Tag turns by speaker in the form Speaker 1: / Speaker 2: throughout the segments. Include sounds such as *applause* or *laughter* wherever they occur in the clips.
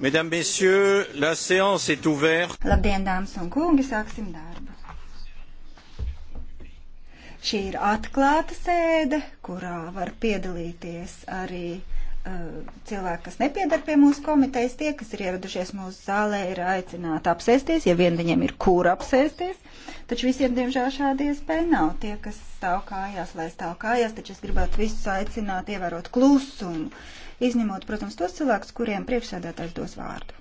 Speaker 1: Mesdames, Messieurs, la séance est ouverte.
Speaker 2: Labdien, dāmas un kungi, sāksim darbu. Šī ir atklāta sēde, kurā var piedalīties arī Uh, cilvēki, kas nepiedar pie mūsu komitejas, tie, kas ir ieradušies mūsu zālē, ir aicināti apsēsties, ja vien viņiem ir kur apsēsties. Taču visiem, diemžēl, šāda iespēja nav. Tie, kas stāv kājās, lai stāv kājās, taču es gribētu visus aicināt ievērot klusumu, izņemot, protams, tos cilvēkus, kuriem priekšsēdētājs dos vārdu.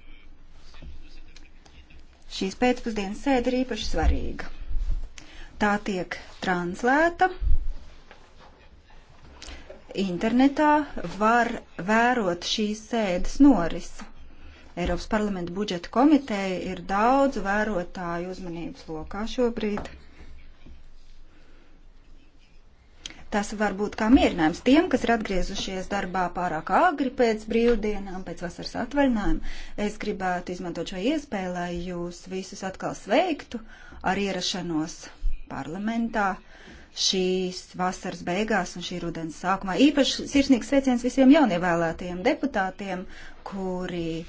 Speaker 2: Šīs pēcpusdienas sēde ir īpaši svarīga. Tā tiek translēta Internetā var vērot šīs sēdes norisi. Eiropas parlamenta budžeta komiteja ir daudz vērotāju uzmanības lokā šobrīd. Tas var būt kā mierinājums tiem, kas ir atgriezušies darbā pārāk agri pēc brīvdienām, pēc vasaras atvaļinājuma. Es gribētu izmantot šo iespēju, lai jūs visus atkal sveiktu ar ierašanos parlamentā šīs vasaras beigās un šī rudens sākumā. Īpaši sirsnīgs sveiciens visiem jaunievēlētajiem deputātiem, kuri eh,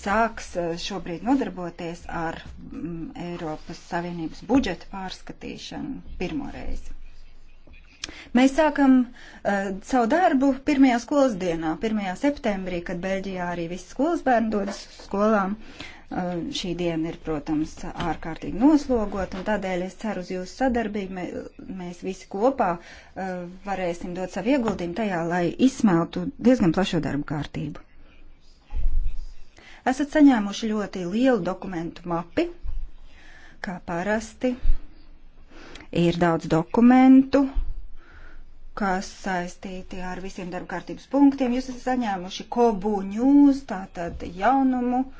Speaker 2: sāks eh, šobrīd nodarboties ar mm, Eiropas Savienības budžeta pārskatīšanu pirmoreiz. Mēs sākam uh, savu darbu pirmajā skolas dienā, 1. septembrī, kad Beļģijā arī visi skolas bērni dodas skolām. Uh, Eh, šī diena ir, protams, ārkārtīgi noslogota, un tādēļ es ceru uz jūsu sadarbību. Mēs visi kopā eh, varēsim dot savu ieguldījumu tajā, lai izsmeltu diezgan plašo darbu kārtību. Esat saņēmuši ļoti lielu dokumentu mapi, kā parasti. Ir daudz dokumentu, kas saistīti ar visiem darba kārtības punktiem. Jūs esat saņēmuši kobu news, tātad jaunumu uh,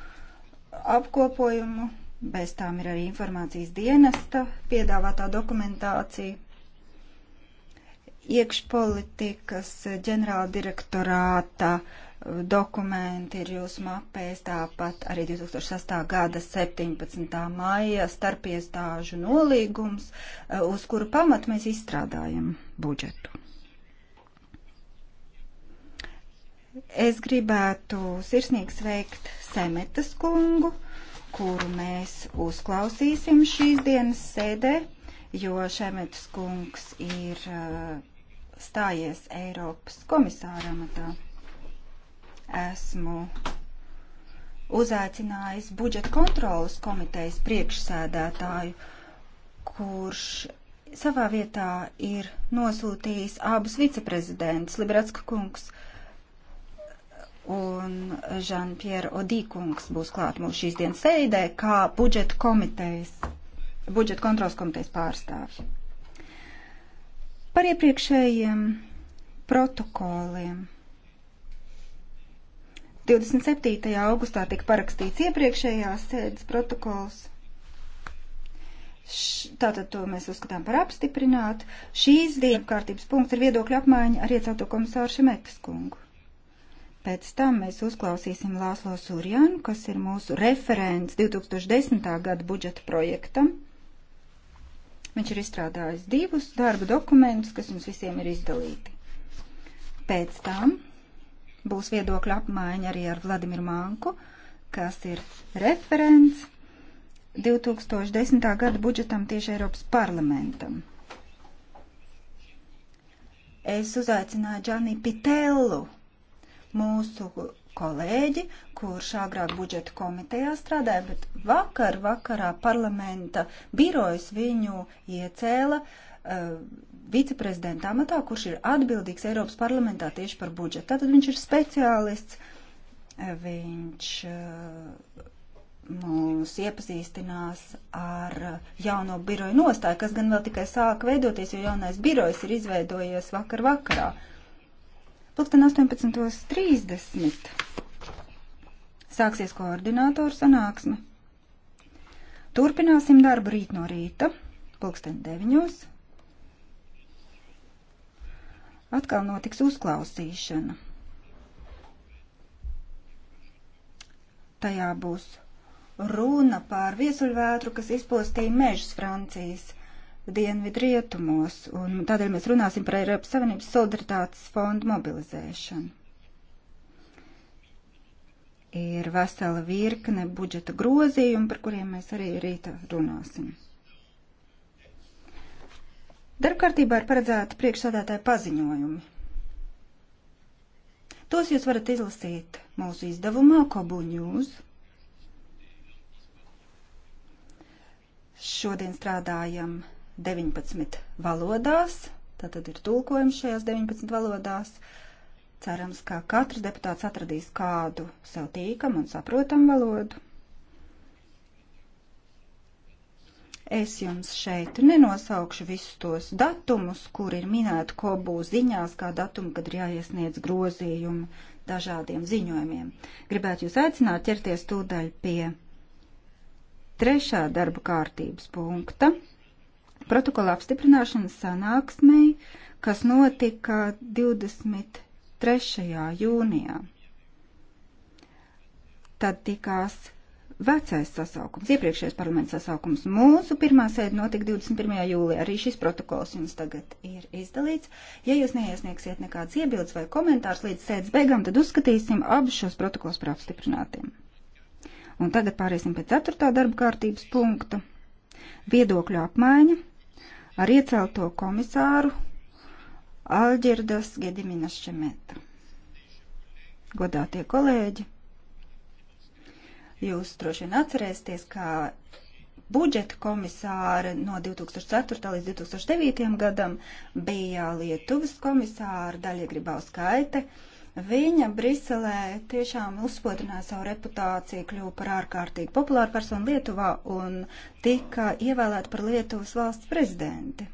Speaker 2: apkopojumu, bez tām ir arī informācijas dienesta piedāvātā dokumentācija. Iekšpolitikas ģenerāla direktorāta uh, dokumenti ir jūsu mapēs, tāpat arī 2006. gada 17. maija starpiestāžu nolīgums, uh, uz kuru pamat mēs izstrādājam budžetu. Es gribētu sirsnīgi sveikt Semetas kungu, kuru mēs uzklausīsim šīs dienas sēdē, jo Semetas kungs ir uh, stājies Eiropas komisāra amatā. Esmu uzaicinājis budžeta kontrolas komitejas priekšsēdētāju, kurš savā vietā ir nosūtījis abus viceprezidentus Libratska kungs un Žanpjēra Odīkungs būs klāt mūsu šīs dienas sēdē kā budžeta komitejas, budžeta kontrols komitejas pārstāvji. Par iepriekšējiem protokoliem. 27. augustā tika parakstīts iepriekšējās sēdes protokols. Tātad to mēs uzskatām par apstiprinātu. Šīs dienas kārtības punkts ir viedokļa apmaiņa ar iecelto komisāru Šemetas kungu. Pēc tam mēs uzklausīsim Lāslo Surjanu, kas ir mūsu referents 2010. gada budžeta projektam. Viņš ir izstrādājis divus darba dokumentus, kas jums visiem ir izdalīti. Pēc tam būs viedokļa apmaiņa arī ar Vladimiru Manku, kas ir referents 2010. gada budžetam tieši Eiropas parlamentam. Es uzaicināju Džani Pitelu, mūsu kolēģi, kurš agrāk budžeta komitejā strādāja, bet vakar vakarā parlamenta birojas viņu iecēla uh, viceprezidenta amatā, kurš ir atbildīgs Eiropas parlamentā tieši par budžetu. Tātad viņš ir speciālists, viņš uh, mūs iepazīstinās ar jauno biroju nostāju, kas gan vēl tikai sāk veidoties, jo jaunais birojs ir izveidojies vakar vakarā. Uh, Pulksten 18.30 sāksies koordinātoru sanāksme. Turpināsim darbu rīt no rīta, pulksten 9. Atkal notiks uzklausīšana. Tajā būs runa par viesuļvētru, kas izpostīja mežus Francijas dienvidrietumos, un tādēļ mēs runāsim par Eiropas Savienības solidaritātes fondu mobilizēšanu. Ir vesela virkne budžeta grozījumu, par kuriem mēs arī rīta runāsim. Darbkārtībā ir paredzēta priekšsādātāja paziņojumi. Tos jūs varat izlasīt mūsu izdevumā Kobu News. Šodien strādājam 19 valodās, tātad ir tulkojums šajās 19 valodās. Cerams, ka katrs deputāts atradīs kādu sev tīkamu un saprotamu valodu. Es jums šeit nenosaukšu visus tos datumus, kur ir minēti kobu ziņās, kā datumi, kad ir jāiesniedz grozījumi dažādiem ziņojumiem. Gribētu jūs aicināt ķerties tūdaļ pie trešā darba kārtības punkta protokola apstiprināšanas sanāksmei, kas notika 23. jūnijā. Tad tikās vecais sasaukums, iepriekšējais parlaments sasaukums. Mūsu pirmā sēde notika 21. jūlijā. Arī šis protokols jums tagad ir izdalīts. Ja jūs neiesniegsiet nekādas iebildes vai komentārs līdz sēdes beigām, tad uzskatīsim abus šos protokols par apstiprinātiem. Un tagad pāriesim pie ceturtā darba kārtības punkta - viedokļu apmaiņa ar iecelto komisāru Alģirdas Gediminas Šemeta. Godātie kolēģi, jūs droši vien atcerēsieties, ka budžeta komisāra no 2004. līdz 2009. gadam bija Lietuvas komisāra Daļa Gribauskaite. skaite Viņa Briselē tiešām uzspodrināja savu reputāciju, kļuva par ārkārtīgi populāru personu Lietuvā un tika ievēlēta par Lietuvas valsts prezidenti.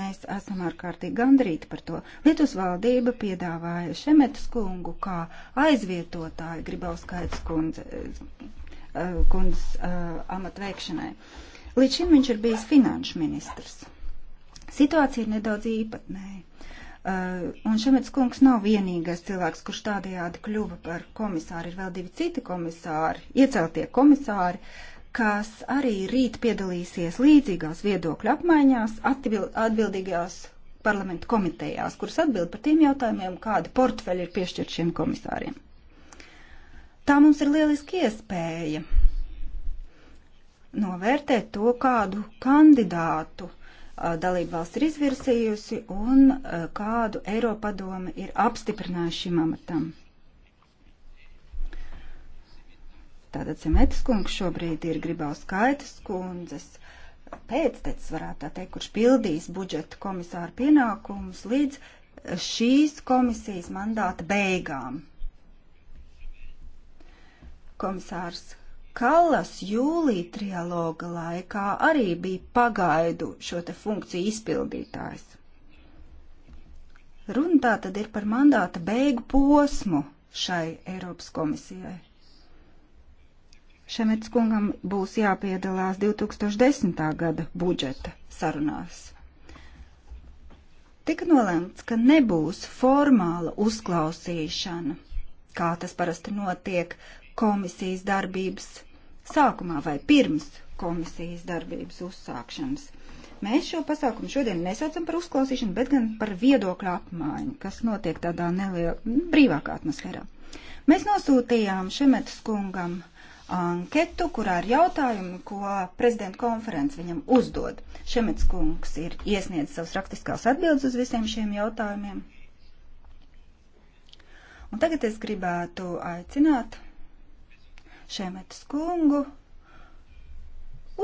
Speaker 2: Mēs esam ārkārtīgi gandrīti par to. Lietuvas valdība piedāvāja Šemetas kungu kā aizvietotāju Gribauskaitas kundzes eh, kundz, uh, eh, amatveikšanai. Līdz šim viņš ir bijis finanšu ministrs. Situācija ir nedaudz īpatnēja. Eh, un Šemets kungs nav vienīgais cilvēks, kurš tādējādi kļuva par komisāru. Ir vēl divi citi komisāri, ieceltie komisāri, kas arī rīt piedalīsies līdzīgās viedokļu apmaiņās atbildīgajās parlamentu komitejās, kuras atbild par tiem jautājumiem, kādi portfeļi ir piešķirt šiem komisāriem. Tā mums ir lieliski iespēja novērtēt to, kādu kandidātu dalība valsts ir izvirsījusi un kādu Eiropadome ir apstiprinājusi šim amatam. Tātad Semetas kungs šobrīd ir Gribaus Kaitas kundzes pēctecis, varētu tā teikt, kurš pildīs budžeta komisāra pienākumus līdz šīs komisijas mandāta beigām. Komisārs Kallas jūlī trialoga laikā arī bija pagaidu šo te funkciju izpildītājs. Runa tā tad ir par mandāta beigu posmu šai Eiropas komisijai. Šemets kungam būs jāpiedalās 2010. gada budžeta sarunās. Tika nolēmts, ka nebūs formāla uzklausīšana, kā tas parasti notiek komisijas darbības sākumā vai pirms komisijas darbības uzsākšanas. Mēs šo pasākumu šodien nesaucam par uzklausīšanu, bet gan par viedokļu apmaiņu, kas notiek tādā nelielā, brīvākā atmosfērā. Mēs nosūtījām Šemetas kungam anketu, kurā ir jautājumi, ko prezidenta konference viņam uzdod. Šemets kungs ir iesniedzis savus raktiskās atbildes uz visiem šiem jautājumiem. Un tagad es gribētu aicināt Šemetas kungu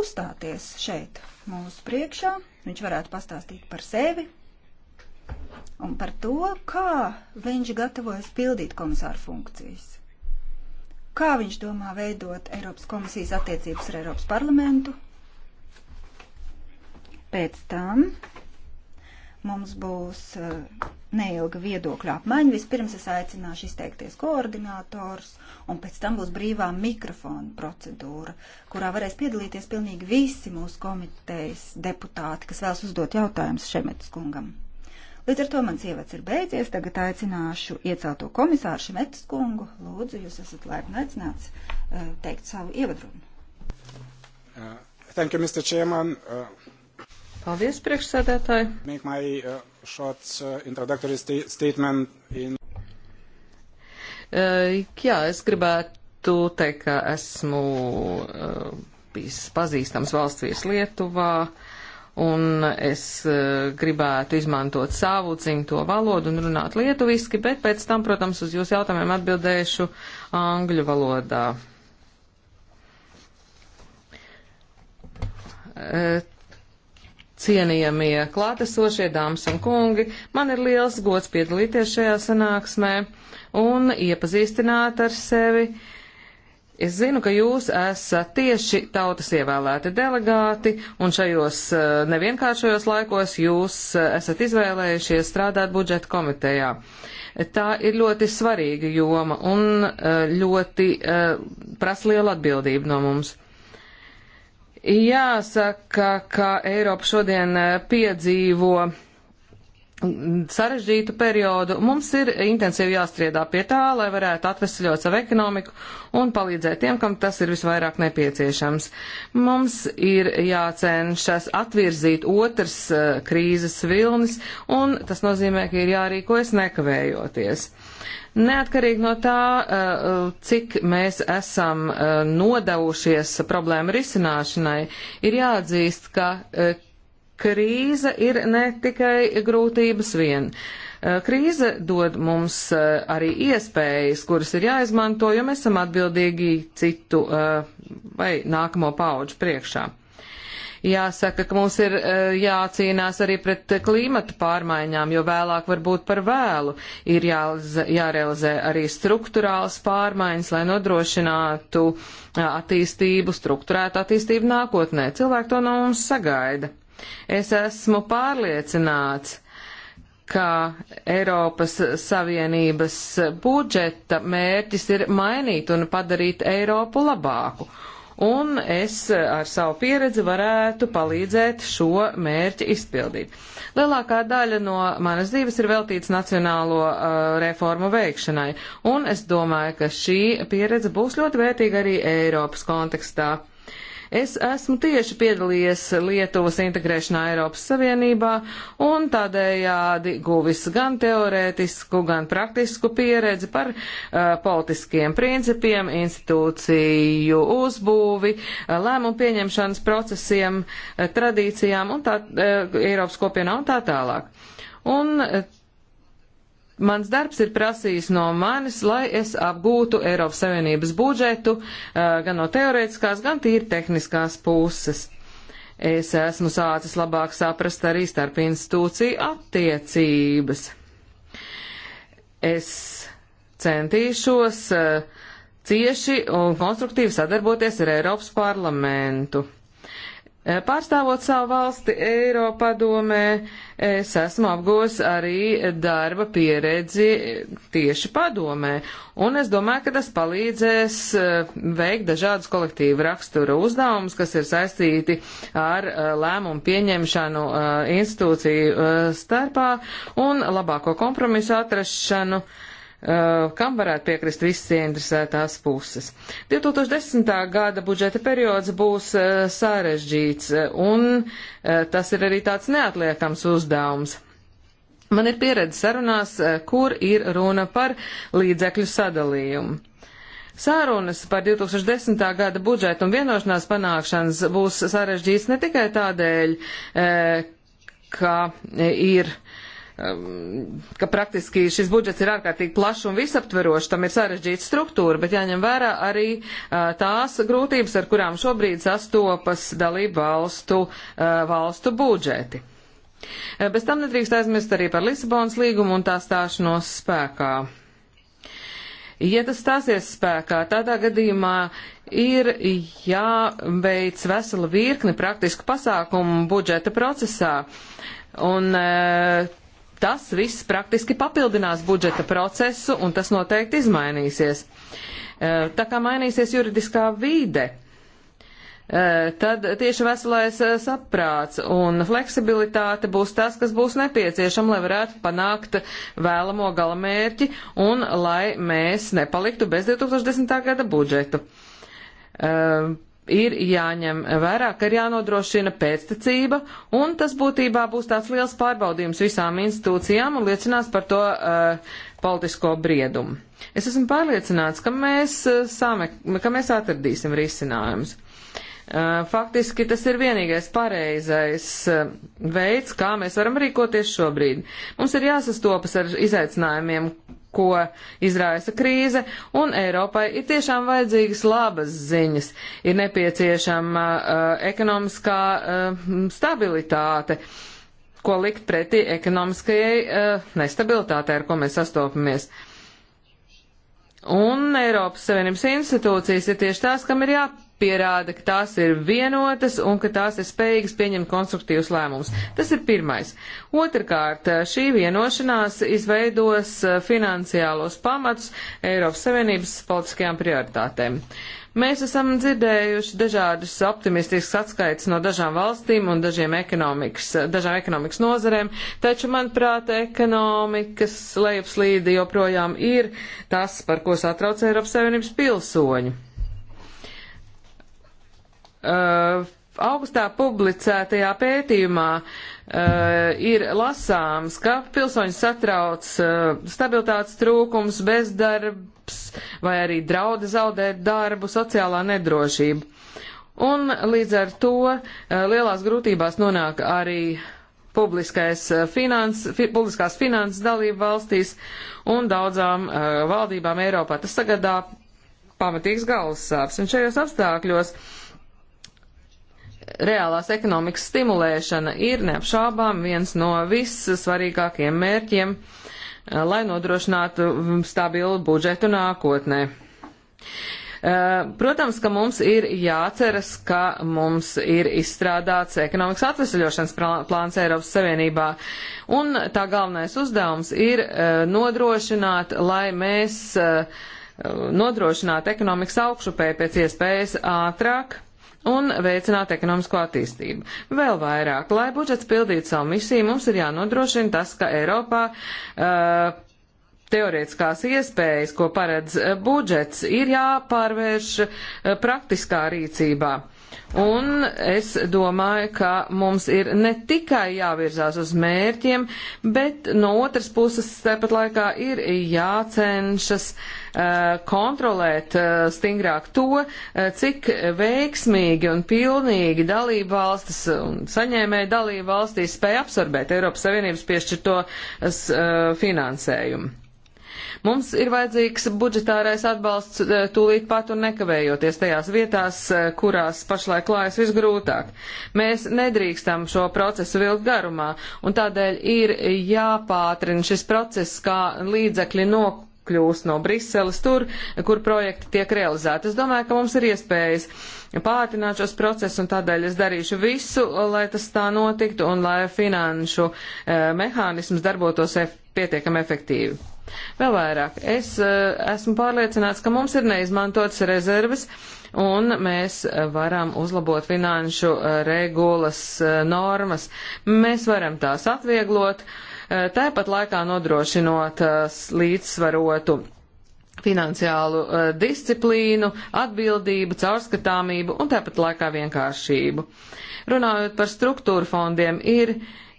Speaker 2: uzstāties šeit mūsu priekšā. Viņš varētu pastāstīt par sevi un par to, kā viņš gatavojas pildīt komisāru funkcijas. Kā viņš domā veidot Eiropas komisijas attiecības ar Eiropas parlamentu? Pēc tam Mums būs eh, neilga viedokļa apmaiņa. Vispirms es aicināšu izteikties koordinators, un pēc tam būs brīvā mikrofona procedūra, kurā varēs piedalīties pilnīgi visi mūsu komitejas deputāti, kas vēlas uzdot jautājumus Šemetas kungam. Līdz ar to mans ievads ir beidzies. Tagad aicināšu iecelto komisāru Šmetas kungu. Lūdzu, jūs esat laipni aicināts uh, teikt savu ievadrunu.
Speaker 3: Uh, thank you, Mr. Chairman. Uh... Paldies, priekšsēdētāji. My, uh, uh in...
Speaker 4: uh, jā, es gribētu teikt, ka esmu uh, bijis pazīstams valsts viesis Lietuvā, un es uh, gribētu izmantot savu dzimto valodu un runāt lietuviski, bet pēc tam, protams, uz jūsu jautājumiem atbildēšu angļu valodā. Uh, Cienījamie klātesošie dāmas un kungi, man ir liels gods piedalīties šajā sanāksmē un iepazīstināt ar sevi. Es zinu, ka jūs esat tieši tautas ievēlēti delegāti, un šajos eh, nevienkāršajos laikos jūs eh, esat izvēlējušies strādāt budžeta komitejā. Tā ir ļoti svarīga joma un eh, ļoti prasa liela atbildība no mums. Jāsaka, ka Eiropa šodien eh, piedzīvo sarežģītu periodu. Mums ir intensīvi jāstriedā pie tā, lai varētu atvesļot savu ekonomiku un palīdzēt tiem, kam tas ir visvairāk nepieciešams. Mums ir jācenšas atvirzīt otrs eh, krīzes vilnis, un tas nozīmē, ka ir jārīkojas nekavējoties. Neatkarīgi no tā, eh, eh, cik mēs esam eh, nodevušies problēmu risināšanai, ir jāatzīst, ka krīze ir ne tikai grūtības vien. Krīze dod mums arī iespējas, kuras ir jāizmanto, jo mēs esam atbildīgi citu vai nākamo pauģu priekšā. Jāsaka, ka mums ir e, jācīnās arī pret klimatu pārmaiņām, jo vēlāk var būt par vēlu. Ir jārealizē arī struktūrāls pārmaiņas, lai nodrošinātu e, attīstību, struktūrētu attīstību nākotnē. Cilvēki to no mums sagaida. Es esmu pārliecināts, ka Eiropas Savienības budžeta mērķis ir mainīt un padarīt Eiropu labāku un es ar savu pieredzi varētu palīdzēt šo mērķi izpildīt. Lielākā daļa no manas dzīves ir veltīts nacionālo uh, reformu veikšanai, un es domāju, ka šī pieredze būs ļoti vērtīga arī Eiropas kontekstā. Es esmu tieši piedalījies Lietuvas integrēšanā Eiropas Savienībā un tādējādi guvis gan teorētisku, gan praktisku pieredzi par uh, politiskiem principiem, institūciju uzbūvi, uh, lēmumu pieņemšanas procesiem, uh, tradīcijām un tā uh, Eiropas kopienā un tā tālāk. Un, uh, Mans darbs ir prasījis no manis, lai es apgūtu Eiropas Savienības budžetu eh, gan no teorētiskās, gan tīri tehniskās puses. Es esmu sācis labāk saprast arī starp institūciju attiecības. Es centīšos eh, cieši un konstruktīvi sadarboties ar Eiropas parlamentu. Eh, pārstāvot savu valsti Eiropadomē, es esmu apgūs arī darba pieredzi tieši padomē, un es domāju, ka tas palīdzēs eh, veikt dažādus kolektīvu rakstura uzdevumus, kas ir saistīti ar eh, lēmumu pieņemšanu institūciju starpā un labāko kompromisu atrašanu. Uh, Eh, kam varētu piekrist visas ieinteresētās puses. 2010. gada budžeta periods būs eh, sarežģīts, eh, un tas ir arī tāds neatliekams uzdevums. Man ir pieredze sarunās, kur ir runa par līdzekļu sadalījumu. Sārunas par 2010. gada budžetu un vienošanās panākšanas būs sarežģīts ne tikai tādēļ, ka ir uh, ka praktiski šis budžets ir ārkārtīgi plašs un visaptverošs, tam ir sarežģīta struktūra, bet jāņem vērā arī tās grūtības, ar kurām šobrīd sastopas dalību valstu, valstu budžeti. Bez tam nedrīkst aizmirst arī par Lisabonas līgumu un tā stāšanos spēkā. Ja tas stāsies spēkā, tādā gadījumā ir jāveic vesela virkne praktisku pasākumu budžeta procesā. Un e, Tas viss praktiski papildinās budžeta procesu un tas noteikti izmainīsies. E, tā kā mainīsies juridiskā vīde, e, tad tieši veselais e, saprāts un fleksibilitāte būs tas, kas būs nepieciešama, lai varētu panākt vēlamo galamērķi un lai mēs nepaliktu bez 2010. gada budžetu ir jāņem vērā, ka ir jānodrošina pēctecība, un tas būtībā būs tāds liels pārbaudījums visām institūcijām un liecinās par to uh, politisko briedumu. Es esmu pārliecināts, ka mēs, uh, eh, same, ka mēs atradīsim risinājumus. Uh, faktiski tas ir vienīgais pareizais uh, veids, kā mēs varam rīkoties šobrīd. Mums ir jāsastopas ar izaicinājumiem, ko izraisa krīze, un Eiropai ir tiešām vajadzīgas labas ziņas. Ir nepieciešama uh, ekonomiskā uh, stabilitāte, ko likt pretī ekonomiskajai uh, nestabilitātei, ar ko mēs sastopamies. Un Eiropas Savienības institūcijas ir tieši tās, kam ir jāpārāk jāpierāda, ka tās ir vienotas un ka tās ir spējīgas pieņemt konstruktīvus lēmumus. Tas ir pirmais. Otrkārt, šī vienošanās izveidos eh, finansiālos pamatus Eiropas Savienības politiskajām prioritātēm. Mēs esam dzirdējuši dažādus optimistiskus atskaits no dažām valstīm un dažiem ekonomikas, dažām ekonomikas nozarēm, taču, manuprāt, ekonomikas lejupslīde joprojām ir tas, par ko satrauc Eiropas Savienības pilsoņi. Uh, augstā publicētajā pētījumā uh, ir lasāms, ka pilsoņus satrauc uh, stabilitātes trūkums, bezdarbs vai arī draudi zaudēt darbu, sociālā nedrošība. Un līdz ar to uh, lielās grūtībās nonāk arī publiskais uh, finans, fi, publiskās finanses dalība valstīs un daudzām uh, valdībām Eiropā. Tas sagadā pamatīgs galvas sāps. Un šajos apstākļos uh, reālās ekonomikas stimulēšana ir neapšābām viens no vissvarīgākajiem mērķiem, eh, lai nodrošinātu stabilu budžetu nākotnē. Eh, protams, ka mums ir jāceras, ka mums ir izstrādāts ekonomikas atvesaļošanas plāns Eiropas Savienībā, un tā galvenais uzdevums ir eh, nodrošināt, lai mēs nodrošinātu ekonomikas augšupē pēc iespējas ātrāk, un veicināt ekonomisko attīstību. Vēl vairāk, lai budžets pildītu savu misiju, mums ir jānodrošina tas, ka Eiropā uh, teorētiskās iespējas, ko paredz budžets, ir jāpārvērš praktiskā rīcībā. Un es domāju, ka mums ir ne tikai jāvirzās uz mērķiem, bet no otras puses tāpat laikā ir jācenšas uh, kontrolēt uh, stingrāk to, uh, cik veiksmīgi un pilnīgi dalība valstis un saņēmēji dalība valstīs spēja absorbēt Eiropas Savienības piešķirto finansējumu. Mums ir vajadzīgs budžetārais atbalsts eh, tūlīt pat un nekavējoties tajās vietās, eh, kurās pašlaik klājas visgrūtāk. Mēs nedrīkstam šo procesu vilkt garumā, un tādēļ ir jāpātrina šis process, kā līdzekļi nokļūt kļūst no Briseles tur, kur projekti tiek realizēti. Es domāju, ka mums ir iespējas pātrināt šos procesus, un tādēļ es darīšu visu, lai tas tā notiktu, un lai finanšu eh, mehānisms darbotos ef pietiekami efektīvi. Vēl vairāk, es eh, esmu pārliecināts, ka mums ir neizmantotas rezerves un mēs eh, varam uzlabot finanšu eh, regulas normas. Mēs varam tās atvieglot, tāpat laikā nodrošinot līdzsvarotu finansiālu uh, disciplīnu, atbildību, caurskatāmību un tāpat laikā vienkāršību. Runājot par struktūru fondiem, ir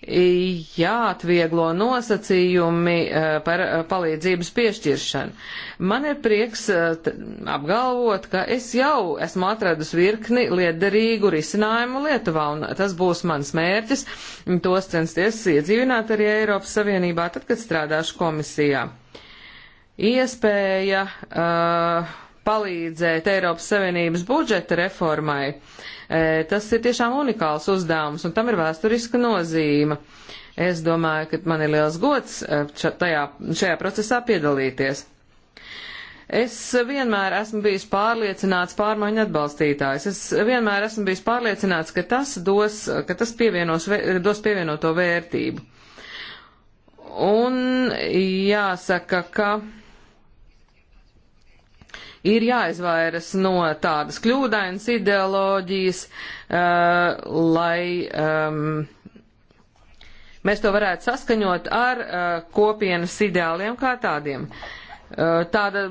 Speaker 4: jāatvieglo nosacījumi eh, par eh, palīdzības piešķiršanu. Man ir prieks eh, apgalvot, ka es jau esmu atradus virkni liederīgu risinājumu Lietuvā, un tas būs mans mērķis, tos censties iedzīvināt arī Eiropas Savienībā, tad, kad strādāšu komisijā. Iespēja uh, palīdzēt Eiropas Savienības budžeta reformai. E, tas ir tiešām unikāls uzdevums, un tam ir vēsturiska nozīme. Es domāju, ka man ir liels gods e, šajā, šajā procesā piedalīties. Es vienmēr esmu bijis pārliecināts pārmaiņu atbalstītājs. Es vienmēr esmu bijis pārliecināts, ka tas, dos, ka tas pievienos, dos pievienoto vērtību. Un jāsaka, ka ir jāizvairas no tādas kļūdainas ideoloģijas, uh, lai um, mēs to varētu saskaņot ar uh, kopienas ideāliem kā tādiem. Uh, tāda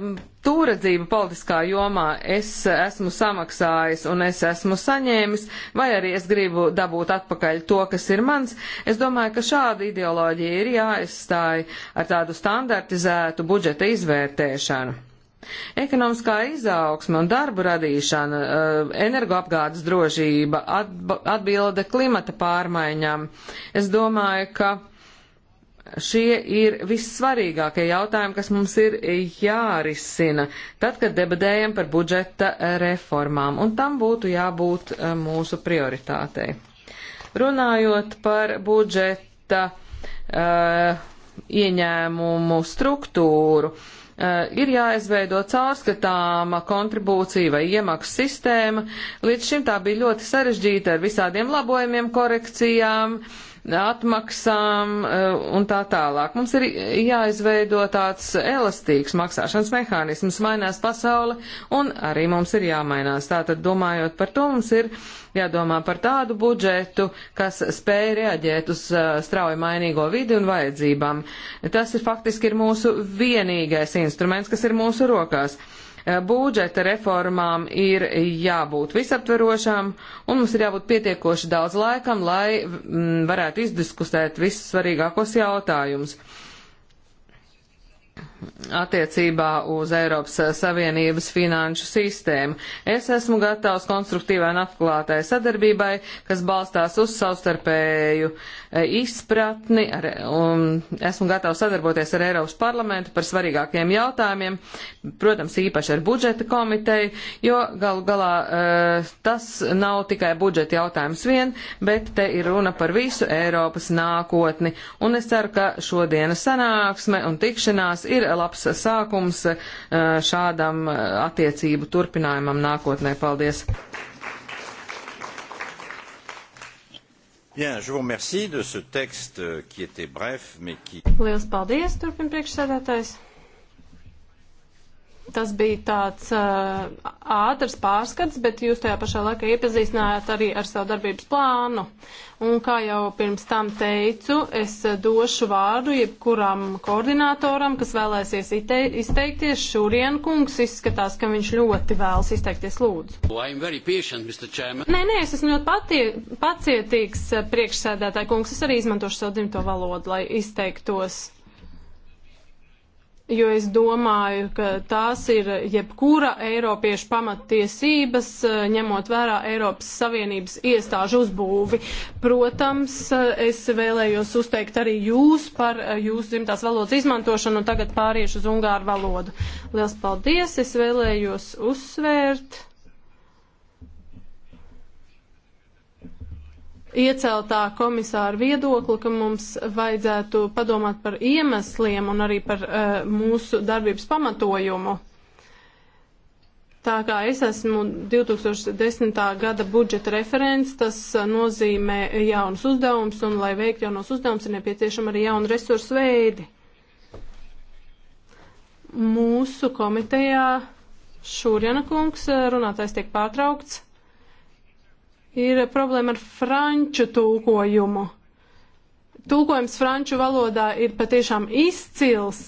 Speaker 4: tūredzība politiskā jomā es esmu samaksājis un es esmu saņēmis, vai arī es gribu dabūt atpakaļ to, kas ir mans. Es domāju, ka šāda ideoloģija ir jāizstāj ar tādu standartizētu budžeta izvērtēšanu. Ekonomiskā izaugsme un darba radīšana, eh, energoapgādes drošība, atbilde klimata pārmaiņām. Es domāju, ka šie ir vissvarīgākie jautājumi, kas mums ir jārisina, tad, kad debatējam par budžeta reformām, un tam būtu jābūt eh, mūsu prioritātei. Runājot par budžeta uh, ieņēmumu struktūru, uh, Eh, ir jāizveido caurskatāma kontribūcija vai iemaksu sistēma. Līdz šim tā bija ļoti sarežģīta ar visādiem labojumiem, korekcijām, uh, atmaksām eh, un tā tālāk. Mums ir jāizveido tāds elastīgs maksāšanas mehānisms, mainās pasaule un arī mums ir jāmainās. Tātad domājot par to, mums ir jādomā par tādu budžetu, kas spēj reaģēt uz eh, strauji mainīgo vidi un vajadzībām. Tas ir faktiski ir mūsu vienīgais instruments, kas ir mūsu rokās. Uh, Eh, budžeta reformām ir jābūt visaptverošām, un mums ir jābūt pietiekoši daudz laikam, lai mm, varētu izdiskutēt visus svarīgākos jautājumus attiecībā uz Eiropas Savienības finanšu sistēmu. Es esmu gatavs konstruktīvai un atklātai sadarbībai, kas balstās uz savstarpēju e, izpratni, ar, un esmu gatavs sadarboties ar Eiropas parlamentu par svarīgākiem jautājumiem, protams, īpaši ar budžeta komiteju, jo galu galā e, tas nav tikai budžeta jautājums vien, bet te ir runa par visu Eiropas nākotni, un es ceru, ka šodienas sanāksme un tikšanās ir labs sākums eh, šādam eh, attiecību turpinājumam nākotnē. Paldies!
Speaker 1: Bien, je vous remercie de ce texte euh, qui était bref, mais qui...
Speaker 5: Liels paldies, turpin priekšsēdētājs. Tas bija tāds uh, ātrs pārskats, bet jūs tajā pašā laikā iepazīstinājāt arī ar savu darbības plānu. Un kā jau pirms tam teicu, es uh, došu vārdu jebkuram koordinatoram, kas vēlēsies izteikties. Šurien kungs izskatās, ka viņš ļoti vēlas izteikties lūdzu.
Speaker 3: Well, oh, patient, nē, nē,
Speaker 5: es esmu ļoti patie, pacietīgs uh, priekšsēdētāji kungs. Es arī izmantošu savu dzimto valodu, lai izteiktos jo es domāju, ka tās ir jebkura Eiropiešu pamattiesības, eh, ņemot vērā Eiropas Savienības iestāžu uzbūvi. Protams, eh, es vēlējos uzteikt arī jūs par eh, jūsu dzimtās valodas izmantošanu, un tagad pāriešu uz ungāru valodu. Liels paldies! Es vēlējos uzsvērt ieceltā komisāra viedokli, ka mums vajadzētu padomāt par iemesliem un arī par uh, mūsu darbības pamatojumu. Tā kā es esmu 2010. gada budžeta referents, tas eh, nozīmē jaunas uzdevums, un lai veikt jaunos uzdevums, ir nepieciešama arī jauna resursu veidi. Mūsu komitejā Šūrjana kungs eh, runātais tiek pārtraukts ir problēma ar franču tulkojumu. Tulkojums franču valodā ir patiešām izcils,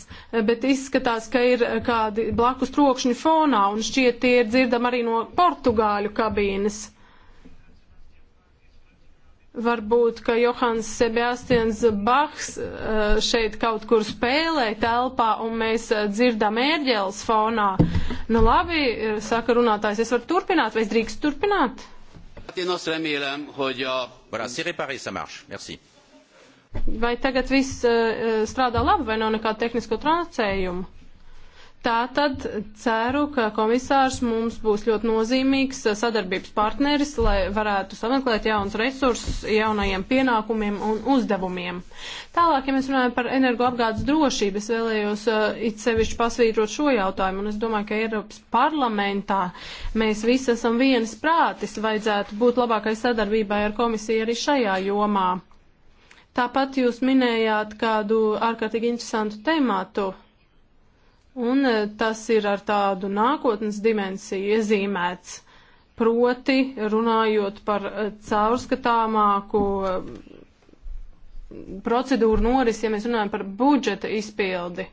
Speaker 5: bet izskatās, ka ir kādi blakus trokšņi fonā un šķiet tie ir dzirdam arī no portugāļu kabīnes. Varbūt, ka Johans Sebastians Bachs eh, šeit kaut kur spēlē telpā un mēs eh, dzirdam ērģeles fonā. Nu labi, eh, saka runātājs, es varu turpināt, vai es drīkst turpināt?
Speaker 3: Én azt remélem, hogy a... Voilà, c'est réparé, ça marche. Merci.
Speaker 5: Vai tagad viss uh, strādā labi vai nav nekādu tehnisko traucējumu? Tā tad ceru, ka komisārs mums būs ļoti nozīmīgs sadarbības partneris, lai varētu sameklēt jaunus resursus jaunajiem pienākumiem un uzdevumiem. Tālāk, ja mēs runājam par energoapgādes drošību, es vēlējos uh, it sevišķi pasvītrot šo jautājumu, un es domāju, ka Eiropas parlamentā mēs visi esam vienas prātis, vajadzētu būt labākai sadarbībai ar komisiju arī šajā jomā. Tāpat jūs minējāt kādu ārkārtīgi interesantu tematu Un eh, tas ir ar tādu nākotnes dimensiju iezīmēts, proti runājot par eh, caurskatāmāku eh, procedūru noris, ja mēs runājam par budžeta izpildi.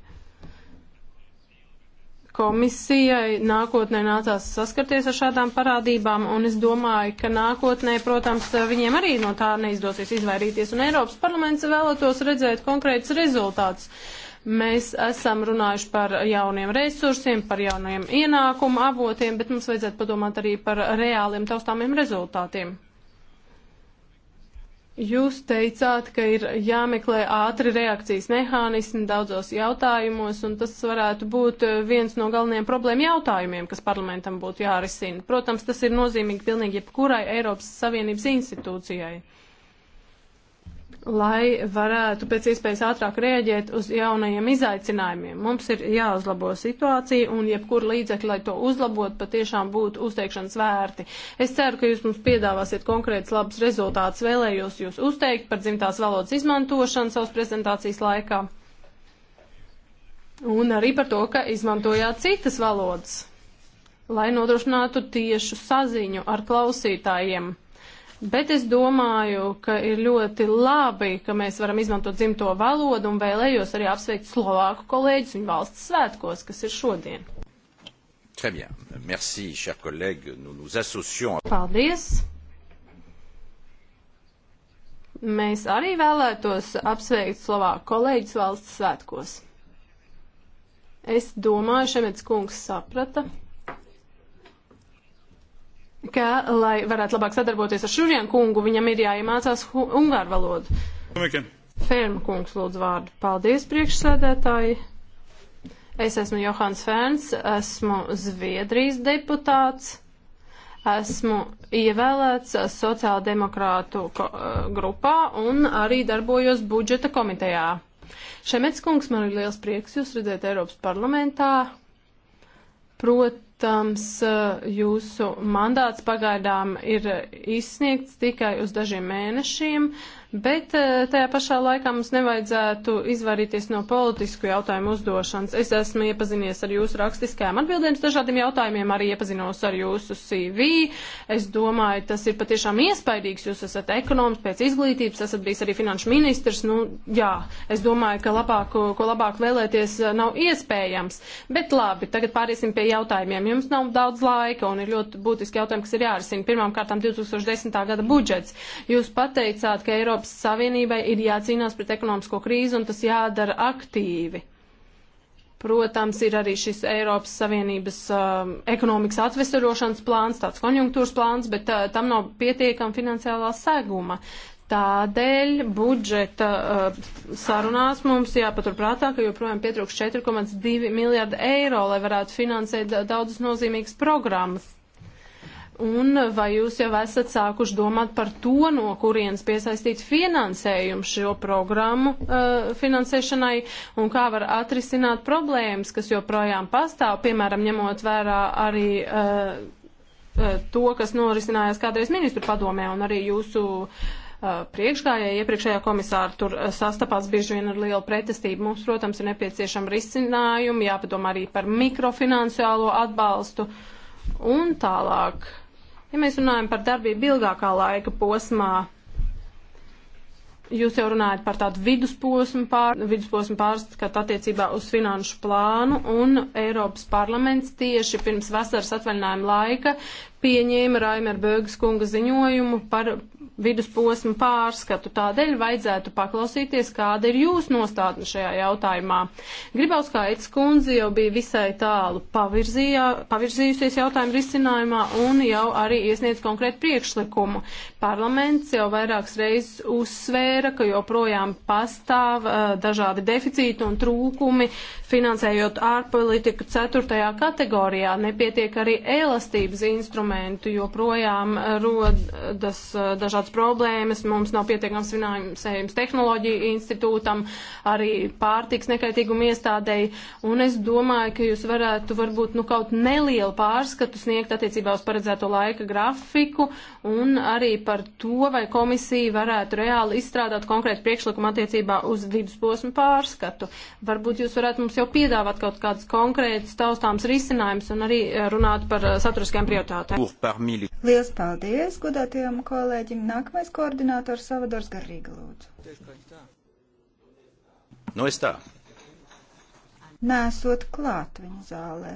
Speaker 5: Komisijai nākotnē nācās saskarties ar šādām parādībām, un es domāju, ka nākotnē, protams, viņiem arī no tā neizdosies izvairīties, un Eiropas parlaments vēlētos redzēt konkrētus rezultātus. Mēs esam runājuši par jauniem resursiem, par jauniem ienākumu avotiem, bet mums vajadzētu padomāt arī par reāliem taustāmiem rezultātiem. Jūs teicāt, ka ir jāmeklē ātri reakcijas mehānismi daudzos jautājumos, un tas varētu būt viens no galvenajiem problēma jautājumiem, kas parlamentam būtu jārisina. Protams, tas ir nozīmīgi pilnīgi jebkurai Eiropas Savienības institūcijai. Uh, lai varētu pēc iespējas ātrāk rēģēt uz jaunajiem izaicinājumiem. Mums ir jāuzlabo situācija un jebkur līdzekļi, lai to uzlabot, patiešām būtu uzteikšanas vērti. Es ceru, ka jūs mums piedāvāsiet konkrēts labs rezultāts. Vēlējos jūs uzteikt par dzimtās valodas izmantošanu savas prezentācijas laikā. Un arī par to, ka izmantojāt citas valodas, lai nodrošinātu tiešu saziņu ar klausītājiem. Bet es domāju, ka ir ļoti labi, ka mēs varam izmantot dzimto valodu un vēlējos arī apsveikt Slovāku kolēģis viņu valsts svētkos, kas ir šodien.
Speaker 1: Très bien. Merci, chers collègues. Nous nous associons.
Speaker 5: Paldies. Mēs arī vēlētos apsveikt Slovāku kolēģis valsts svētkos. Es domāju, Šemets kungs saprata ka, lai varētu labāk sadarboties ar Šurjan kungu, viņam ir jāiemācās ungāru valodu. Ferma kungs lūdzu vārdu. Paldies, priekšsēdētāji. Es esmu Johans Ferns, esmu Zviedrijas deputāts, esmu ievēlēts sociāldemokrātu eh, grupā un arī darbojos budžeta komitejā. Šemets kungs, man ir liels prieks jūs redzēt Eiropas parlamentā. Prot, Protams, eh, jūsu mandāts pagaidām ir eh, izsniegts tikai uz dažiem mēnešiem. Uh, bet eh, tajā pašā laikā mums nevajadzētu izvairīties no politisku jautājumu uzdošanas. Es esmu iepazinies ar jūsu rakstiskajām atbildēm, dažādiem jautājumiem arī iepazinos ar jūsu CV. Es domāju, tas ir patiešām iespaidīgs. Jūs esat ekonoms pēc izglītības, esat bijis arī finanšu ministrs. Nu, jā, es domāju, ka labāk, ko labāk vēlēties, eh, nav iespējams. Bet labi, tagad pāriesim pie jautājumiem. Jums nav daudz laika un ir ļoti būtiski jautājumi, kas ir jārisina. Pirmkārt, 2010. gada budžets. Jūs pateicāt, ka Eiropas Eiropas Savienībai ir jācīnās pret ekonomisko krīzi un tas jādara aktīvi. Protams, ir arī šis Eiropas Savienības um, ekonomikas atvesarošanas plāns, tāds konjunktūras plāns, bet tā, uh, tam nav pietiekama finansiālā seguma. Tādēļ budžeta uh, sarunās mums jāpaturprātā, ka joprojām pietrūks 4,2 miljārda eiro, lai varētu finansēt daudzas nozīmīgas programmas un vai jūs jau esat sākuši domāt par to, no kurienes piesaistīt finansējumu šo programmu uh, finansēšanai un kā var atrisināt problēmas, kas joprojām pastāv, piemēram, ņemot vērā arī. Uh, uh to, kas norisinājās kādreiz ministru padomē un arī jūsu uh, priekšgājēji, iepriekšējā komisāra tur uh, sastapās bieži vien ar lielu pretestību. Mums, protams, ir nepieciešama risinājuma, jāpadomā arī par mikrofinanciālo atbalstu un tālāk. Ja mēs runājam par darbību ilgākā laika posmā, jūs jau runājat par tādu vidusposmu, pār, vidusposmu pārskatu attiecībā uz finanšu plānu, un Eiropas parlaments tieši pirms vasaras atvaļinājuma laika pieņēma Raimera Bēgas kunga ziņojumu par vidusposma pārskatu. Tādēļ vajadzētu paklausīties, kāda ir jūsu nostādne šajā jautājumā. Gribauskaits kundze jau bija visai tālu pavirzījusies jautājumu risinājumā un jau arī iesniedz konkrētu priekšlikumu. Parlaments jau vairākas reizes uzsvēra, ka joprojām pastāv uh, dažādi deficīti un trūkumi finansējot ārpolitiku ceturtajā kategorijā, nepietiek arī elastības instrumentu, jo projām eh, rodas eh, dažādas problēmas, mums nav pietiekams finansējums tehnoloģiju institūtam, arī pārtiks nekaitīgumu iestādēji, un es domāju, ka jūs varētu varbūt nu kaut nelielu pārskatu sniegt attiecībā uz paredzēto laika grafiku, un arī par to, vai komisija varētu reāli izstrādāt konkrētu priekšlikumu attiecībā uz vidusposmu pārskatu. Varbūt jūs varētu mums jau jau piedāvāt kaut kādas konkrētas taustāms risinājums un arī eh, runāt par eh, saturiskajām prioritātēm.
Speaker 2: Lielas paldies, godātajam kolēģim. Nākamais koordinātors Savadors Garīga, lūdzu. Nu, es tā. Nēsot klāt viņa zālē.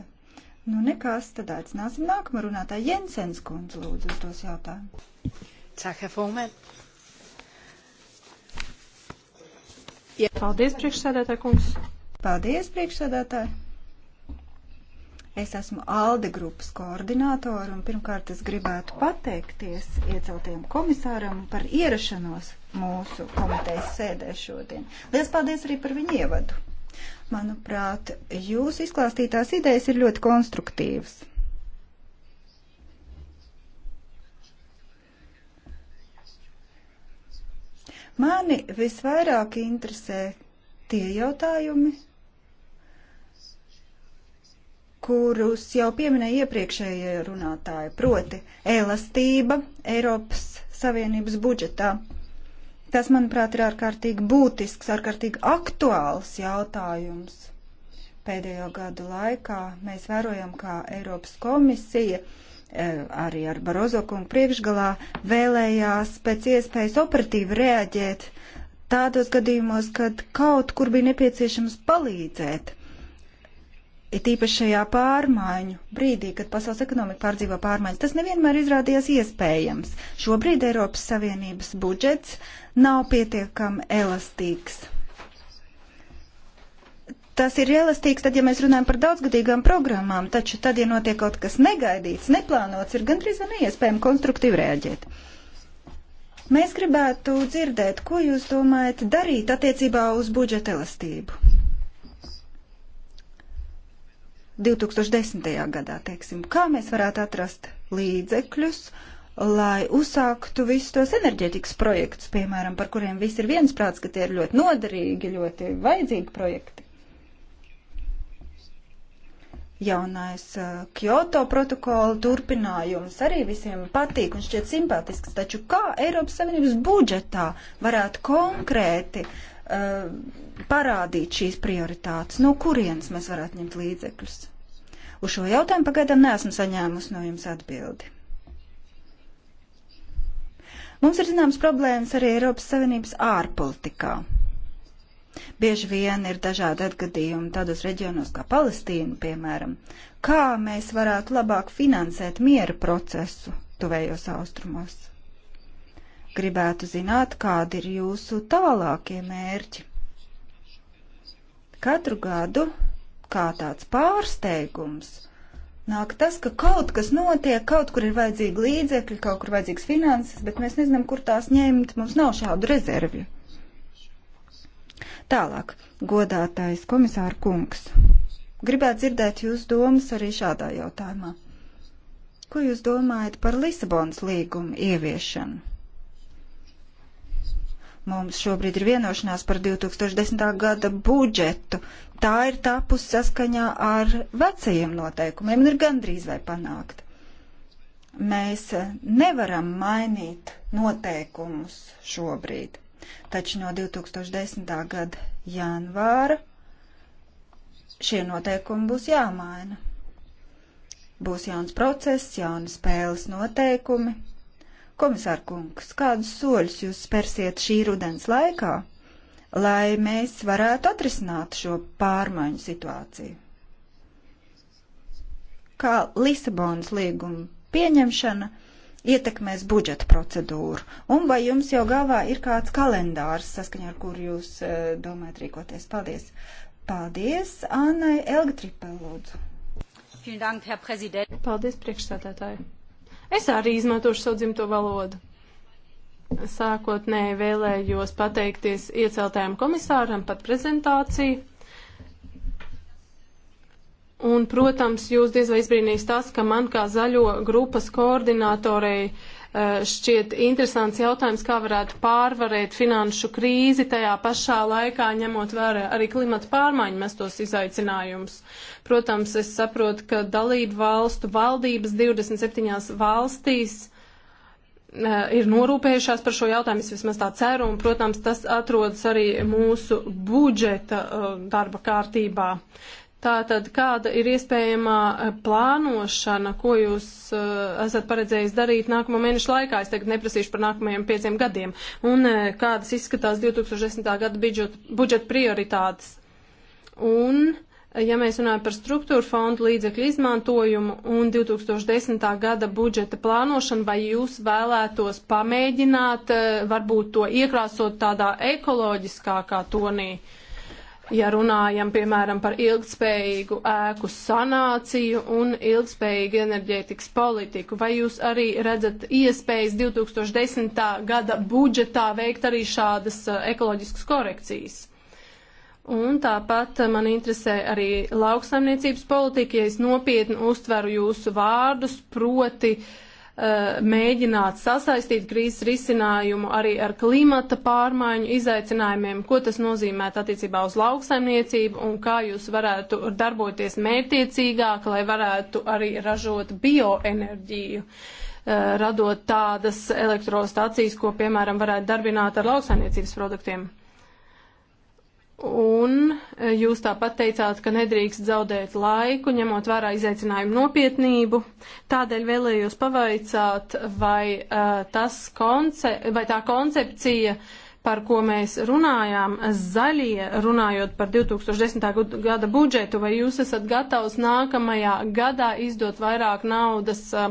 Speaker 2: Nu, nekas, tad aicināsim nākamā runātāja Jensens kundze, lūdzu, uz tos jautājumus. Tak, herr Formand. Paldies, priekšsēdētāj kungs. Paldies, priekšsēdētāji! Es esmu ALDE grupas koordinātora un pirmkārt es gribētu pateikties ieceltajam komisāram par ierašanos mūsu komitejas sēdē šodien. Lielas paldies arī par viņu ievadu. Manuprāt, jūsu izklāstītās idejas ir ļoti konstruktīvas. Mani visvairāk interesē tie jautājumi, kurus jau pieminēja iepriekšējie runātāji, proti elastība Eiropas Savienības budžetā. Tas, manuprāt, ir ārkārtīgi būtisks, ārkārtīgi aktuāls jautājums. Pēdējo gadu laikā mēs vērojam, kā Eiropas komisija eh, arī ar Barozo kungu priekšgalā vēlējās pēc iespējas operatīvi reaģēt tādos gadījumos, kad kaut kur bija nepieciešams palīdzēt It īpaši šajā pārmaiņu brīdī, kad pasaules ekonomika pārdzīvo pārmaiņas, tas nevienmēr izrādījās iespējams. Šobrīd Eiropas Savienības budžets nav pietiekami elastīgs. Tas ir elastīgs, tad, ja mēs runājam par daudzgadīgām programmām, taču tad, ja notiek kaut kas negaidīts, neplānots, ir gandrīz neiespējami konstruktīvi rēģēt. Mēs gribētu dzirdēt, ko jūs domājat darīt attiecībā uz budžeta elastību. 2010. gadā, teiksim, kā mēs varētu atrast līdzekļus, lai uzsāktu visus tos enerģētikas projektus, piemēram, par kuriem visi ir viensprāts, ka tie ir ļoti noderīgi, ļoti vajadzīgi projekti. Jaunais uh, Kyoto protokola turpinājums arī visiem patīk un šķiet simpātisks, taču kā Eiropas Savienības budžetā varētu konkrēti uh, Uh, parādīt šīs prioritātes, no kurienes mēs varētu ņemt līdzekļus. Uz šo jautājumu pagaidām neesmu saņēmusi no jums atbildi. Mums ir zināmas problēmas arī Eiropas Savienības ārpolitikā. Bieži vien ir dažādi atgadījumi tādos reģionos kā Palestīna, piemēram. Kā mēs varētu labāk finansēt miera procesu tuvējos austrumos? Gribētu zināt, kādi ir jūsu tālākie mērķi. Katru gadu, kā tāds pārsteigums, nāk tas, ka kaut kas notiek, kaut kur ir vajadzīgi līdzekļi, kaut kur vajadzīgs finanses, bet mēs nezinām, kur tās ņemt, mums nav šādu rezervju. Tālāk, godātais komisāra kungs, gribētu dzirdēt jūs domas arī šādā jautājumā. Ko jūs domājat par Lisabonas līgumu ieviešanu? Mums šobrīd ir vienošanās par 2010. gada budžetu. Tā ir tapusi saskaņā ar vecajiem noteikumiem un ir gandrīz vai panākta. Mēs eh, nevaram mainīt noteikumus šobrīd, taču no 2010. gada janvāra šie noteikumi būs jāmaina. Būs jauns process, jauni spēles noteikumi Komisārkungs, kādus soļus jūs spērsiet šī rudens laikā, lai mēs varētu atrisināt šo pārmaiņu situāciju? Kā Lisabonas līguma pieņemšana ietekmēs budžeta procedūru? Un vai jums jau galvā ir kāds kalendārs, saskaņā ar kuru jūs eh, domājat rīkoties? Paldies! Paldies, Annai Elga Tripel, lūdzu!
Speaker 5: Paldies, priekšsēdētāji! Es arī izmantošu savu dzimto valodu. Sākotnēji vēlējos pateikties ieceltajam komisāram par prezentāciju. Un, protams, jūs diez vai izbrīnīs tas, ka man kā zaļo grupas koordinatorei uh, Eh, šķiet interesants jautājums, kā varētu pārvarēt finanšu krīzi, tajā pašā laikā ņemot vērā arī klimata pārmaiņu mestos izaicinājumus. Protams, es saprotu, ka dalību valstu valdības 27 valstīs eh, ir norūpējušās par šo jautājumu, es vismaz tā ceru, un, protams, tas atrodas arī mūsu budžeta eh, darba kārtībā. Tātad, kāda ir iespējamā eh, plānošana, ko jūs uh, esat paredzējis darīt nākamo mēnešu laikā? Es tagad neprasīšu par nākamajiem pieciem gadiem. Un uh, kādas izskatās 2010. gada budžeta, budžeta prioritātes? Un, ja mēs runājam par struktūra fondu līdzekļu izmantojumu un 2010. gada budžeta plānošanu, vai jūs vēlētos pamēģināt, uh, varbūt to iekrāsot tādā ekoloģiskākā tonī? Uh, ja runājam, piemēram, par ilgspējīgu ēku sanāciju un ilgspējīgu enerģētikas politiku. Vai jūs arī redzat iespējas 2010. gada budžetā veikt arī šādas eh, ekoloģiskas korekcijas? Un tāpat eh, man interesē arī lauksaimniecības politika, ja es nopietni uztveru jūsu vārdus, proti uh, Eh, mēģināt sasaistīt krīzes risinājumu arī ar klimata pārmaiņu izaicinājumiem, ko tas nozīmē attiecībā uz lauksaimniecību un kā jūs varētu darboties mērtiecīgāk, lai varētu arī ražot bioenerģiju eh, radot tādas elektrostacijas, ko, piemēram, varētu darbināt ar lauksaimniecības produktiem. Un eh, jūs tāpat teicāt, ka nedrīkst zaudēt laiku, ņemot vērā izaicinājumu nopietnību. Tādēļ vēlējos pavaicāt, vai, uh, konce vai tā koncepcija, par ko mēs runājām, zaļie, runājot par 2010. gada budžetu, vai jūs esat gatavs nākamajā gadā izdot vairāk naudas? Uh,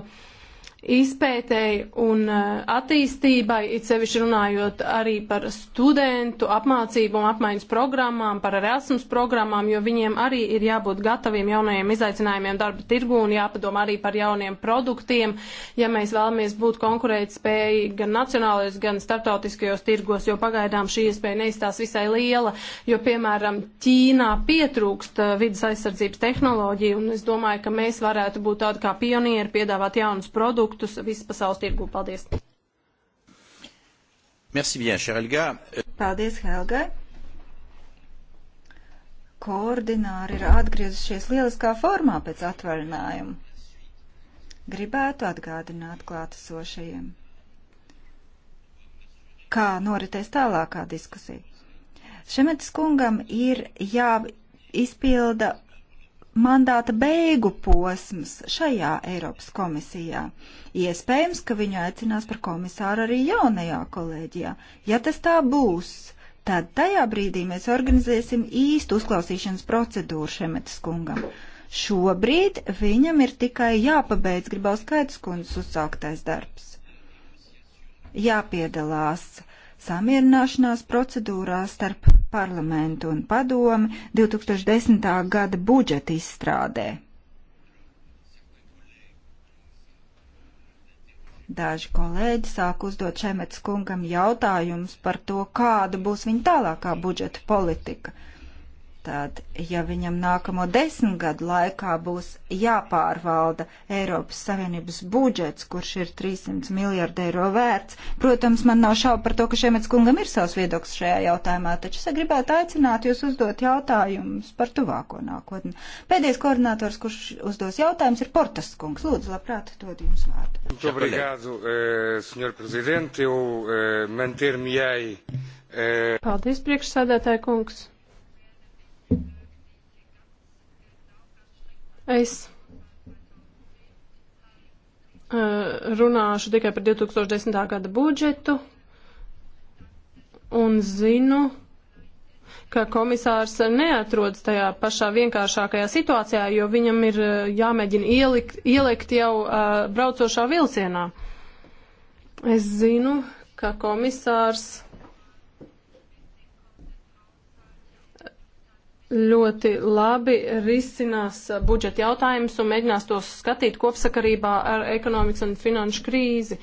Speaker 5: izpētēji un eh, attīstībai, it sevišķi runājot arī par studentu apmācību un apmaiņas programmām, par Erasmus programmām, jo viņiem arī ir jābūt gataviem jaunajiem izaicinājumiem darba tirgu un jāpadomā arī par jauniem produktiem, ja mēs vēlamies būt konkurētspējīgi gan nacionālajos, gan starptautiskajos tirgos, jo pagaidām šī iespēja neizstās visai liela, jo, piemēram, Ķīnā pietrūkst eh, vidas aizsardzības tehnoloģiju, un es domāju, ka mēs varētu būt tādi kā pionieri, piedāvāt jaunus produktus, produktus vispasaules
Speaker 2: tirgū. Paldies!
Speaker 3: Merci bien, cher Helga.
Speaker 2: Paldies, Helga! Koordināri ir atgriezušies lieliskā formā pēc atvaļinājuma. Gribētu atgādināt klātesošajiem, kā noritēs tālākā diskusija. Šemets kungam ir jāizpilda mandāta beigu posms šajā Eiropas komisijā. Iespējams, ka viņu aicinās par komisāru arī jaunajā kolēģijā. Ja tas tā būs, tad tajā brīdī mēs organizēsim īstu uzklausīšanas procedūru Šemetas kungam. Šobrīd viņam ir tikai jāpabeidz gribaus skaitas kundzes uzsāktais darbs. Jāpiedalās samierināšanās procedūrā starp parlamentu un padomi 2010. gada budžeta izstrādē. Daži kolēģi sāk uzdot Šemets kungam jautājumus par to, kāda būs viņa tālākā budžeta politika. Tad, ja viņam nākamo desmit gadu laikā būs jāpārvalda Eiropas Savienības budžets, kurš ir 300 miljārdu eiro vērts, protams, man nav šaubu par to, ka Šemets kungam ir savs viedoklis šajā jautājumā, taču es gribētu aicināt jūs uzdot jautājumus par tuvāko nākotni. Pēdējais koordinators, kurš uzdos jautājumus, ir Portas kungs. Lūdzu, labprāt, dod jums vārdu.
Speaker 3: Obrigado, eh, senhor presidente, eu eh, manter-me-ei. Eh...
Speaker 5: Paldies, priekšsādātāja kungs. Es eh, runāšu tikai par 2010. gada budžetu un zinu, ka komisārs neatrodas tajā pašā vienkāršākajā situācijā, jo viņam ir eh, jāmēģina ielikt, ielikt jau uh, braucošā vilcienā. Es zinu, ka komisārs ļoti labi risinās uh, budžeta jautājumus un mēģinās tos skatīt kopsakarībā ar ekonomikas un finanšu krīzi.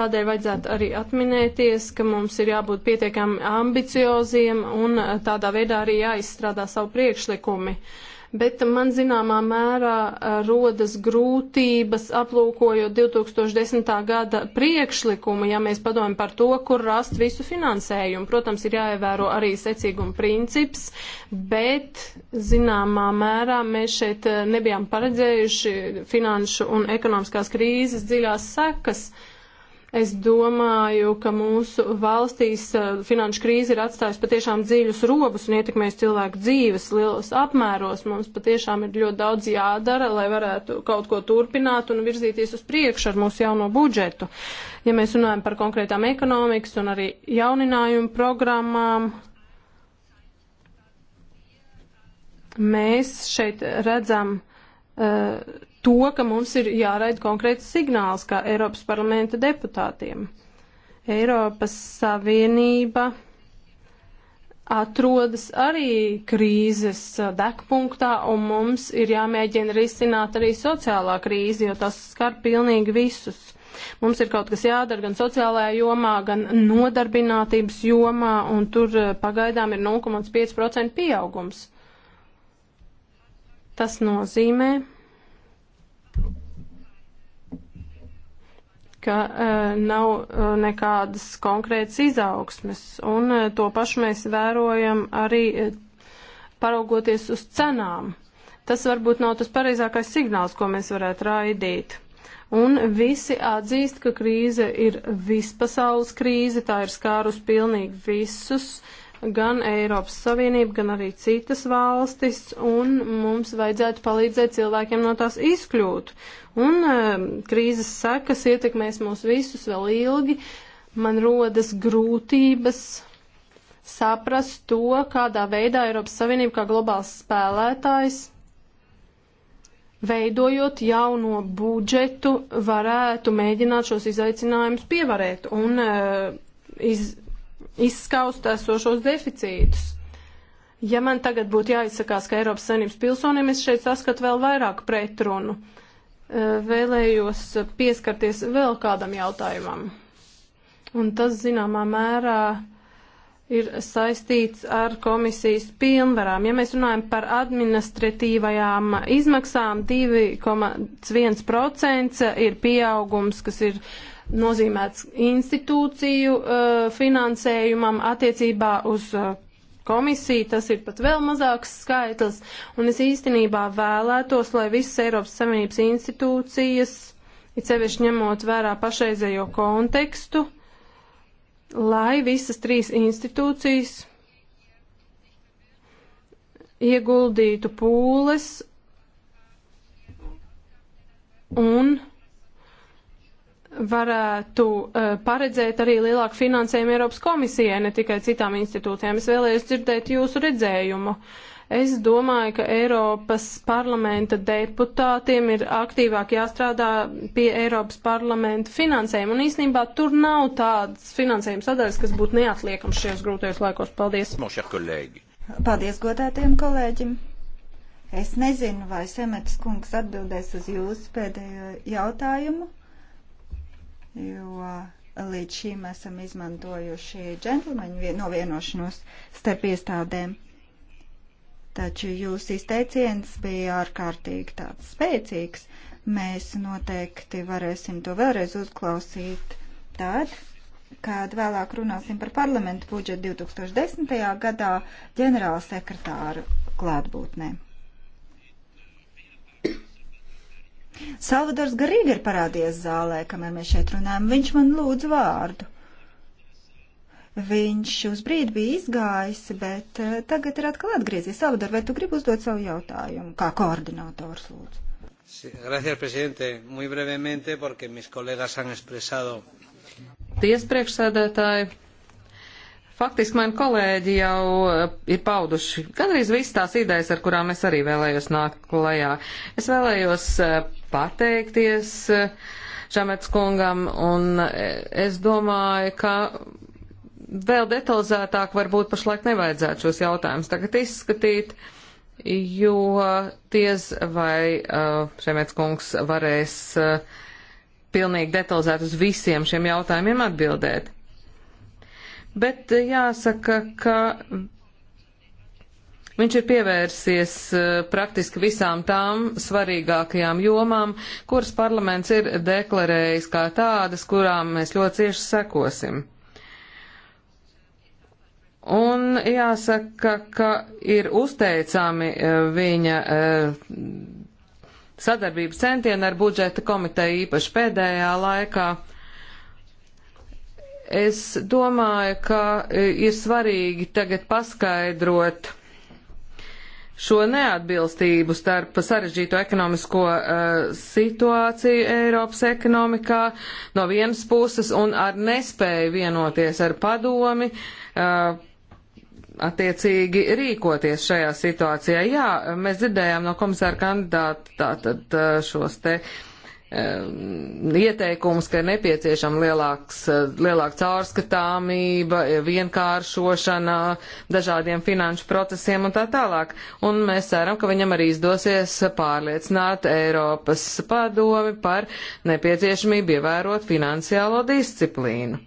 Speaker 5: Tādēļ vajadzētu arī atminēties, ka mums ir jābūt pietiekami ambicioziem un uh, tādā veidā arī jāizstrādā savu priekšlikumi. Uh, bet man zināmā mērā rodas grūtības aplūkojot 2010. gada priekšlikumu, ja mēs padomājam par to, kur rast visu finansējumu. Protams, ir jāievēro arī secīguma princips, bet zināmā mērā mēs šeit nebijām paredzējuši finanšu un ekonomiskās krīzes dziļās sekas. Uh, Es domāju, ka mūsu valstīs eh, finanšu krīze ir atstājusi patiešām dziļus robus un ietekmējusi cilvēku dzīves lielos apmēros. Mums patiešām ir ļoti daudz jādara, lai varētu kaut ko turpināt un virzīties uz priekšu ar mūsu jauno budžetu. Ja mēs runājam par konkrētām ekonomikas un arī jauninājumu programmām, mēs šeit redzam. Uh, to, ka mums ir jāraida konkrēts signāls kā Eiropas parlamenta deputātiem. Eiropas Savienība atrodas arī krīzes dekpunktā, un mums ir jāmēģina risināt arī sociālā krīze, jo tas skar pilnīgi visus. Mums ir kaut kas jādara gan sociālajā jomā, gan nodarbinātības jomā, un tur eh, pagaidām ir 0,5% pieaugums. Tas nozīmē, ka uh, nav uh, nekādas konkrētas izaugsmes, un uh, to pašu mēs vērojam arī uh, paraugoties uz cenām. Tas varbūt nav tas pareizākais signāls, ko mēs varētu raidīt. Un visi atzīst, ka krīze ir vispasaules krīze, tā ir skārus pilnīgi visus. Uh, gan Eiropas Savienība, gan arī citas valstis, un mums vajadzētu palīdzēt cilvēkiem no tās izkļūt. Un um, krīzes sekas ietekmēs mūs visus vēl ilgi. Man rodas grūtības saprast to, kādā veidā Eiropas Savienība kā globāls spēlētājs veidojot jauno budžetu, varētu mēģināt šos izaicinājumus pievarēt un uh, iz, izskaust esošos deficītus. Ja man tagad būtu jāizsakās, ka Eiropas Savienības pilsonim es šeit saskatu vēl vairāk pretrunu, e, vēlējos pieskarties vēl kādam jautājumam. Un tas, zināmā mērā, ir saistīts ar komisijas pilnvarām. Ja mēs runājam par administratīvajām izmaksām, 2,1% ir pieaugums, kas ir uh, nozīmēts institūciju uh, finansējumam attiecībā uz uh, komisiju, tas ir pat vēl mazāks skaitlis, un es īstenībā vēlētos, lai visas Eiropas Savienības institūcijas, it sevišķi ņemot vērā pašreizējo kontekstu, lai visas trīs institūcijas ieguldītu pūles un varētu uh, paredzēt arī lielāku finansējumu Eiropas komisijai, ne tikai citām institūcijām. Es vēlējos dzirdēt jūsu redzējumu. Es domāju, ka Eiropas parlamenta deputātiem ir aktīvāk jāstrādā pie Eiropas parlamenta finansējuma, un īstenībā tur nav tādas finansējuma sadaļas, kas būtu neatliekams šajos grūtajos laikos. Paldies!
Speaker 2: Paldies godētiem kolēģim! Es nezinu, vai Semets kungs atbildēs uz jūsu pēdējo jautājumu jo līdz šim esam izmantojuši džentlmeņu novienošanos starp iestādēm. Taču jūsu izteiciens bija ārkārtīgi tāds spēcīgs. Mēs noteikti varēsim to vēlreiz uzklausīt tad, kad vēlāk runāsim par parlamentu budžetu 2010. gadā ģenerāla sekretāra klātbūtnēm. Salvadors Garīgi ir parādījies zālē, kamēr mēs šeit runājam. Viņš man lūdz vārdu. Viņš uz brīdi bija izgājis, bet eh, tagad ir atkal atgriezies. Salvador, vai tu gribi uzdot savu jautājumu? Kā koordinators lūdzu.
Speaker 4: Gracias, presidente. Muy brevemente, porque mis colegas han expresado. Ties priekšsēdētāji, Faktiski mani kolēģi jau eh, ir pauduši gandrīz visas tās idejas, ar kurām es arī vēlējos nākt klajā. Es vēlējos eh, pateikties Čamets e, kungam, un e, es domāju, ka vēl detalizētāk varbūt pašlaik nevajadzētu šos jautājumus tagad izskatīt, jo tiez vai Čamets e, kungs varēs pilnīgi detalizēt uz visiem šiem jautājumiem atbildēt. Bet jāsaka, ka Viņš ir pievērsies eh, praktiski visām tām svarīgākajām jomām, kuras parlaments ir deklarējis kā tādas, kurām mēs ļoti cieši sekosim. Un jāsaka, ka ir uzteicami eh, viņa eh, sadarbības centieni ar budžeta komiteju īpaši pēdējā laikā. Es domāju, ka ir svarīgi tagad paskaidrot šo neatbilstību starp sarežģīto ekonomisko uh, situāciju Eiropas ekonomikā no vienas puses un ar nespēju vienoties ar padomi. Uh, attiecīgi rīkoties šajā situācijā. Jā, mēs dzirdējām no komisāra kandidāta tātad eh, šos te uh, ieteikums, ka ir nepieciešama lielāks, eh, lielāka caurskatāmība, eh, vienkāršošana dažādiem finanšu procesiem un tā tālāk. Un mēs ceram, ka viņam arī izdosies pārliecināt Eiropas padomi par nepieciešamību ievērot finansiālo disciplīnu.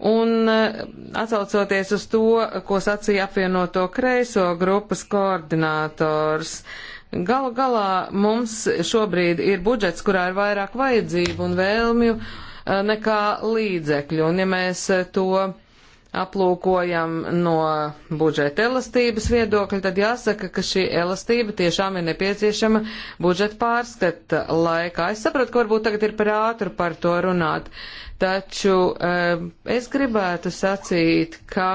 Speaker 4: Un eh, atsaucoties uz to, ko sacīja apvienoto kreiso grupas koordinators, uh, Galu galā mums šobrīd ir budžets, kurā ir vairāk vajadzību un vēlmju eh, nekā līdzekļu, un ja mēs eh, to aplūkojam no budžeta elastības viedokļa, tad jāsaka, ka šī elastība tiešām ir nepieciešama budžeta pārskata laikā. Es saprotu, ka varbūt tagad ir par ātru par to runāt, taču eh, es gribētu sacīt, ka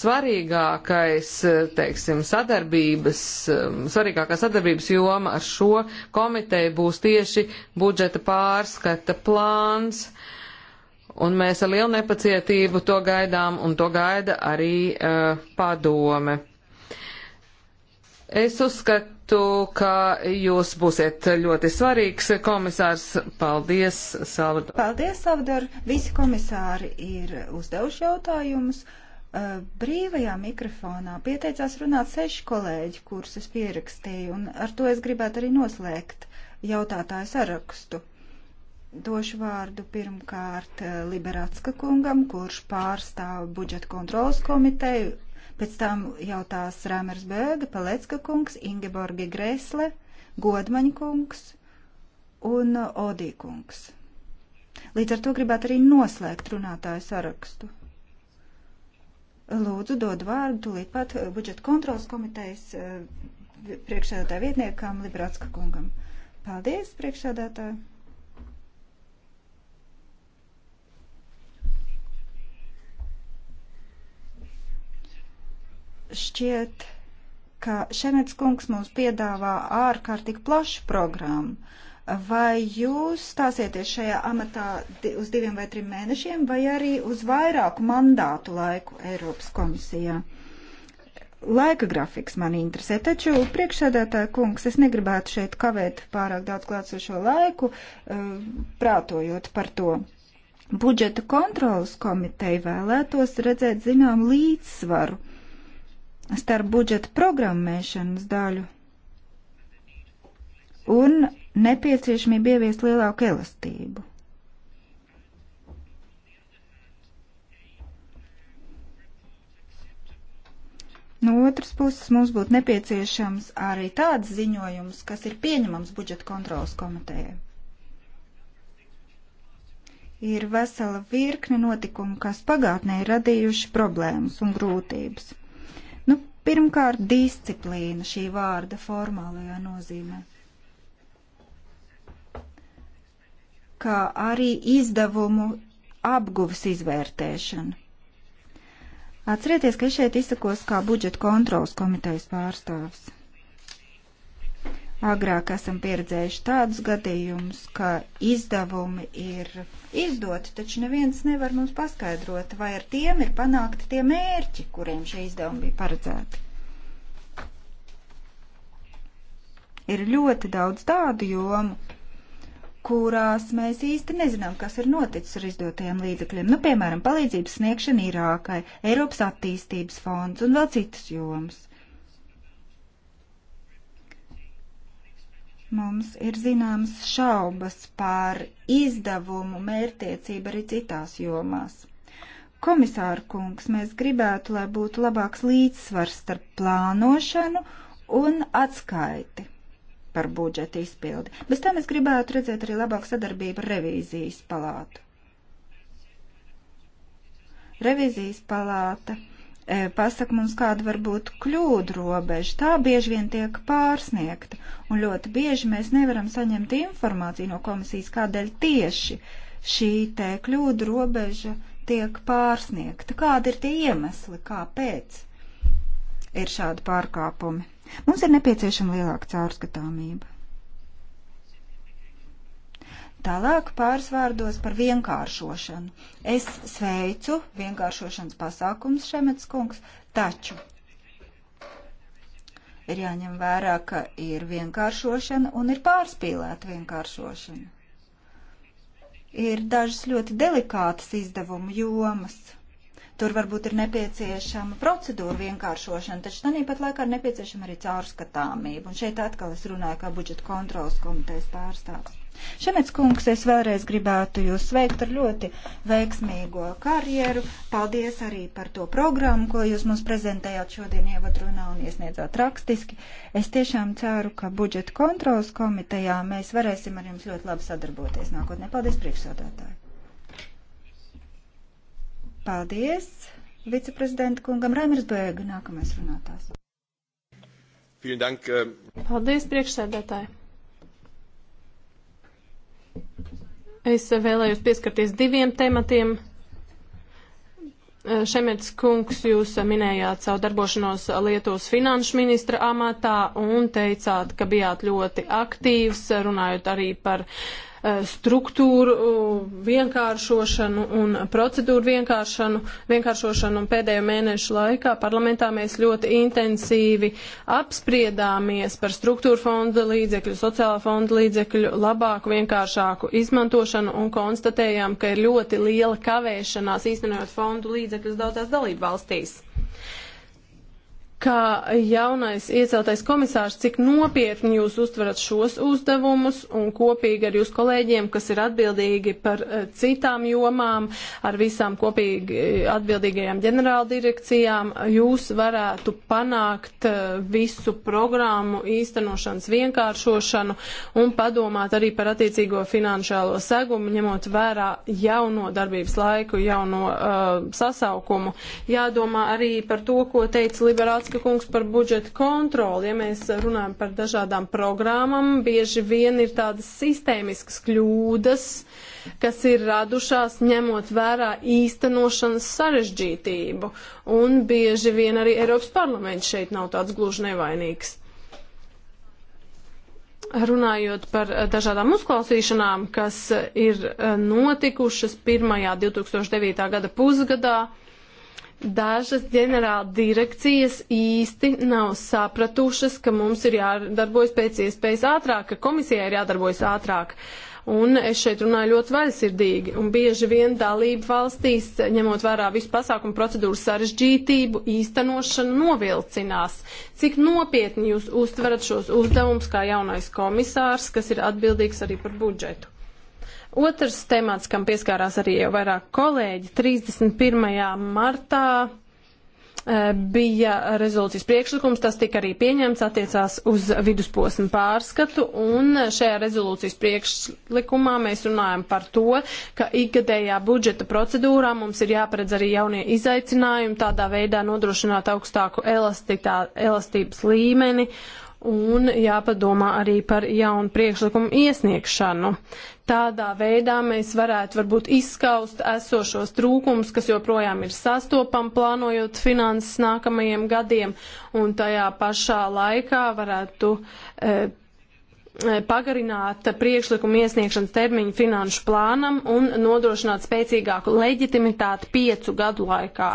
Speaker 4: svarīgākais, teiksim, sadarbības, um, svarīgākā sadarbības joma ar šo komiteju būs tieši budžeta pārskata plāns, un mēs ar lielu nepacietību to gaidām, un to gaida arī uh, padome. Es uzskatu, ka jūs būsiet ļoti svarīgs komisārs. Paldies, Salvador.
Speaker 2: Paldies, Salvador. Visi komisāri ir uzdevuši jautājumus. Eh, brīvajā mikrofonā pieteicās runāt seši kolēģi, kurus es pierakstīju, un ar to es gribētu arī noslēgt jautātāju sarakstu. Došu vārdu pirmkārt eh, Liberatska kungam, kurš pārstāv budžeta kontrolas komiteju, pēc tam jautās Rāmers Bēga, Palecka kungs, Ingeborgi Gresle, Godmaņa kungs un eh, Odī kungs. Līdz ar to gribētu arī noslēgt runātāju sarakstu. Lūdzu, dod vārdu tūlīt pat eh, budžeta kontrolas komitejas eh, priekšsēdētāja vietniekam Libratska kungam. Paldies, priekšsēdētāji! Šķiet, ka Šemets kungs mums piedāvā ārkārtīgi plašu programmu Vai jūs stāsieties šajā amatā uz diviem vai trim mēnešiem, vai arī uz vairāku mandātu laiku Eiropas komisijā? Laika grafiks man interesē, taču priekšsēdētāja kungs, es negribētu šeit kavēt pārāk daudz klātsošo laiku, eh, prātojot par to. Budžeta kontrolas komiteja vēlētos redzēt zinām līdzsvaru starp budžeta programmēšanas daļu un nepieciešamība ieviest lielāku elastību. No otras puses, mums būtu nepieciešams arī tāds ziņojums, kas ir pieņemams budžeta kontrolas komitejai. Ir vesela virkne notikumu, kas pagātnē ir radījuši problēmas un grūtības. Nu, pirmkārt, disciplīna šī vārda formālajā nozīmē. kā arī izdevumu apguvas izvērtēšana. Atcerieties, ka es šeit izsakos kā budžeta kontrolas komitejas pārstāvs. Agrāk esam pieredzējuši tādus gadījumus, ka izdevumi ir izdoti, taču neviens nevar mums paskaidrot, vai ar tiem ir panākti tie mērķi, kuriem šie izdevumi bija paredzēti. Ir ļoti daudz tādu jomu, kurās mēs īsti nezinām, kas ir noticis ar izdotajiem līdzekļiem. Nu, piemēram, palīdzības sniegšana Irākai, Eiropas attīstības fonds un vēl citas jomas. Mums ir zināmas šaubas par izdevumu mērtiecību arī citās jomās. Komisāra kungs, mēs gribētu, lai būtu labāks līdzsvars starp plānošanu un atskaiti par budžeta izpildi. Bez tam es gribētu redzēt arī labāku sadarbību ar revīzijas palātu. Revīzijas palāta e, pasaka mums, kāda var būt kļūda robeža. Tā bieži vien tiek pārsniegta, un ļoti bieži mēs nevaram saņemt informāciju no komisijas, kādēļ tieši šī te kļūda robeža tiek pārsniegta. Kādi ir tie iemesli, kāpēc ir šādi pārkāpumi? Mums ir nepieciešama lielāka caurskatāmība. Tālāk pāris vārdos par vienkāršošanu. Es sveicu vienkāršošanas pasākums Šemets kungs, taču ir jāņem vērā, ka ir vienkāršošana un ir pārspīlēta vienkāršošana. Ir dažas ļoti delikātas izdevumu jomas. Tur varbūt ir nepieciešama procedūra vienkāršošana, taču tāpat laikā ir nepieciešama arī caurskatāmība. Un šeit atkal es runāju kā budžeta kontrolas komitejas pārstāvs. Šemets kungs, es vēlreiz gribētu jūs sveikt ar ļoti veiksmīgo karjeru. Paldies arī par to programmu, ko jūs mums prezentējāt šodien ievadrunā un iesniedzāt rakstiski. Es tiešām ceru, ka budžeta kontrolas komitejā mēs varēsim ar jums ļoti labi sadarboties nākotnē. Paldies, priekšsādātāji! Paldies viceprezidenta kungam Raimers Bēga, nākamais runātājs.
Speaker 1: Eh.
Speaker 2: Paldies, priekšsēdētāji. Es vēlējos
Speaker 5: pieskarties diviem tematiem. Eh, Šemets kungs, jūs minējāt savu darbošanos Lietuvas finanšu ministra amatā un teicāt, ka bijāt ļoti aktīvs, runājot arī par uh, Eh, struktūru eh, vienkāršošanu un procedūru vienkāršanu, vienkāršošanu un pēdējo mēnešu laikā parlamentā mēs ļoti intensīvi apspriedāmies par struktūru fonda līdzekļu, sociālā fonda līdzekļu labāku, vienkāršāku izmantošanu un konstatējām, ka ir ļoti liela kavēšanās īstenojot fondu līdzekļus daudzās dalību valstīs kā jaunais ieceltais komisārs, cik nopietni jūs uztverat šos uzdevumus un kopīgi ar jūs kolēģiem, kas ir atbildīgi par eh, citām jomām, ar visām kopīgi eh, atbildīgajām ģenerāldirekcijām, jūs varētu panākt eh, visu programmu īstenošanas vienkāršošanu un padomāt arī par attiecīgo finanšālo segumu, ņemot vērā jauno darbības laiku, jauno uh, sasaukumu. Jādomā arī par to, ko teica liberāts Piņevska kungs par budžeta kontroli. Ja mēs runājam par dažādām programmām, bieži vien ir tādas sistēmiskas kļūdas, kas ir radušās ņemot vērā īstenošanas sarežģītību. Un bieži vien arī Eiropas parlaments šeit nav tāds gluži nevainīgs runājot par dažādām uzklausīšanām, kas ir notikušas pirmajā 2009. gada pusgadā, Dažas ģenerāla direkcijas īsti nav sapratušas, ka mums ir jādarbojas pēc iespējas ātrāk, ka komisijai ir jādarbojas ātrāk. Un es šeit runāju ļoti vaļsirdīgi, un bieži vien dalību valstīs, ņemot vērā visu pasākumu procedūru sarežģītību, īstenošana novilcinās. Cik nopietni jūs uztverat šos uzdevumus kā jaunais komisārs, kas ir atbildīgs arī par budžetu? Otrs temats, kam pieskārās arī jau vairāk kolēģi, 31. martā eh, bija rezolūcijas priekšlikums, tas tika arī pieņemts, attiecās uz vidusposmu pārskatu, un šajā rezolūcijas priekšlikumā mēs runājam par to, ka ikgadējā budžeta procedūrā mums ir jāparedz arī jaunie izaicinājumi, tādā veidā nodrošināt augstāku elastitā, elastības līmeni un jāpadomā arī par jaunu priekšlikumu iesniegšanu. Uh, Tādā veidā mēs varētu varbūt izskaust esošos trūkums, kas joprojām ir sastopam, plānojot finanses nākamajiem gadiem, un tajā pašā laikā varētu e, e pagarināt priekšlikumu iesniegšanas termiņu finanšu plānam un nodrošināt spēcīgāku leģitimitāti piecu gadu laikā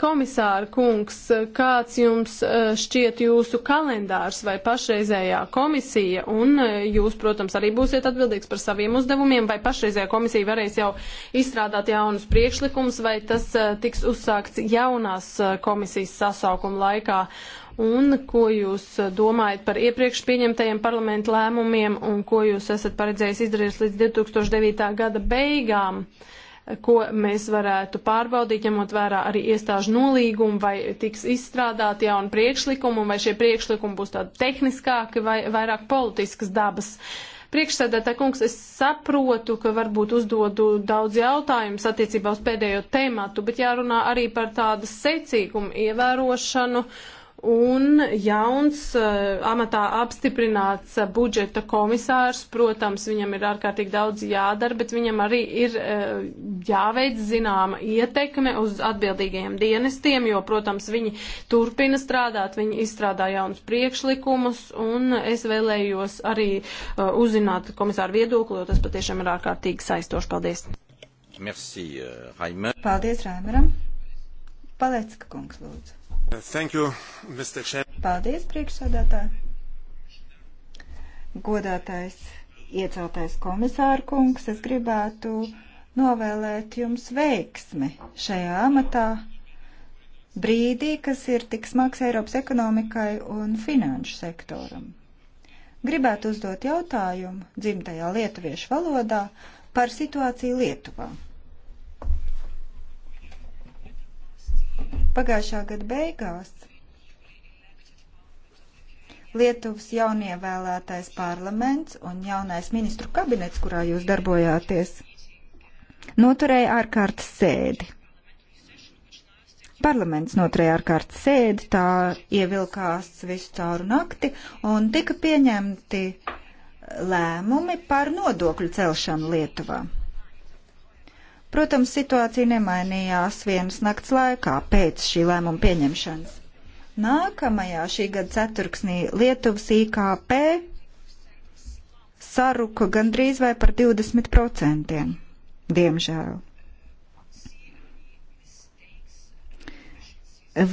Speaker 5: komisāra kungs, kāds jums eh, šķiet jūsu kalendārs vai pašreizējā komisija, un eh, jūs, protams, arī būsiet atbildīgs par saviem uzdevumiem, vai pašreizējā komisija varēs jau izstrādāt jaunus priekšlikumus, vai tas eh, tiks uzsākts jaunās komisijas sasaukuma laikā, un ko jūs domājat par iepriekš pieņemtajiem parlamentu lēmumiem, un ko jūs esat paredzējis izdarīt līdz 2009. gada beigām. Uh, ko mēs varētu pārbaudīt, ņemot vērā arī iestāžu nolīgumu, vai tiks izstrādāti jauni priekšlikumi, un vai šie priekšlikumi būs tādi tehniskāki vai vairāk politiskas dabas. Priekšsēdētā kungs, es saprotu, ka varbūt uzdodu daudz jautājumus attiecībā uz pēdējo tēmatu, bet jārunā arī par tādas secīgumu ievērošanu. Uh, Un jauns uh, amatā apstiprināts uh, budžeta komisārs, protams, viņam ir ārkārtīgi daudz jādara, bet viņam arī ir uh, jāveic zināma ietekme uz atbildīgajiem dienestiem, jo, protams, viņi turpina strādāt, viņi izstrādā jaunus priekšlikumus, un es vēlējos arī uh, uzzināt komisāru viedokli, jo tas patiešām ir ārkārtīgi saistoši.
Speaker 2: Paldies!
Speaker 3: Merci, uh, Raimer. Paldies,
Speaker 2: Raimeram! Palecka kungs, lūdzu! Thank you, Mr. Chairman. Paldies, priekšsādātāji. Godātais ieceltais komisāra kungs, es gribētu novēlēt jums veiksmi šajā amatā brīdī, kas ir tik smags Eiropas ekonomikai un finanšu sektoram. Gribētu uzdot jautājumu dzimtajā lietuviešu valodā par situāciju Lietuvā. Pagājušā gada beigās Lietuvas jaunievēlētais parlaments un jaunais ministru kabinets, kurā jūs darbojāties, noturēja ārkārtas sēdi. Parlaments noturēja ārkārtas sēdi, tā ievilkās visu cauru nakti un tika pieņemti lēmumi par nodokļu celšanu Lietuvā. Protams, situācija nemainījās vienas nakts laikā pēc šī lēmuma pieņemšanas. Nākamajā šī gada ceturksnī Lietuvas IKP saruka gandrīz vai par 20%. Diemžēl.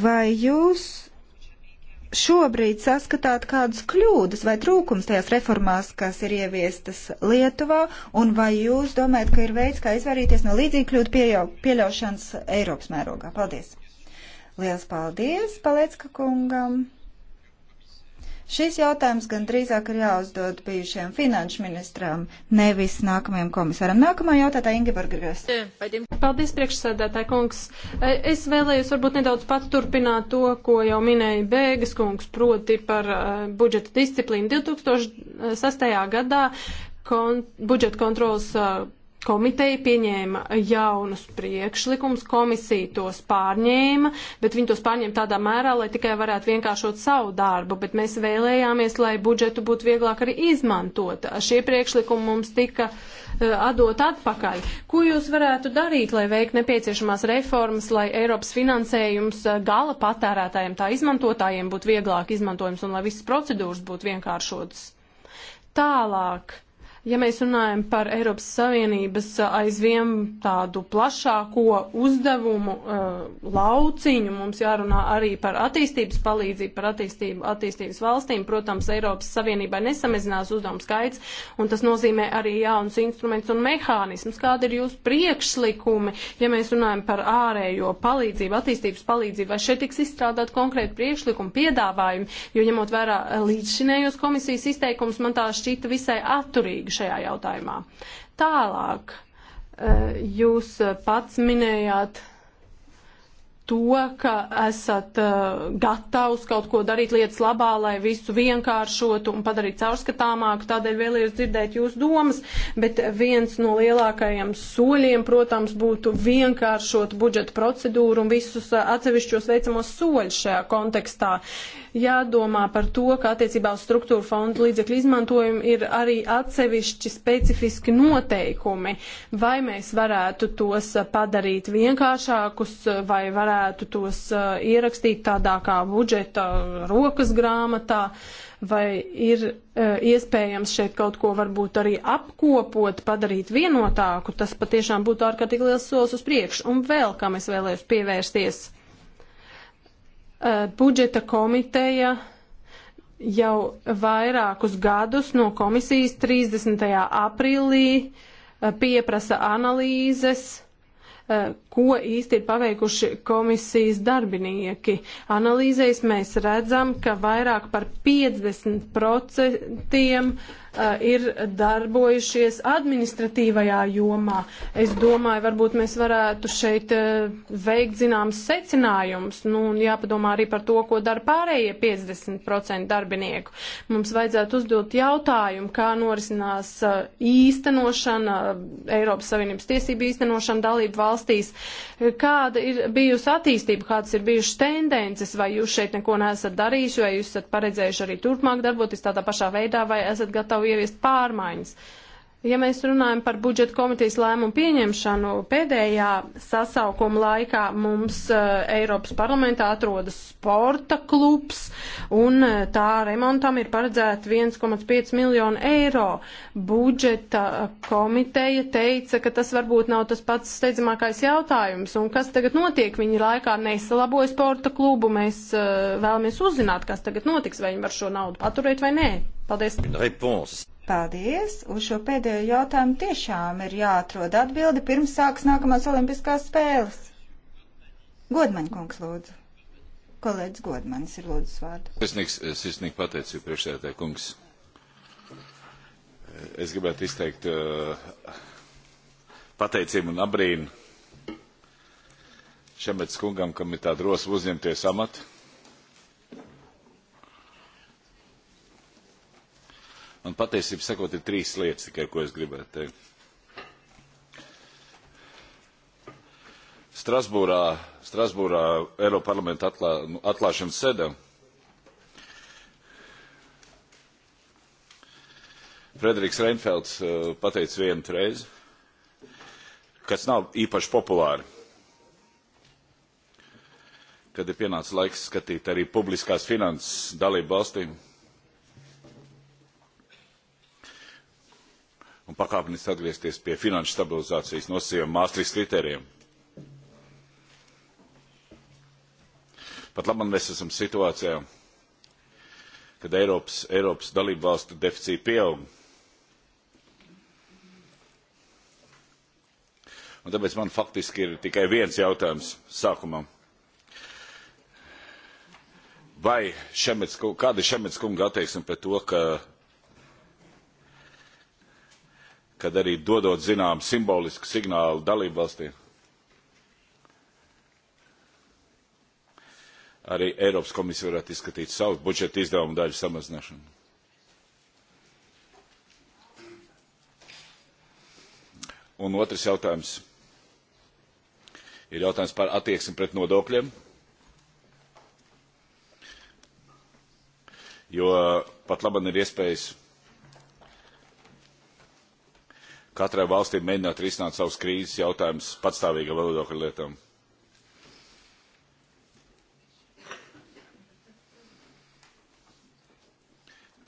Speaker 2: Vai jūs šobrīd saskatāt kādas kļūdas vai trūkums tajās reformās, kas ir ieviestas Lietuvā, un vai jūs domājat, ka ir veids, kā izvairīties no līdzīgu kļūdu pieļau, pieļaušanas Eiropas mērogā? Paldies! Liels paldies Palecka kungam! Šis jautājums gan drīzāk ir jāuzdod bijušajam finanšu ministram, nevis nākamajam komisaram. Nākamā jautātā Ingeborg Gres.
Speaker 5: Paldies, priekšsēdētāji kungs. Es vēlējos varbūt nedaudz paturpināt to, ko jau minēja Bēgas kungs, proti par uh, budžeta disciplīnu. 2008. gadā kon budžeta kontrolas uh, eh, Komiteja pieņēma jaunus priekšlikumus, komisija tos pārņēma, bet viņi tos pārņēma tādā mērā, lai tikai varētu vienkāršot savu darbu, bet mēs vēlējāmies, lai budžetu būtu vieglāk arī izmantot. Šie priekšlikumi mums tika uh, atdot atpakaļ. Ko jūs varētu darīt, lai veikt nepieciešamās reformas, lai Eiropas finansējums eh, gala patērētājiem, tā izmantotājiem būtu vieglāk izmantojums un lai visas procedūras būtu vienkāršotas? Tālāk Ja mēs runājam par Eiropas Savienības aizvien tādu plašāko uzdevumu lauciņu, mums jārunā arī par attīstības palīdzību, par attīstību attīstības valstīm. Protams, Eiropas Savienībai nesamazinās uzdevumu skaits, un tas nozīmē arī jaunus instrumentus un mehānismus. Kādi ir jūsu priekšlikumi, ja mēs runājam par ārējo palīdzību, attīstības palīdzību, vai šeit tiks izstrādāt konkrēti priekšlikumi, piedāvājumi, jo ņemot vērā līdzšinējos komisijas izteikumus, man tā šķita visai atturīgi atbildīgi šajā jautājumā. Tālāk eh, jūs eh, pats minējāt to, ka esat uh, gatavs kaut ko darīt lietas labā, lai visu vienkāršotu un padarītu caurskatāmāku. Tādēļ vēlējos dzirdēt jūsu domas, bet viens no lielākajiem soļiem, protams, būtu vienkāršot budžeta procedūru un visus uh, atsevišķos veicamos soļus šajā kontekstā jādomā par to, ka attiecībā uz struktūra fondu līdzekļu izmantojumu ir arī atsevišķi specifiski noteikumi. Vai mēs varētu tos padarīt vienkāršākus, vai varētu tos eh, ierakstīt tādā kā budžeta rokas grāmatā, vai ir eh, iespējams šeit kaut ko varbūt arī apkopot, padarīt vienotāku, tas patiešām būtu ārkārtīgi liels solis uz priekšu. Un vēl, kam es vēlējos pievērsties, Eh, budžeta komiteja jau vairākus gadus no komisijas 30. aprīlī eh, pieprasa analīzes, eh, ko īsti ir paveikuši komisijas darbinieki. Analīzēs mēs redzam, ka vairāk par 50% ir darbojušies administratīvajā jomā. Es domāju, varbūt mēs varētu šeit veikt zināmas secinājumus, nu, un jāpadomā arī par to, ko dara pārējie 50% darbinieku. Mums vajadzētu uzdot jautājumu, kā norisinās īstenošana, Eiropas Savienības tiesību īstenošana dalību valstīs Kāda ir bijusi attīstība, kādas ir bijušas tendences, vai jūs šeit neko neesat darījuši, vai jūs esat paredzējuši arī turpmāk darboties tādā pašā veidā, vai esat gatavi ieviest pārmaiņas? Uh, Ja mēs runājam par budžeta komitejas lēmumu pieņemšanu, pēdējā sasaukuma laikā mums uh, Eiropas parlamentā atrodas sporta klubs, un uh, tā remontam ir paredzēta 1,5 miljonu eiro. Budžeta eh, komiteja teica, ka tas varbūt nav tas pats steidzamākais jautājums, un kas tagad notiek? Viņi laikā nesalaboja sporta klubu, mēs uh, vēlamies uzzināt, kas tagad notiks, vai viņi var šo naudu paturēt vai nē.
Speaker 2: Paldies! Paldies! Uz šo pēdējo jautājumu tiešām ir jāatrod atbildi pirms sāks nākamās olimpiskās spēles. Godmaņa kungs lūdzu. Kolēģis Godmanis ir lūdzu vārdu.
Speaker 1: Sisnīgs, eh, sisnīgi pateicību priekšsēdētāji kungs. Eh, es gribētu izteikt eh, pateicību un abrīnu Šemets kungam, kam ir tā drosme uzņemties amatu Man patiesībā sakot, ir trīs lietas tikai, ko es gribētu teikt. Strasbūrā, Strasbūrā Eiropa parlamenta atklā, nu, atklāšanas sēdē Frederiks Reinfelds uh, pateica vienu reizi, kas nav īpaši populāri, kad ir pienācis laiks skatīt arī publiskās finanses dalību valstīm. un pakāpeniski atgriezties pie finanšu stabilizācijas nosacījuma Māstrīs kritērijiem. Pat labam mēs esam situācijā, kad Eiropas, Eiropas dalību valstu deficīti pieaug. Un tāpēc man faktiski ir tikai viens jautājums sākumā. Vai šemets, kāda ir Šemets kunga attieksme pret to, ka kad arī dodot zinām simbolisku signālu dalību valstīm? Arī Eiropas komisija varētu izskatīt savu budžeta izdevumu daļu samazināšanu. Un otrs jautājums ir jautājums par attieksmi pret nodokļiem. Jo pat labam ir iespējas katrai valstī mēģināt risināt savus krīzes jautājumus patstāvīga valodokļa lietām.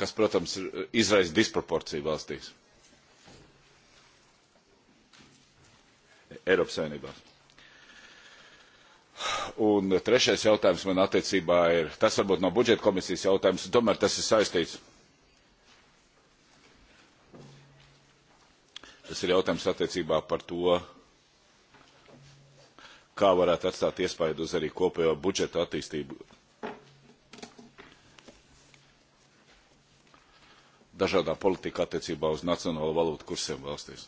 Speaker 1: kas, protams, izraisa disproporciju valstīs. Eiropas saimnībā. Un trešais jautājums man attiecībā ir, tas varbūt no budžeta komisijas jautājums, tomēr tas ir saistīts Tas ir jautājums attiecībā par to, kā varētu atstāt iespaidu uz arī kopējo budžeta attīstību dažādā politika attiecībā uz nacionālo valūtu kursiem valstīs.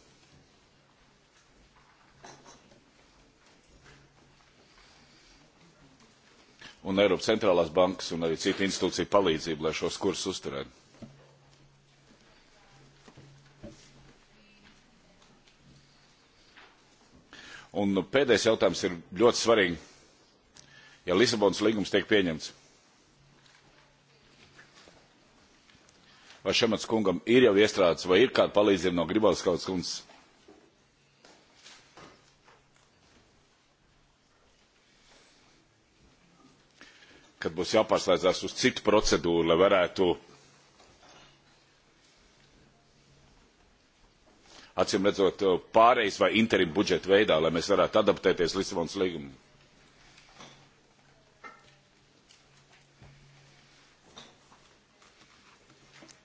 Speaker 1: Un Eiropas centrālās bankas un arī citu institūciju palīdzību, lai šos kursus uzturētu. Un nu, pēdējais jautājums ir ļoti svarīgi. Ja Lisabonas līgums tiek pieņemts, vai Šemats kungam ir jau iestrādes, vai ir kāda palīdzība no Gribalskauts kundzes? Kad būs jāpārslēdzās uz citu procedūru, lai varētu uh, acīm redzot, eh, pārejas vai interim budžeta veidā, lai mēs varētu adaptēties Lisabonas līgumam.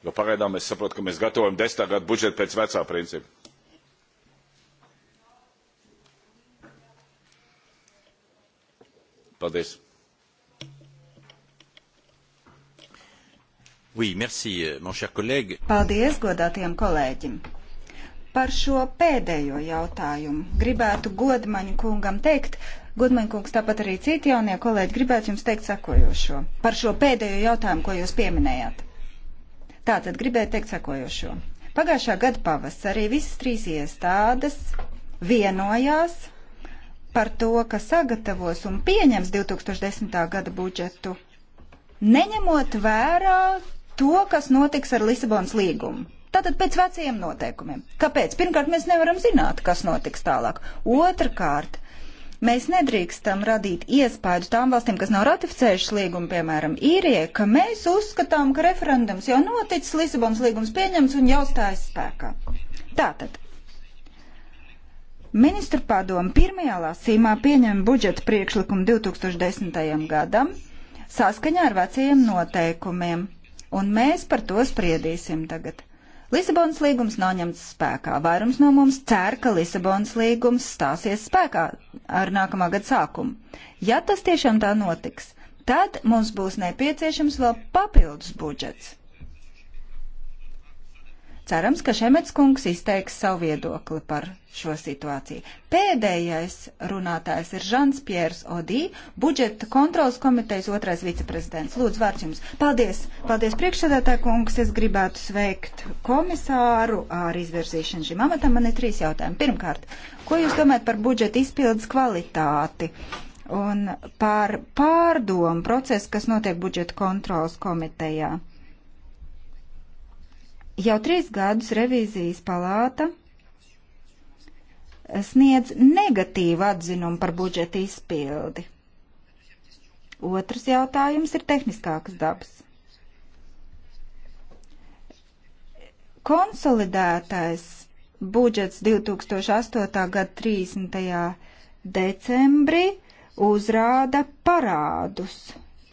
Speaker 1: Jo pagaidām es saprotu, ka mēs gatavojam desmitā gadu budžetu pēc vecā principa. Paldies. Oui, merci, eh, mon cher collègue.
Speaker 2: Paldies, godātiem kolēģim. Par šo pēdējo jautājumu gribētu godmaņu kungam teikt, godmaņu kungs, tāpat arī citi jaunie kolēģi, gribētu jums teikt sakojošo. Par šo pēdējo jautājumu, ko jūs pieminējāt. Tātad gribēju teikt sakojošo. Pagājušā gada pavasarī visas trīs iestādes vienojās par to, ka sagatavos un pieņems 2010. gada budžetu, neņemot vērā to, kas notiks ar Lisabonas līgumu. Tātad pēc veciem noteikumiem. Kāpēc? Pirmkārt, mēs nevaram zināt, kas notiks tālāk. Otrakārt, mēs nedrīkstam radīt iespēju tām valstīm, kas nav ratificējušas līgumu, piemēram, īrijai, ka mēs uzskatām, ka referendums jau noticis, Lisabonas līgums pieņems un jau stājas spēkā. Tātad. Ministru padomu pirmajā lasīmā pieņem budžeta priekšlikumu 2010. gadam saskaņā ar vecajiem noteikumiem, un mēs par to spriedīsim tagad. Lisabonas līgums nav ņemts spēkā. Vairums no mums cer, ka Lisabonas līgums stāsies spēkā ar nākamā gada sākumu. Ja tas tiešām tā notiks, tad mums būs nepieciešams vēl papildus budžets. Cerams, ka Šemets kungs izteiks savu viedokli par šo situāciju. Pēdējais runātājs ir Žans Piers Odī, budžeta kontrolas komitejas otrais viceprezidents. Lūdzu, vārds jums. Paldies, paldies priekšsēdētāj kungs. Es gribētu sveikt komisāru ar izvirzīšanu šim amatam. Man ir trīs jautājumi. Pirmkārt, ko jūs domājat par budžeta izpildes kvalitāti? Un par pārdomu procesu, kas notiek budžeta kontrolas komitejā. Jau trīs gadus revīzijas palāta sniedz negatīvu atzinumu par budžeta izpildi. Otrs jautājums ir tehniskākas dabas. Konsolidētais budžets 2008. gada 30. decembrī uzrāda parādus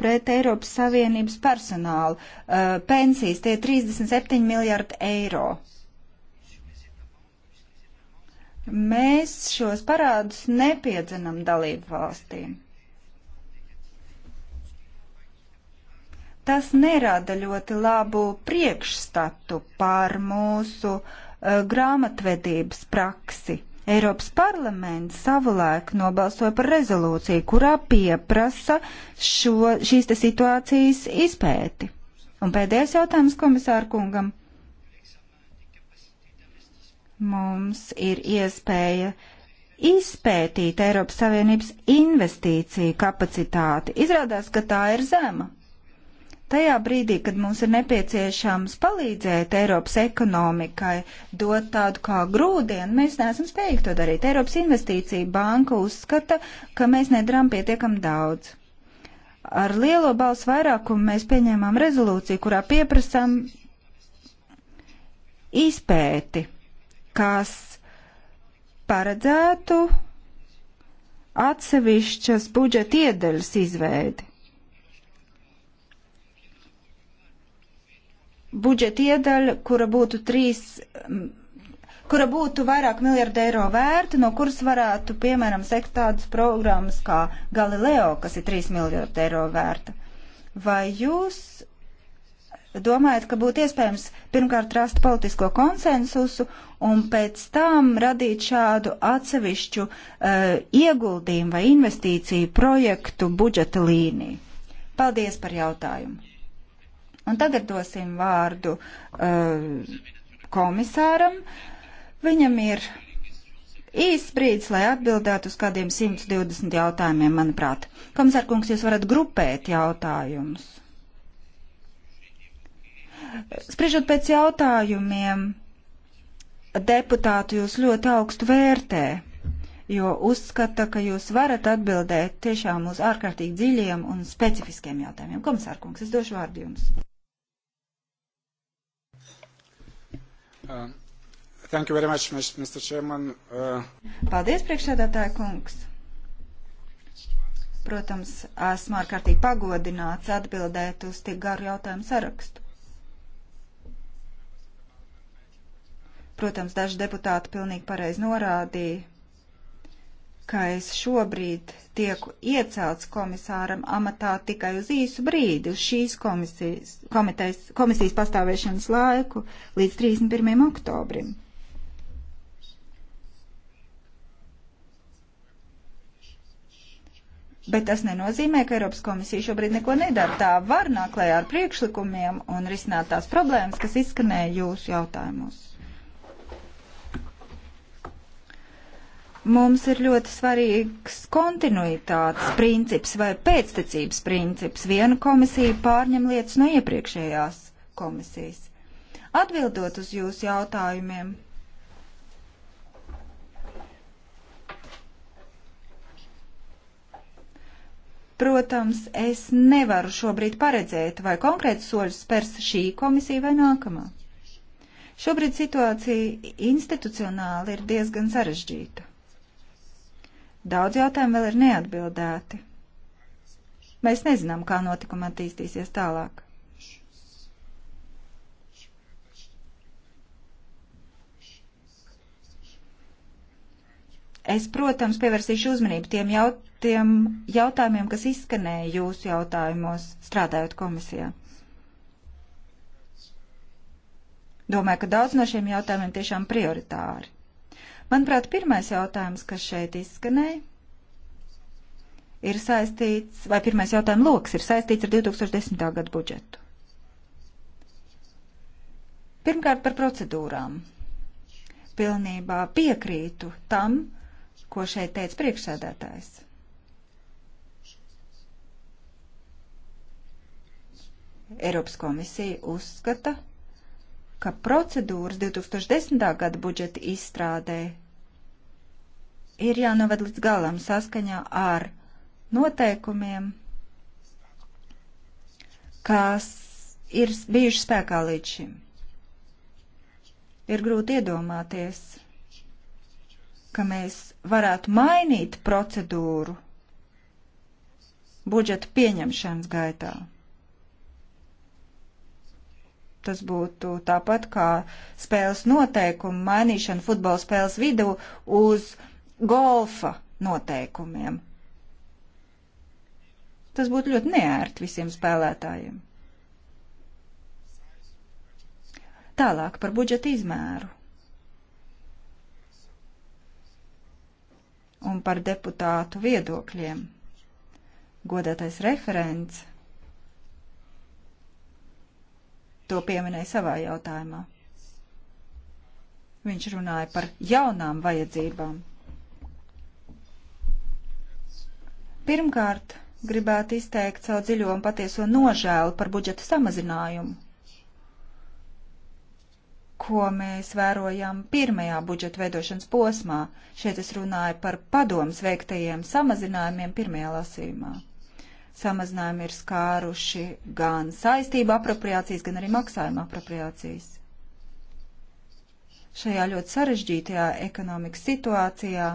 Speaker 2: pret Eiropas Savienības personālu. Uh, pensijas tie 37 miljārdi eiro. Mēs šos parādus nepiedzenam dalību valstīm. Tas nerada ļoti labu priekšstatu pār mūsu uh, grāmatvedības praksi. Uh, Eiropas parlaments savulaik nobalsoja par rezolūciju, kurā pieprasa šo, šīs te situācijas izpēti. Un pēdējais jautājums komisāru kungam. Mums ir iespēja izpētīt Eiropas Savienības investīciju kapacitāti. Izrādās, ka tā ir zema. Tajā brīdī, kad mums ir nepieciešams palīdzēt Eiropas ekonomikai, dot tādu kā grūdienu, mēs neesam spējīgi to darīt. Eiropas investīcija banka uzskata, ka mēs nedarām pietiekam daudz. Ar lielo balsu vairākumu mēs pieņēmām rezolūciju, kurā pieprasām izpēti, kas paredzētu atsevišķas budžeta iedaļas izveidi. budžeta iedaļa, kura būtu trīs kura būtu vairāk miljardu eiro vērta, no kuras varētu, piemēram, sekt tādas programmas kā Galileo, kas ir 3 miljardu eiro vērta. Vai jūs domājat, ka būtu iespējams pirmkārt rast politisko konsensusu un pēc tam radīt šādu atsevišķu uh, ieguldījumu vai investīciju projektu budžeta līniju? Paldies par jautājumu! Un tagad dosim vārdu uh, komisāram. Viņam ir īsts brīdis, lai atbildētu uz kādiem 120 jautājumiem, manuprāt. Komisārkungs, jūs varat grupēt jautājumus. Spriežot pēc jautājumiem, deputātu jūs ļoti augstu vērtē, jo uzskata, ka jūs varat atbildēt tiešām uz ārkārtīgi dziļiem un specifiskiem jautājumiem. Komisārkungs, es došu vārdu jums.
Speaker 3: Uh, thank you very much, Mr. Chairman. Uh...
Speaker 2: Paldies, priekšsēdētāja kungs. Protams, esmu ārkārtīgi pagodināts atbildēt uz tik garu jautājumu sarakstu. Protams, daži deputāti pilnīgi pareizi norādīja, ka es šobrīd tieku iecelts komisāram amatā tikai uz īsu brīdi, uz šīs komisijas, komitejas, komisijas pastāvēšanas laiku līdz 31. oktobrim. Bet tas nenozīmē, ka Eiropas komisija šobrīd neko nedara. Tā var nākt klajā ar priekšlikumiem un risināt tās problēmas, kas izskanēja jūsu jautājumos. Mums ir ļoti svarīgs kontinuitātes princips vai pēctecības princips. Viena komisija pārņem lietas no iepriekšējās komisijas. Atbildot uz jūsu jautājumiem. Protams, es nevaru šobrīd paredzēt, vai konkrēts soļus spērs šī komisija vai nākamā. Šobrīd situācija institucionāli ir diezgan sarežģīta. Daudz jautājumu vēl ir neatbildēti. Mēs nezinām, kā notikuma attīstīsies tālāk. Es, protams, pievērsīšu uzmanību tiem, jaut, tiem jautājumiem, kas izskanēja jūsu jautājumos, strādājot komisijā. Domāju, ka daudz no šiem jautājumiem tiešām prioritāri. Manuprāt, pirmais jautājums, kas šeit izskanēja, ir saistīts, vai pirmais jautājuma lokus ir saistīts ar 2010. gadu budžetu. Pirmkārt par procedūrām. Pilnībā piekrītu tam, ko šeit teica priekšsēdētājs. Eiropas komisija uzskata, ka procedūras 2010. gada budžeta izstrādē ir jānovad līdz galam saskaņā ar noteikumiem, kas ir bijuši spēkā līdz šim. Ir grūti iedomāties, ka mēs varētu mainīt procedūru budžeta pieņemšanas gaitā. Tas būtu tāpat kā spēles noteikumu mainīšana futbola spēles vidū uz golfa noteikumiem. Tas būtu ļoti neērti visiem spēlētājiem. Tālāk par budžeta izmēru. Un par deputātu viedokļiem. Godātais referents to pieminēja savā jautājumā. Viņš runāja par jaunām vajadzībām. Pirmkārt, gribētu izteikt savu dziļo un patieso nožēlu par budžeta samazinājumu, ko mēs vērojam pirmajā budžeta veidošanas posmā. Šeit es runāju par padomus veiktajiem samazinājumiem pirmajā lasījumā. Samazinājumi ir skāruši gan saistību apropriācijas, gan arī maksājuma apropriācijas. Šajā ļoti sarežģītajā ekonomikas situācijā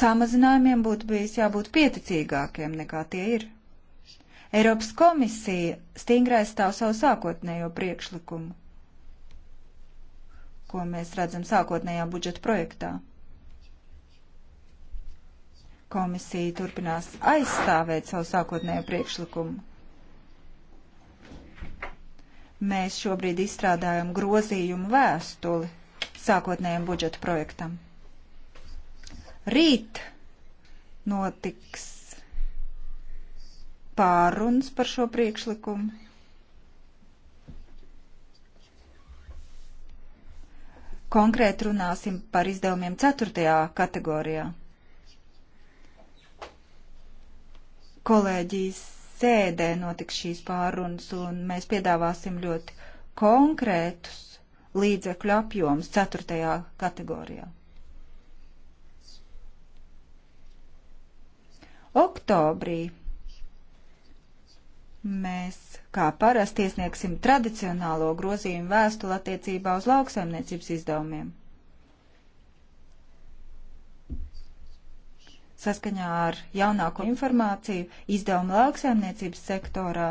Speaker 2: samazinājumiem būtu bijis jābūt pieticīgākiem nekā tie ir. Eiropas komisija stingri aizstāv savu sākotnējo priekšlikumu, ko mēs redzam sākotnējā budžeta projektā. Komisija turpinās aizstāvēt savu sākotnējo priekšlikumu. Mēs šobrīd izstrādājam grozījumu vēstuli sākotnējiem budžeta projektam. Rīt notiks pārunas par šo priekšlikumu. Konkrēt runāsim par izdevumiem ceturtajā kategorijā. kolēģijas sēdē notiks šīs pārunas, un mēs piedāvāsim ļoti konkrētus līdzekļu apjomus ceturtajā kategorijā. Oktobrī mēs, kā parasti, iesniegsim tradicionālo grozījumu vēstuli attiecībā uz lauksaimniecības izdevumiem. Saskaņā ar jaunāko informāciju izdevumu lauksaimniecības sektorā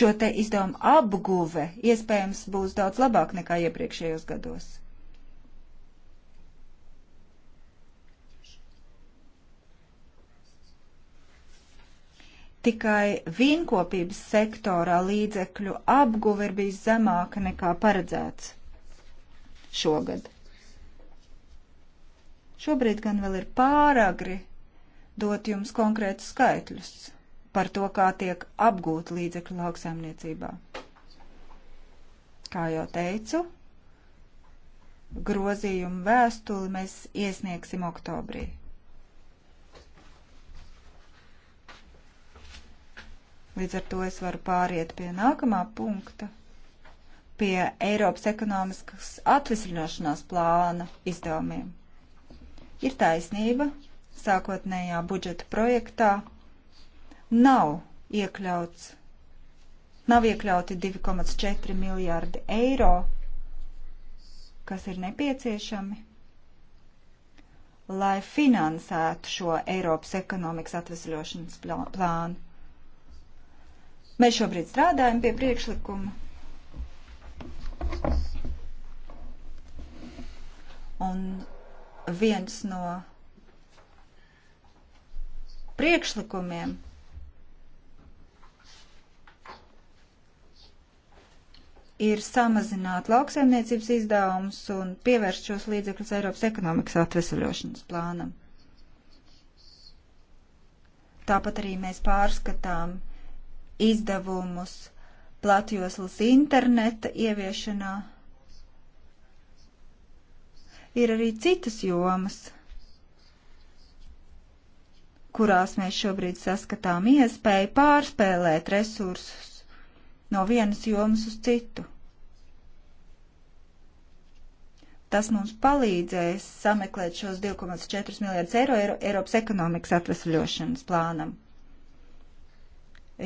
Speaker 2: šo te izdevumu apguve iespējams būs daudz labāk nekā iepriekšējos gados. tikai vienkopības sektorā līdzekļu apguve ir bijis zemāka nekā paredzēts šogad. Šobrīd gan vēl ir pāragri dot jums konkrētus skaitļus par to, kā tiek apgūta līdzekļu lauksaimniecībā. Kā jau teicu, grozījumu vēstuli mēs iesniegsim oktobrī. Līdz ar to es varu pāriet pie nākamā punkta, pie Eiropas ekonomiskas atvesļošanās plāna izdevumiem. Ir taisnība, sākotnējā budžeta projektā nav iekļauts nav iekļauti 2,4 miljārdi eiro, kas ir nepieciešami, lai finansētu šo Eiropas ekonomikas atvesļošanas plānu. Mēs šobrīd strādājam pie priekšlikuma. Un viens no priekšlikumiem ir samazināt lauksaimniecības izdevumus un pievērst šos līdzekļus Eiropas ekonomikas atvesaļošanas plānam. Tāpat arī mēs pārskatām izdevumus platjoslas interneta ieviešanā. Ir arī citas jomas, kurās mēs šobrīd saskatām iespēju pārspēlēt resursus no vienas jomas uz citu. Tas mums palīdzēs sameklēt šos 2,4 miljardus eiro Eiropas ekonomikas atvesļošanas plānam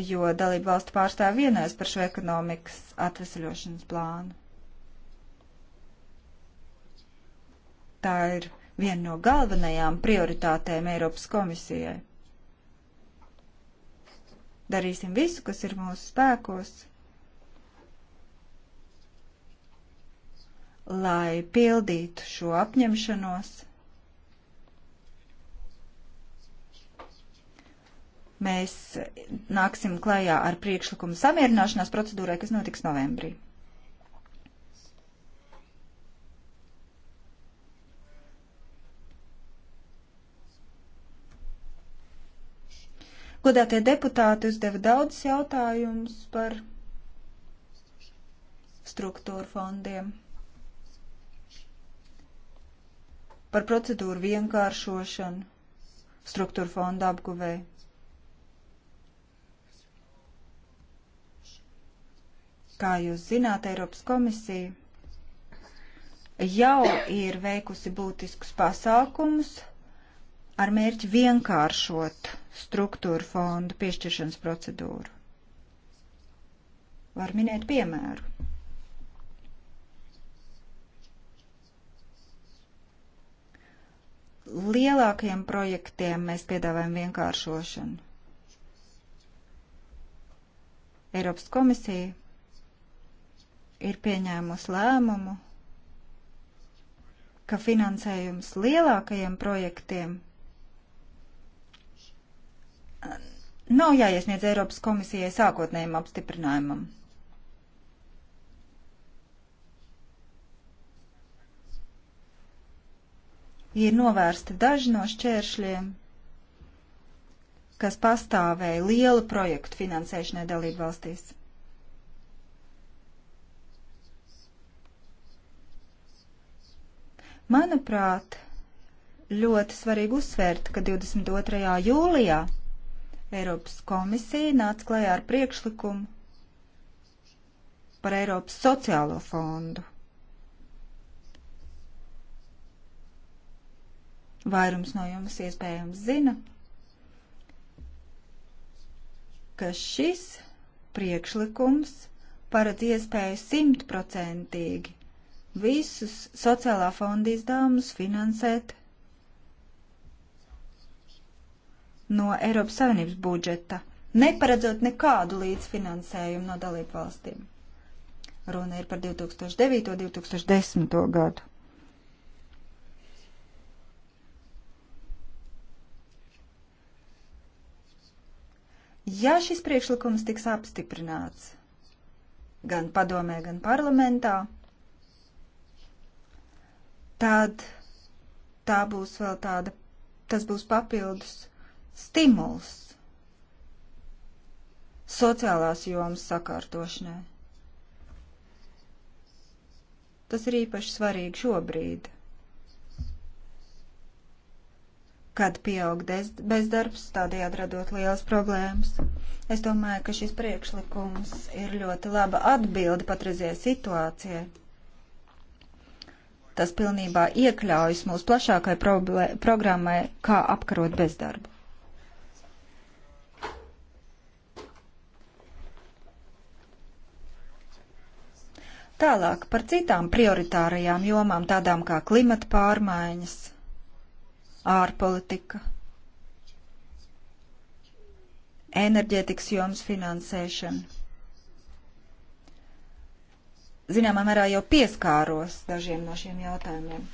Speaker 2: jo dalību valstu pārstāvi vienojas par šo ekonomikas atvesļošanas plānu. Tā ir viena no galvenajām prioritātēm Eiropas komisijai. Darīsim visu, kas ir mūsu spēkos, lai pildītu šo apņemšanos. Mēs nāksim klajā ar priekšlikumu samierināšanās procedūrai, kas notiks novembrī. Godātie deputāti uzdeva daudz jautājumus par struktūru fondiem, par procedūru vienkāršošanu struktūru fonda apguvēju. Kā jūs zināt, Eiropas komisija jau ir veikusi būtiskus pasākumus ar mērķi vienkāršot struktūru fondu piešķiršanas procedūru. Var minēt piemēru. Lielākajiem projektiem mēs piedāvājam vienkāršošanu. Eiropas komisija ir pieņēmusi lēmumu, ka finansējums lielākajiem projektiem nav jāiesniedz Eiropas komisijai sākotnējiem apstiprinājumam. Ir novērsti daži no šķēršļiem, kas pastāvēja lielu projektu finansēšanai dalību valstīs. Manuprāt, ļoti svarīgi uzsvērt, ka 22. jūlijā Eiropas komisija nāca klajā ar priekšlikumu par Eiropas sociālo fondu. Vairums no jums iespējams zina, ka šis priekšlikums paredz iespēju simtprocentīgi visus sociālā fonda izdevumus finansēt no Eiropas Savienības budžeta, neparedzot nekādu līdzfinansējumu no dalību valstīm. Runa ir par 2009. un 2010. gadu. Ja šis priekšlikums tiks apstiprināts gan padomē, gan parlamentā, tad tā būs vēl tāda, tas būs papildus stimuls sociālās jomas sakārtošanai. Tas ir īpaši svarīgi šobrīd, kad pieaug bezdarbs, tādējādi radot lielas problēmas. Es domāju, ka šis priekšlikums ir ļoti laba atbilde patreizajai situācijai tas pilnībā iekļaujas mūsu plašākai programmai, kā apkarot bezdarbu. Tālāk par citām prioritārajām jomām, tādām kā klimata pārmaiņas, ārpolitika, enerģētikas jomas finansēšana zināmā mērā jau pieskāros dažiem no šiem jautājumiem.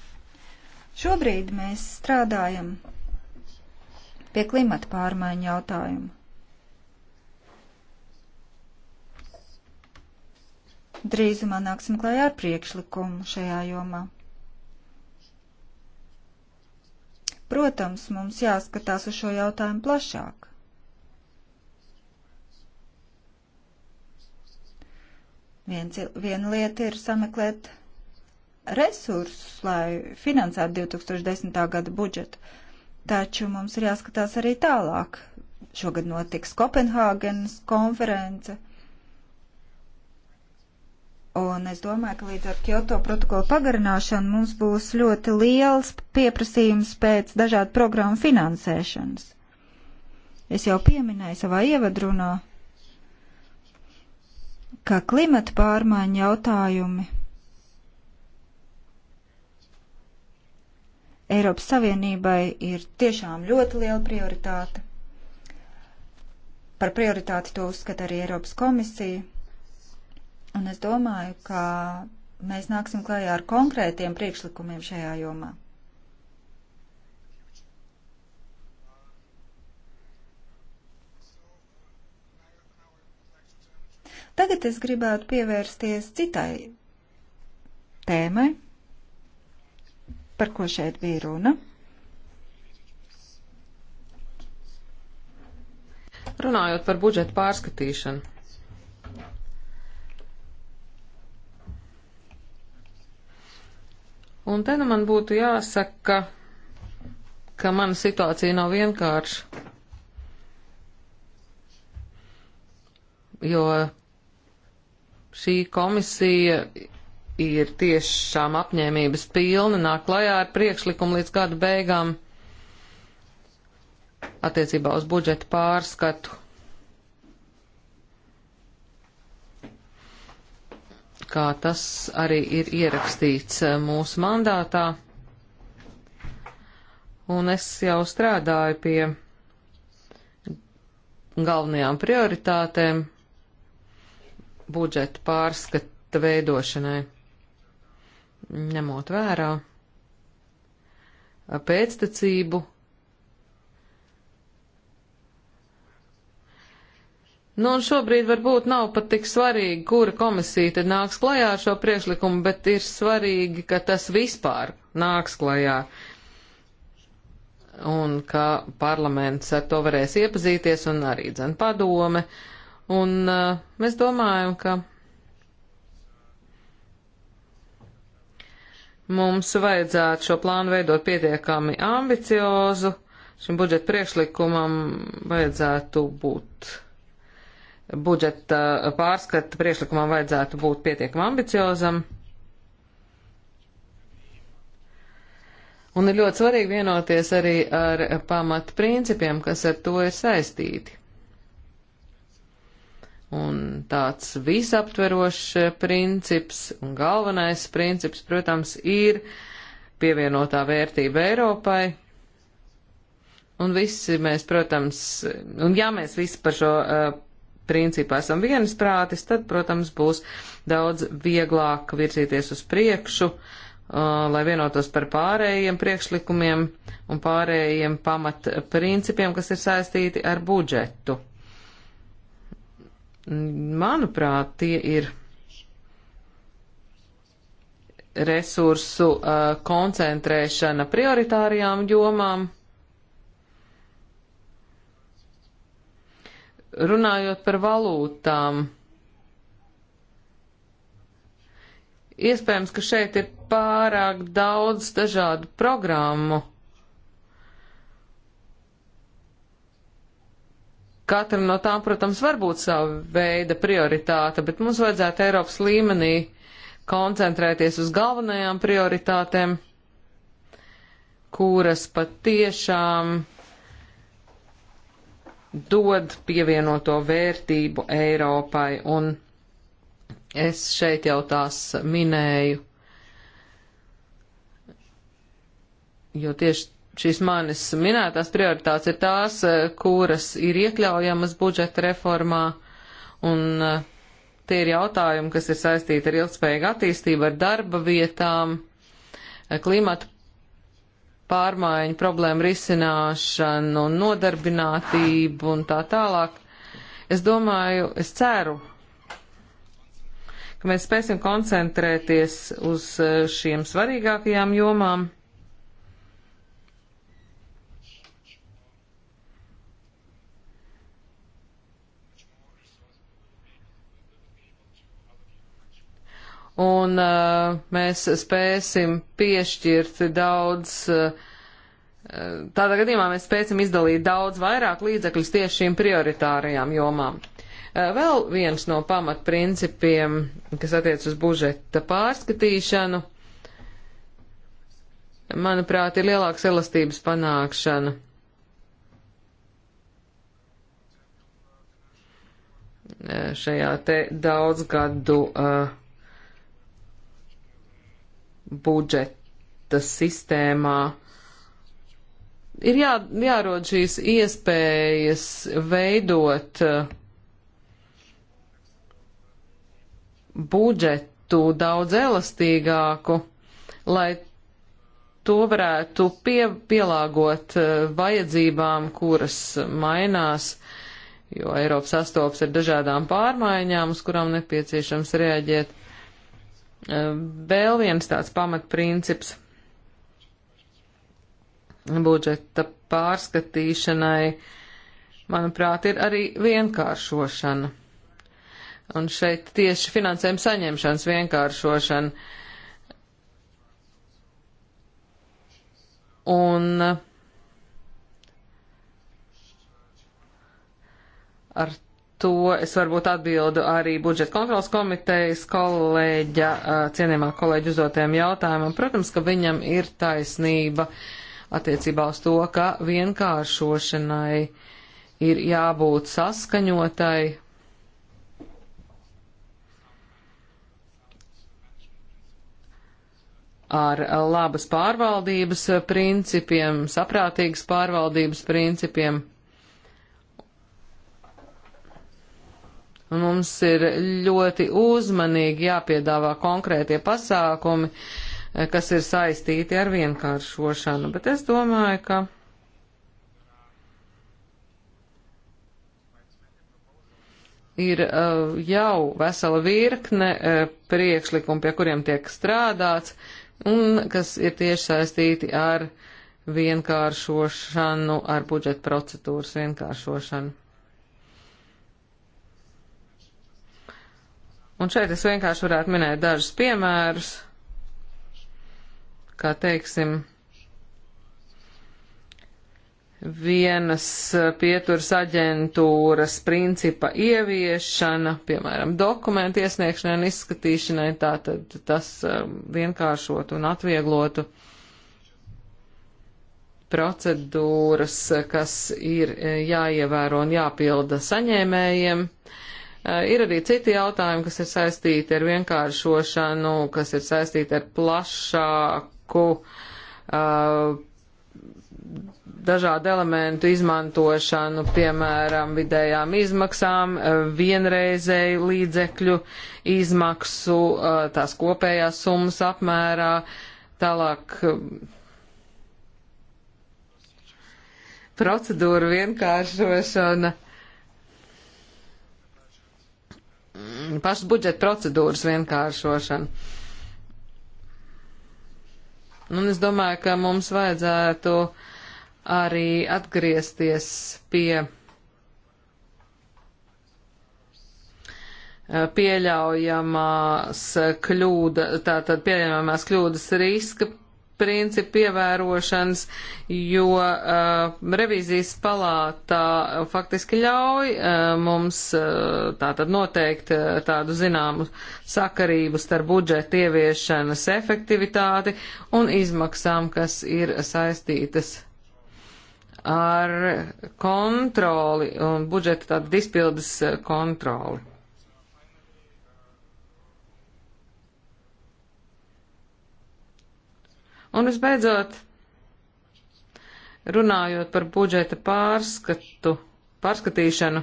Speaker 2: Šobrīd mēs strādājam pie klimata pārmaiņu jautājumu. Drīzumā nāksim klajā ar priekšlikumu šajā jomā. Protams, mums jāskatās uz šo jautājumu plašāk. Viens, viena lieta ir sameklēt resursus, lai finansētu 2010. gada budžetu, taču mums ir jāskatās arī tālāk. Šogad notiks Kopenhāgenes konference. Un es domāju, ka līdz ar Kyoto protokolu pagarināšanu mums būs ļoti liels pieprasījums pēc dažādu programmu finansēšanas. Es jau pieminēju savā ievadrunā, ka klimata pārmaiņu jautājumi Eiropas Savienībai ir tiešām ļoti liela prioritāte. Par prioritāti to uzskata arī Eiropas komisija. Un es domāju, ka mēs nāksim klajā ar konkrētiem priekšlikumiem šajā jomā. Tagad es gribētu pievērsties citai tēmai, par ko šeit bija runa.
Speaker 4: Runājot par budžetu pārskatīšanu. Un te nu man būtu jāsaka, ka mana situācija nav vienkārša. Jo Šī komisija ir tiešām apņēmības pilna, nāk klajā ar priekšlikumu līdz gada beigām attiecībā uz budžeta pārskatu. Kā tas arī ir ierakstīts eh, mūsu mandātā. Un es jau strādāju pie galvenajām prioritātēm budžeta pārskata veidošanai, ņemot vērā pēctecību. Nu, un šobrīd varbūt nav pat tik svarīgi, kura komisija tad nāks klajā ar šo priekšlikumu, bet ir svarīgi, ka tas vispār nāks klajā un ka parlaments ar to varēs iepazīties un arī dzen padome. Uh, Un uh, mēs domājam, ka mums vajadzētu šo plānu veidot pietiekami ambiciozu. Šim budžeta priekšlikumam vajadzētu būt budžeta pārskata priekšlikumam vajadzētu būt pietiekami ambiciozam. Un ir ļoti svarīgi vienoties arī ar pamat principiem, kas ar to ir saistīti. Un tāds visaptverošs eh, princips un galvenais princips, protams, ir pievienotā vērtība Eiropai, Un visi mēs, protams, un ja mēs visi par šo uh, principu esam viensprātis, tad, protams, būs daudz vieglāk virzīties uz priekšu, uh, lai vienotos par pārējiem priekšlikumiem un pārējiem pamat principiem, kas ir saistīti ar budžetu. Manuprāt, tie ir resursu uh, koncentrēšana prioritārijām jomām. Runājot par valūtām, iespējams, ka šeit ir pārāk daudz dažādu programmu Katra no tām, protams, var būt sava veida prioritāte, bet mums vajadzētu Eiropas līmenī koncentrēties uz galvenajām prioritātēm, kuras patiešām dod pievienoto vērtību Eiropai, un es šeit jau tās minēju, jo tieši Šīs manis minētās prioritātes ir tās, eh, kuras ir iekļaujamas budžeta reformā, un eh, tie ir jautājumi, kas ir saistīti ar ilgspējīgu attīstību, ar darba vietām, eh, klimatu pārmaiņu problēmu risināšanu, nodarbinātību un tā tālāk. Es domāju, es ceru, ka mēs spēsim koncentrēties uz šiem svarīgākajām jomām un uh, mēs spēsim piešķirt daudz, uh, tādā gadījumā mēs spēsim izdalīt daudz vairāk līdzekļus tieši šīm prioritārajām jomām. Uh, vēl viens no pamatprincipiem, kas attiec uz budžeta pārskatīšanu, manuprāt, ir lielāks elastības panākšana. Uh, šajā te daudzgadu uh, budžeta sistēmā ir jā, jārod šīs iespējas veidot uh, budžetu daudz elastīgāku, lai to varētu pie, pielāgot uh, vajadzībām, kuras mainās, jo Eiropas sastopas ar dažādām pārmaiņām, uz kurām nepieciešams reaģēt. Eh, vēl viens tāds pamatprincips budžeta pārskatīšanai, manuprāt, ir arī vienkāršošana. Un šeit tieši finansējuma saņemšanas vienkāršošana. Un eh, ar to es varbūt atbildu arī budžeta kontrolas komitejas kolēģa, cienījumā kolēģi uzdotajam jautājumam. Protams, ka viņam ir taisnība attiecībā uz to, ka vienkāršošanai ir jābūt saskaņotai. Ar labas pārvaldības principiem, saprātīgas pārvaldības principiem. un mums ir ļoti uzmanīgi jāpiedāvā konkrētie pasākumi, eh, kas ir saistīti ar vienkāršošanu. Bet es domāju, ka. ir eh, jau vesela virkne eh, priekšlikumu, pie kuriem tiek strādāts, un kas ir tieši saistīti ar vienkāršošanu, ar budžeta procedūras vienkāršošanu. Un šeit es vienkārši varētu minēt dažus piemērus, kā teiksim, vienas pieturas aģentūras principa ieviešana, piemēram, dokumentu iesniegšanai un izskatīšanai, tātad tas um, vienkāršotu un atvieglotu procedūras, kas ir eh, jāievēro un jāpilda saņēmējiem. Uh, Eh, ir arī citi jautājumi, kas ir saistīti ar vienkāršošanu, kas ir saistīti ar plašāku uh, dažādu elementu izmantošanu, piemēram, vidējām izmaksām, eh, vienreizēju līdzekļu izmaksu, uh, tās kopējās summas apmērā, tālāk procedūru vienkāršošana pašas budžeta procedūras vienkāršošanu. Un es domāju, ka mums vajadzētu arī atgriezties pie eh, pieļaujamās kļūda, tātad pieļaujamās kļūdas riska principu ievērošanas, jo uh, revīzijas palātā faktiski ļauj uh, mums uh, tātad noteikt uh, tādu zināmu sakarību starp budžeta ieviešanas efektivitāti un izmaksām, kas ir saistītas ar kontroli un budžeta tādu izpildes uh, kontroli. Un visbeidzot, runājot par budžeta pārskatu, pārskatīšanu,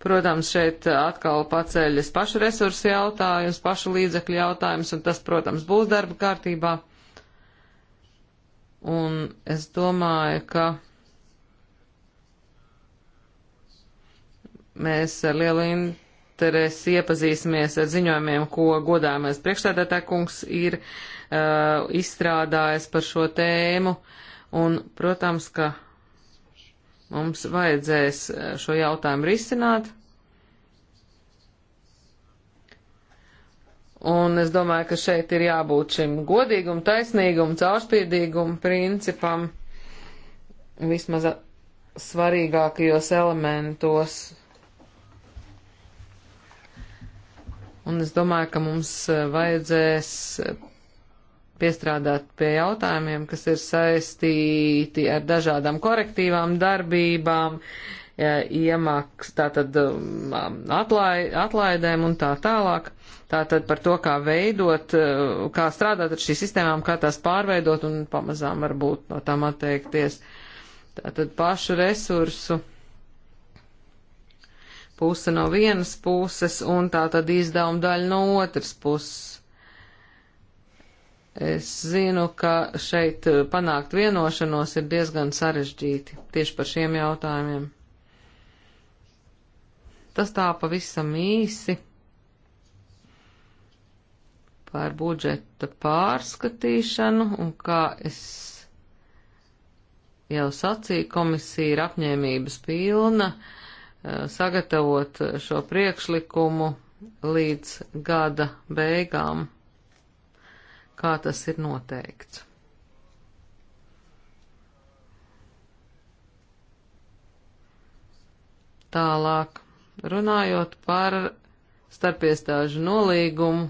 Speaker 4: Protams, šeit atkal paceļas pašu resursu jautājums, pašu līdzekļu jautājums, un tas, protams, būs darba kārtībā. Un es domāju, ka mēs ar lielu debaterēs iepazīsimies ar ziņojumiem, ko godāmais priekšstādātā kungs ir uh, izstrādājis par šo tēmu. Un, protams, ka mums vajadzēs uh, šo jautājumu risināt. Un es domāju, ka šeit ir jābūt šim godīgum, taisnīgum, caurspīdīgum principam vismaz svarīgākajos elementos Un es domāju, ka mums eh, vajadzēs eh, piestrādāt pie jautājumiem, kas ir saistīti ar dažādām korektīvām darbībām, iemaks, tātad um, atlai, atlaidēm un tā tālāk. Tātad par to, kā veidot, eh, kā strādāt ar šīs sistēmām, kā tās pārveidot un pamazām varbūt no tām atteikties. Tātad pašu resursu puse no vienas puses un tā tad izdevuma daļa no otras puses. Es zinu, ka šeit panākt vienošanos ir diezgan sarežģīti tieši par šiem jautājumiem. Tas tā pavisam īsi par budžeta pārskatīšanu un kā es jau sacīju, komisija ir apņēmības pilna uh, sagatavot šo priekšlikumu līdz gada beigām, kā tas ir noteikts. Tālāk, runājot par starpiestāžu nolīgumu,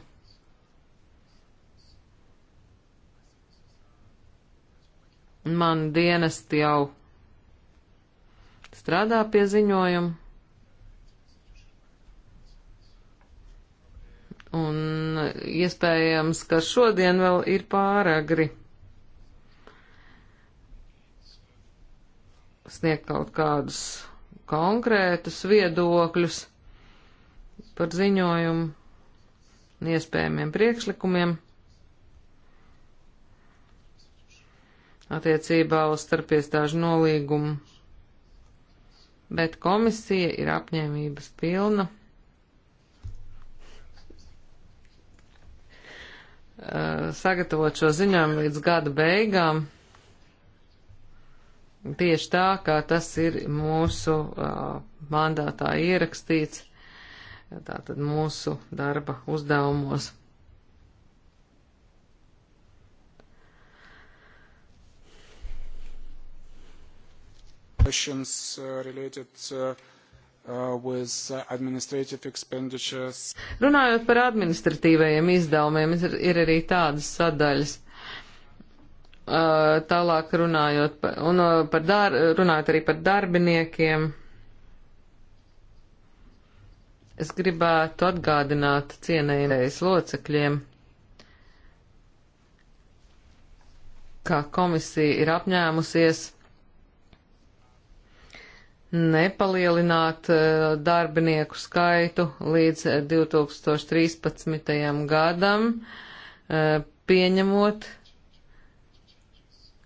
Speaker 4: man dienest jau strādā pie ziņojuma. un iespējams, ka šodien vēl ir pāragri sniegt kaut kādus konkrētus viedokļus par ziņojumu un iespējamiem priekšlikumiem attiecībā uz starpiestāžu nolīgumu, bet komisija ir apņēmības pilna Uh, sagatavot šo ziņojumu līdz gada beigām. Tieši tā, kā tas ir mūsu uh, mandātā ierakstīts, tātad mūsu darba uzdevumos.
Speaker 3: Questions uh, related uh, Uh, uh,
Speaker 4: runājot par administratīvajiem izdevumiem, ir, ir arī tādas sadaļas. Uh, tālāk runājot par, un par dar, runājot arī par darbiniekiem, es gribētu atgādināt cienējumais locekļiem, ka komisija ir apņēmusies nepalielināt eh, darbinieku skaitu līdz 2013. Eh, gadam, eh, pieņemot,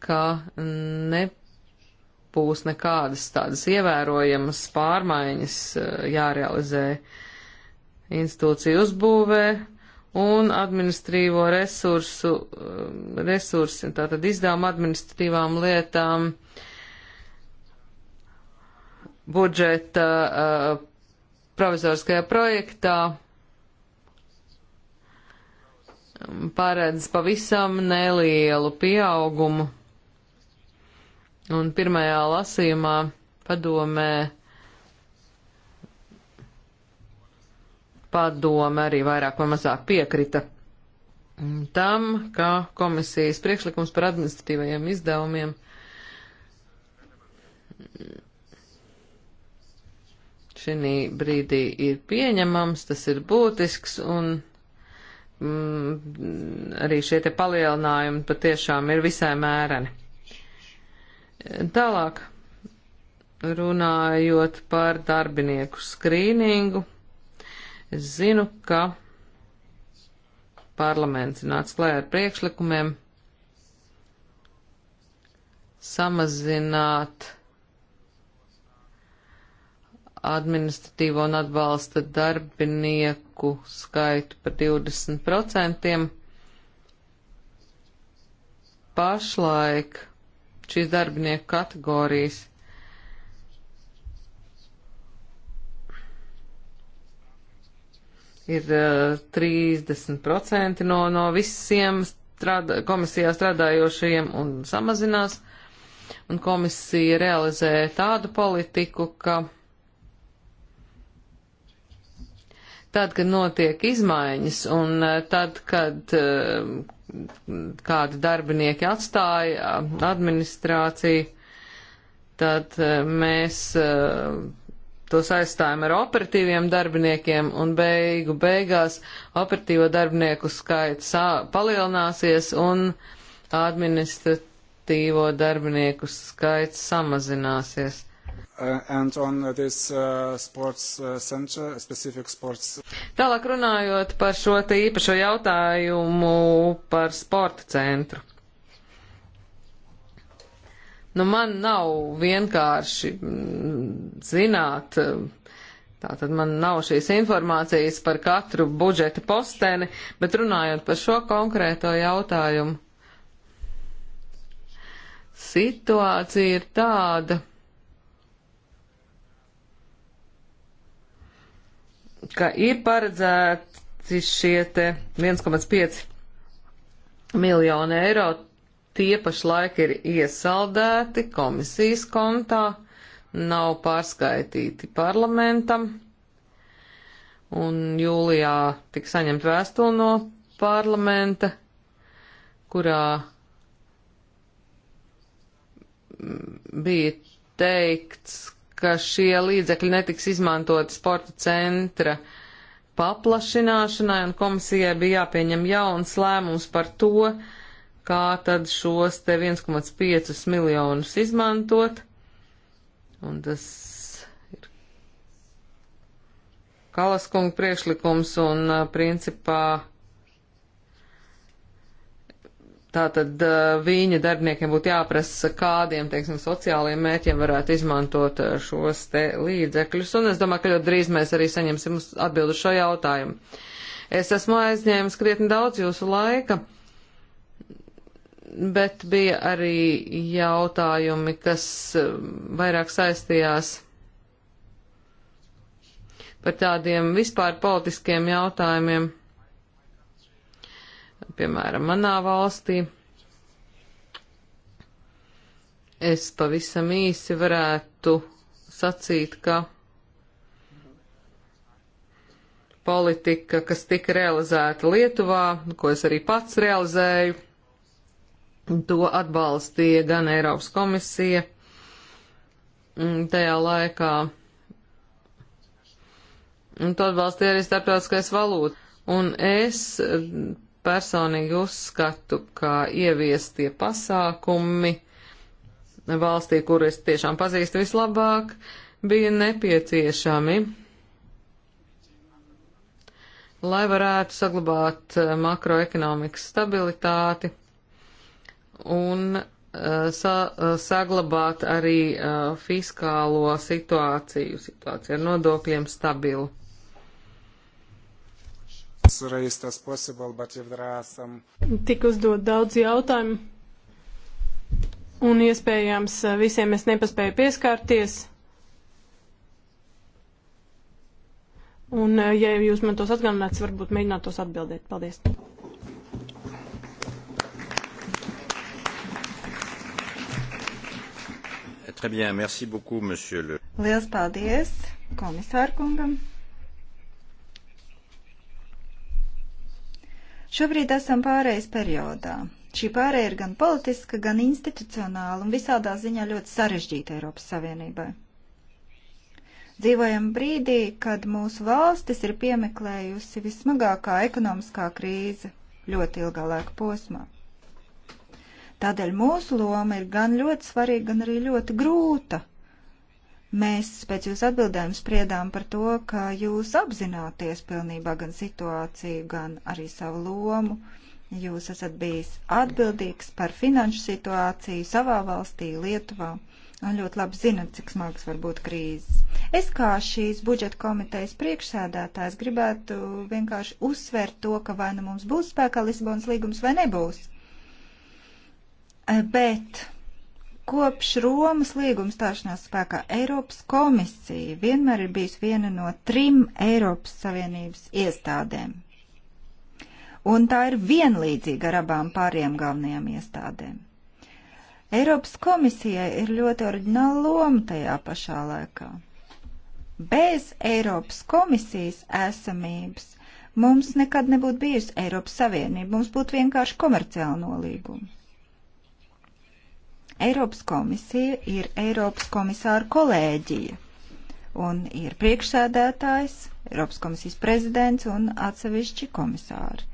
Speaker 4: ka nebūs nekādas tādas ievērojamas pārmaiņas jārealizē institūciju uzbūvē un administrīvo resursu, resursi, tātad izdevuma administrīvām lietām, uh, budžeta uh, provizoriskajā projektā paredz pavisam nelielu pieaugumu. Un pirmajā lasījumā padomē, padome arī vairāk vai mazāk piekrita tam, ka komisijas priekšlikums par administratīvajiem izdevumiem šī brīdī ir pieņemams, tas ir būtisks un mm, arī šie te palielinājumi patiešām ir visai mēreni. Tālāk, runājot par darbinieku skrīningu, es zinu, ka parlaments nāca klajā ar priekšlikumiem samazināt administratīvo un atbalsta darbinieku skaitu par 20%. Pašlaik šīs darbinieku kategorijas ir uh, eh, 30% no, no visiem strādā, komisijā strādājošajiem un samazinās. Un komisija realizē tādu politiku, ka Tad, kad notiek izmaiņas un eh, tad, kad eh, kādi darbinieki atstāja eh, administrāciju, tad mēs tos aizstājam ar operatīviem darbiniekiem, un beigu beigās operatīvo darbinieku skaits palielināsies, un administratīvo darbinieku skaits samazināsies.
Speaker 3: Uh, and on this uh, sports uh, center, specific sports.
Speaker 4: Tālāk runājot par šo te īpašo jautājumu par sporta centru. Nu, man nav vienkārši mm, zināt, tātad man nav šīs informācijas par katru budžeta posteni, bet runājot par šo konkrēto jautājumu, situācija ir tāda ka ir paredzēti šie te 1,5 miljoni eiro. Tie pašlaik ir iesaldēti komisijas kontā, nav pārskaitīti parlamentam. Un jūlijā tika saņemta vēstule no parlamenta, kurā bija teikts, ka šie līdzekļi netiks izmantoti sporta centra paplašināšanai, un komisijai bija jāpieņem jauns lēmums par to, kā tad šos te 1,5 miljonus izmantot. Un tas ir Kalaskunga priekšlikums un principā Tātad viņa darbiniekiem būtu jāprasa, kādiem, teiksim, sociālajiem mērķiem varētu izmantot šos te līdzekļus. Un es domāju, ka ļoti drīz mēs arī saņemsim atbildu šo jautājumu. Es esmu aizņēmis krietni daudz jūsu laika, bet bija arī jautājumi, kas vairāk saistījās par tādiem vispār politiskiem jautājumiem piemēram, manā valstī, es pavisam īsi varētu sacīt, ka politika, kas tika realizēta Lietuvā, ko es arī pats realizēju, to atbalstīja gan Eiropas komisija mm, tajā laikā, un to atbalstīja arī starptautiskais valūta. Un es personīgi uzskatu, ka ieviestie pasākumi valstī, kur es tiešām pazīstu vislabāk, bija nepieciešami, lai varētu saglabāt eh, makroekonomikas stabilitāti un eh, sa eh, saglabāt arī fiskālo situāciju, situāciju ar nodokļiem stabilu.
Speaker 3: Some...
Speaker 5: Tik uzdot daudz jautājumu, un iespējams eh, visiem es nepaspēju pieskārties. Un, eh, ja jūs man tos atgādināt, varbūt mēģināt tos
Speaker 2: atbildēt. Paldies!
Speaker 1: Très bien, merci beaucoup, monsieur le.
Speaker 2: Liels paldies komisārkungam! Šobrīd esam pārējais periodā. Šī pārēja ir gan politiska, gan institucionāla un visādā ziņā ļoti sarežģīta Eiropas Savienībai. Dzīvojam brīdī, kad mūsu valstis ir piemeklējusi vismagākā ekonomiskā krīze ļoti ilgā laika posmā. Tādēļ mūsu loma ir gan ļoti svarīga, gan arī ļoti grūta Mēs pēc jūsu atbildēm spriedām par to, ka jūs apzināties pilnībā gan situāciju, gan arī savu lomu. Jūs esat bijis atbildīgs par finanšu situāciju savā valstī, Lietuvā, un ļoti labi zinat, cik smags var būt krīzes. Es kā šīs budžeta komitejas priekšsēdētājs gribētu vienkārši uzsvērt to, ka vai nu mums būs spēkā Lisabonas līgums vai nebūs. Eh, bet Kopš Romas līguma stāšanās spēkā Eiropas komisija vienmēr ir bijusi viena no trim Eiropas Savienības iestādēm. Un tā ir vienlīdzīga ar abām pārējām galvenajām iestādēm. Eiropas komisijai ir ļoti oriģināla loma tajā pašā laikā. Bez Eiropas komisijas esamības mums nekad nebūtu bijusi Eiropas Savienība, mums būtu vienkārši komerciāla nolīguma. Eiropas komisija ir Eiropas komisāra kolēģija un ir priekšsēdētājs, Eiropas komisijas prezidents un atsevišķi komisāri.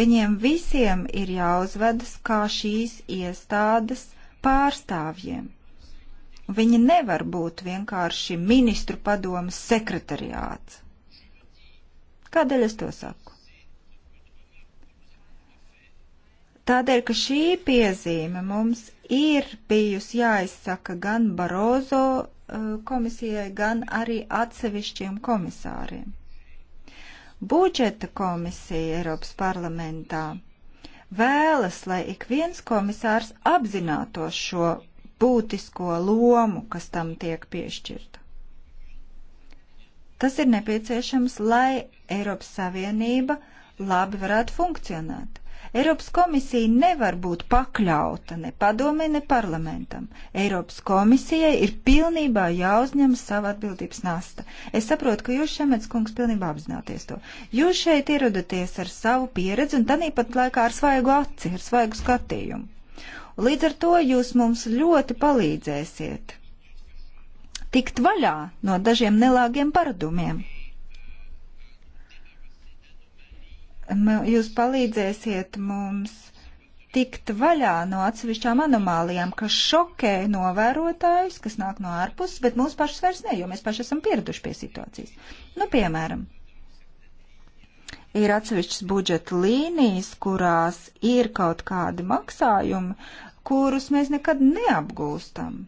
Speaker 2: Viņiem visiem ir jāuzvedas kā šīs iestādes pārstāvjiem. Viņi nevar būt vienkārši ministru padomas sekretariāts. Kādēļ es to saku? Tādēļ, ka šī piezīme mums ir bijusi jāizsaka gan Barozo eh, komisijai, gan arī atsevišķiem komisāriem. Budžeta komisija Eiropas parlamentā vēlas, lai ik viens komisārs apzinātos šo būtisko lomu, kas tam tiek piešķirta. Tas ir nepieciešams, lai Eiropas Savienība labi varētu funkcionēt. Eiropas komisija nevar būt pakļauta ne padomē, ne parlamentam. Eiropas komisijai ir pilnībā jāuzņem sava atbildības nasta. Es saprotu, ka jūs, Šemets kungs, pilnībā apzināties to. Jūs šeit ierodaties ar savu pieredzi un tanīpat laikā ar svaigu aci, ar svaigu skatījumu. Līdz ar to jūs mums ļoti palīdzēsiet tikt vaļā no dažiem nelāgiem paradumiem, jūs palīdzēsiet mums tikt vaļā no atsevišķām anomālijām, kas šokē novērotājus, kas nāk no ārpuses, bet mūs pašus vairs ne, jo mēs paši esam pieraduši pie situācijas. Nu, piemēram, ir atsevišķas budžeta līnijas, kurās ir kaut kādi maksājumi, kurus mēs nekad neapgūstam.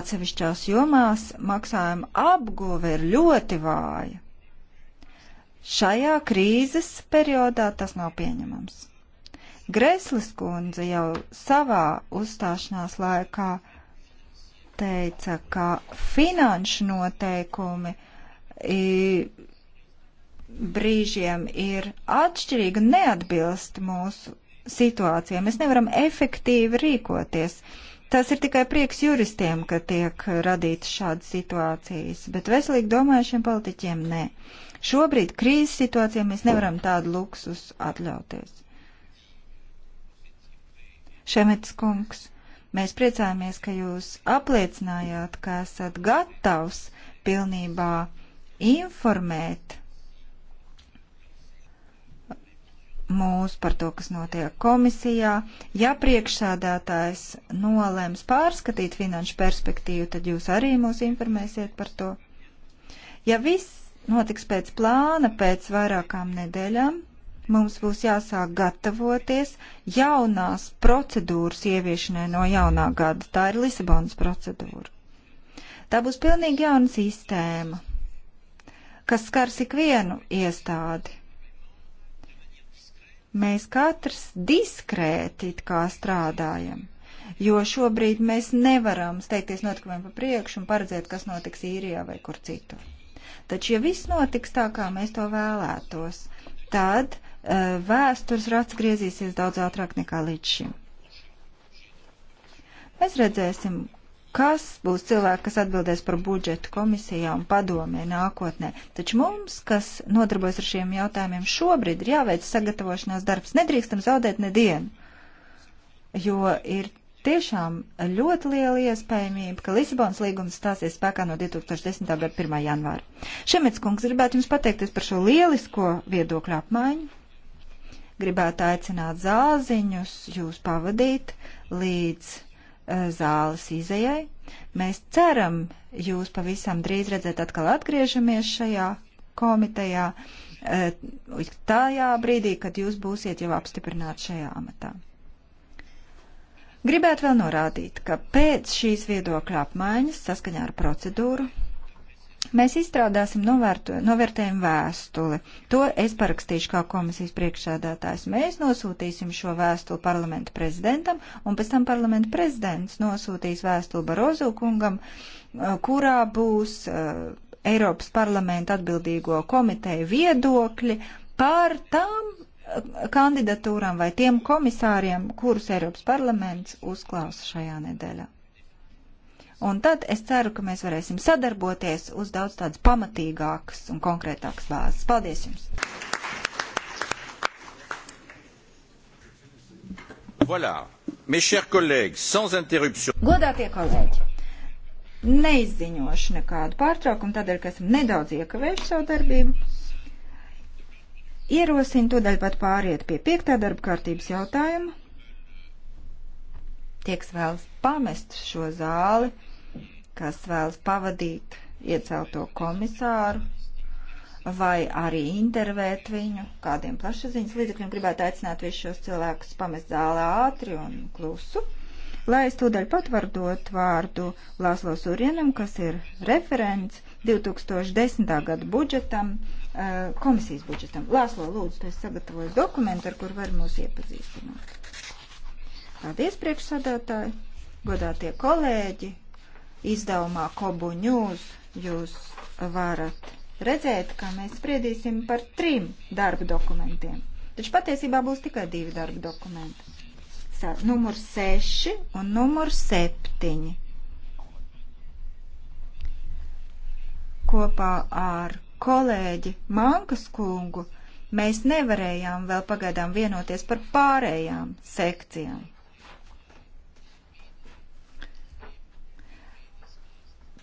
Speaker 2: Atsevišķās jomās maksājuma apgūve ir ļoti vāja. Šajā krīzes periodā tas nav pieņemams. Greslis kundze jau savā uzstāšanās laikā teica, ka finanšu noteikumi brīžiem ir atšķirīgi un neatbilst mūsu situācijai. Mēs nevaram efektīvi rīkoties. Tas ir tikai prieks juristiem, ka tiek radītas šādas situācijas, bet veselīgi domājušiem politiķiem nē. Šobrīd krīzes situācijā mēs nevaram tādu luksus atļauties. Šemets kungs, mēs priecājamies, ka jūs apliecinājāt, ka esat gatavs pilnībā informēt mūs par to, kas notiek komisijā. Ja priekšsādātājs nolēms pārskatīt finanšu perspektīvu, tad jūs arī mūs informēsiet par to. Ja viss notiks pēc plāna pēc vairākām nedēļām. Mums būs jāsāk gatavoties jaunās procedūras ieviešanai no jaunā gada. Tā ir Lisabonas procedūra. Tā būs pilnīgi jauna sistēma, kas skars ikvienu iestādi. Mēs katrs diskrēti kā strādājam, jo šobrīd mēs nevaram steigties notikumiem pa priekšu un paredzēt, kas notiks īrijā vai kur citur. Taču, ja viss notiks tā, kā mēs to vēlētos, tad uh, vēstures rats griezīsies daudz ātrāk nekā līdz šim. Mēs redzēsim, kas būs cilvēki, kas atbildēs par budžetu komisijā un padomē nākotnē. Taču mums, kas nodarbojas ar šiem jautājumiem šobrīd, ir jāveic sagatavošanās darbs. Nedrīkstam zaudēt nedienu, jo ir tiešām ļoti liela iespējamība, ka Lisabonas līgums stāsies spēkā no 2010. gada 1. janvāra. Šemets kungs, gribētu jums pateikties par šo lielisko viedokļu apmaiņu. Gribētu aicināt zāziņus jūs pavadīt līdz eh, zāles izējai. Mēs ceram jūs pavisam drīz redzēt atkal atgriežamies šajā komitejā, eh, tajā brīdī, kad jūs būsiet jau apstiprināti šajā amatā. Gribētu vēl norādīt, ka pēc šīs viedokļa apmaiņas saskaņā ar procedūru mēs izstrādāsim novērtu, novērtējumu vēstuli. To es parakstīšu kā komisijas priekšsēdētājs. Mēs nosūtīsim šo vēstuli parlamentu prezidentam, un pēc tam parlamentu prezidents nosūtīs vēstuli Barozu kungam, uh, kurā būs uh, Eiropas parlamenta atbildīgo komiteju viedokļi par tām kandidatūrām vai tiem komisāriem, kurus Eiropas parlaments uzklausa šajā nedēļā. Un tad es ceru, ka mēs varēsim sadarboties uz daudz tādas pamatīgākas un konkrētākas bāzes. Paldies jums!
Speaker 1: Voilà, mes chers collègues, sans interruption.
Speaker 2: Godātie kolēģi, neizziņošu nekādu pārtraukumu, tādēļ, ka esam nedaudz iekavējuši savu darbību. Ierosinu tūdaļ pat pāriet pie piektā darba kārtības jautājuma. Tie, kas vēlas pamest šo zāli, kas vēlas pavadīt iecelto komisāru vai arī intervēt viņu kādiem plašsaziņas līdzekļiem, gribētu aicināt visus šos cilvēkus pamest zālē ātri un klusu. Lai es tūdaļ pat varu dot vārdu Lāslo Surienam, kas ir referents 2010. gada budžetam Eh, komisijas budžetam. Lāslo, lūdzu, tu esi sagatavojis dokumentu, ar kur var mūs iepazīstināt. Paldies, priekšsādātāji, godātie kolēģi, izdevumā Kobu News jūs varat redzēt, ka mēs spriedīsim par trim darba dokumentiem. Taču patiesībā būs tikai divi darba dokumenti. Numurs 6 un numurs 7. Kopā ar kolēģi Mankas kungu, mēs nevarējām vēl pagaidām vienoties par pārējām sekcijām.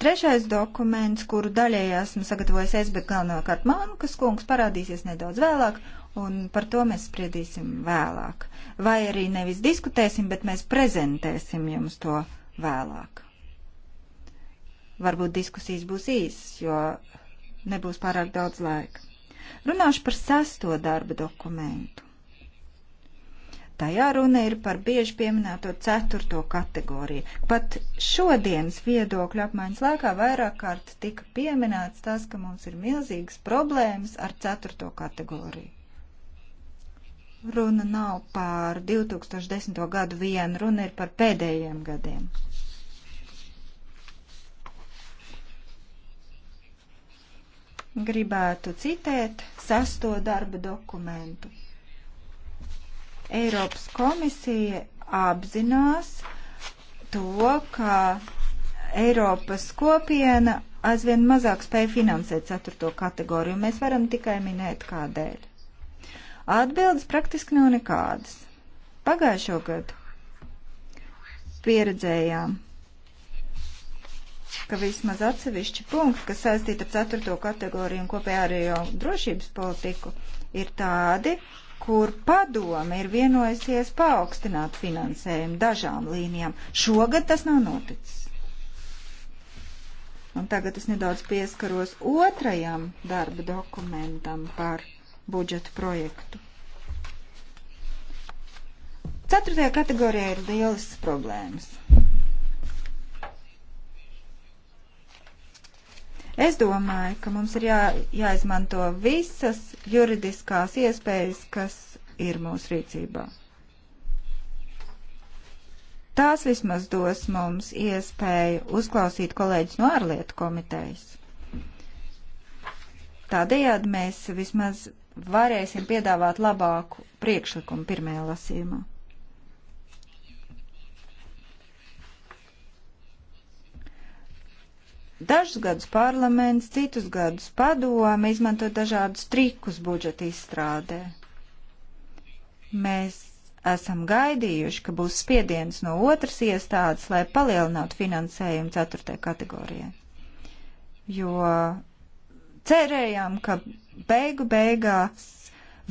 Speaker 2: Trešais dokuments, kuru daļai esmu sagatavojis es, bet galvenokārt Mankas kungs parādīsies nedaudz vēlāk, un par to mēs spriedīsim vēlāk. Vai arī nevis diskutēsim, bet mēs prezentēsim jums to vēlāk. Varbūt diskusijas būs īsas, jo nebūs pārāk daudz laika. Runāšu par sesto darba dokumentu. Tajā runa ir par bieži pieminēto ceturto kategoriju. Pat šodienas viedokļu apmaiņas laikā vairāk kārt tika pieminēts tas, ka mums ir milzīgas problēmas ar ceturto kategoriju. Runa nav pār 2010. gadu vienu, runa ir par pēdējiem gadiem. gribētu citēt sesto darba dokumentu. Eiropas komisija apzinās to, ka Eiropas kopiena aizvien mazāk spēja finansēt ceturto kategoriju. Mēs varam tikai minēt, kādēļ. Atbildes praktiski nav nekādas. Pagājušo gadu pieredzējām ka vismaz atsevišķi punkti, kas saistīti ar ceturto kategoriju un kopējā arī jau drošības politiku, ir tādi, kur padome ir vienojusies paaugstināt finansējumu dažām līnijām. Šogad tas nav noticis. Un tagad es nedaudz pieskaros otrajam darba dokumentam par budžetu projektu. Ceturtajā kategorijā ir lielas problēmas. Es domāju, ka mums ir jā, jāizmanto visas juridiskās iespējas, kas ir mūsu rīcībā. Tās vismaz dos mums iespēju uzklausīt kolēģis no ārlietu komitejas. Tādējādi mēs vismaz varēsim piedāvāt labāku priekšlikumu pirmajā lasījumā. Dažus gadus parlaments, citus gadus padome izmanto dažādus trikus budžeta izstrādē. Mēs esam gaidījuši, ka būs spiediens no otras iestādes, lai palielinātu finansējumu ceturtajai kategorijai. Jo cerējām, ka beigu beigās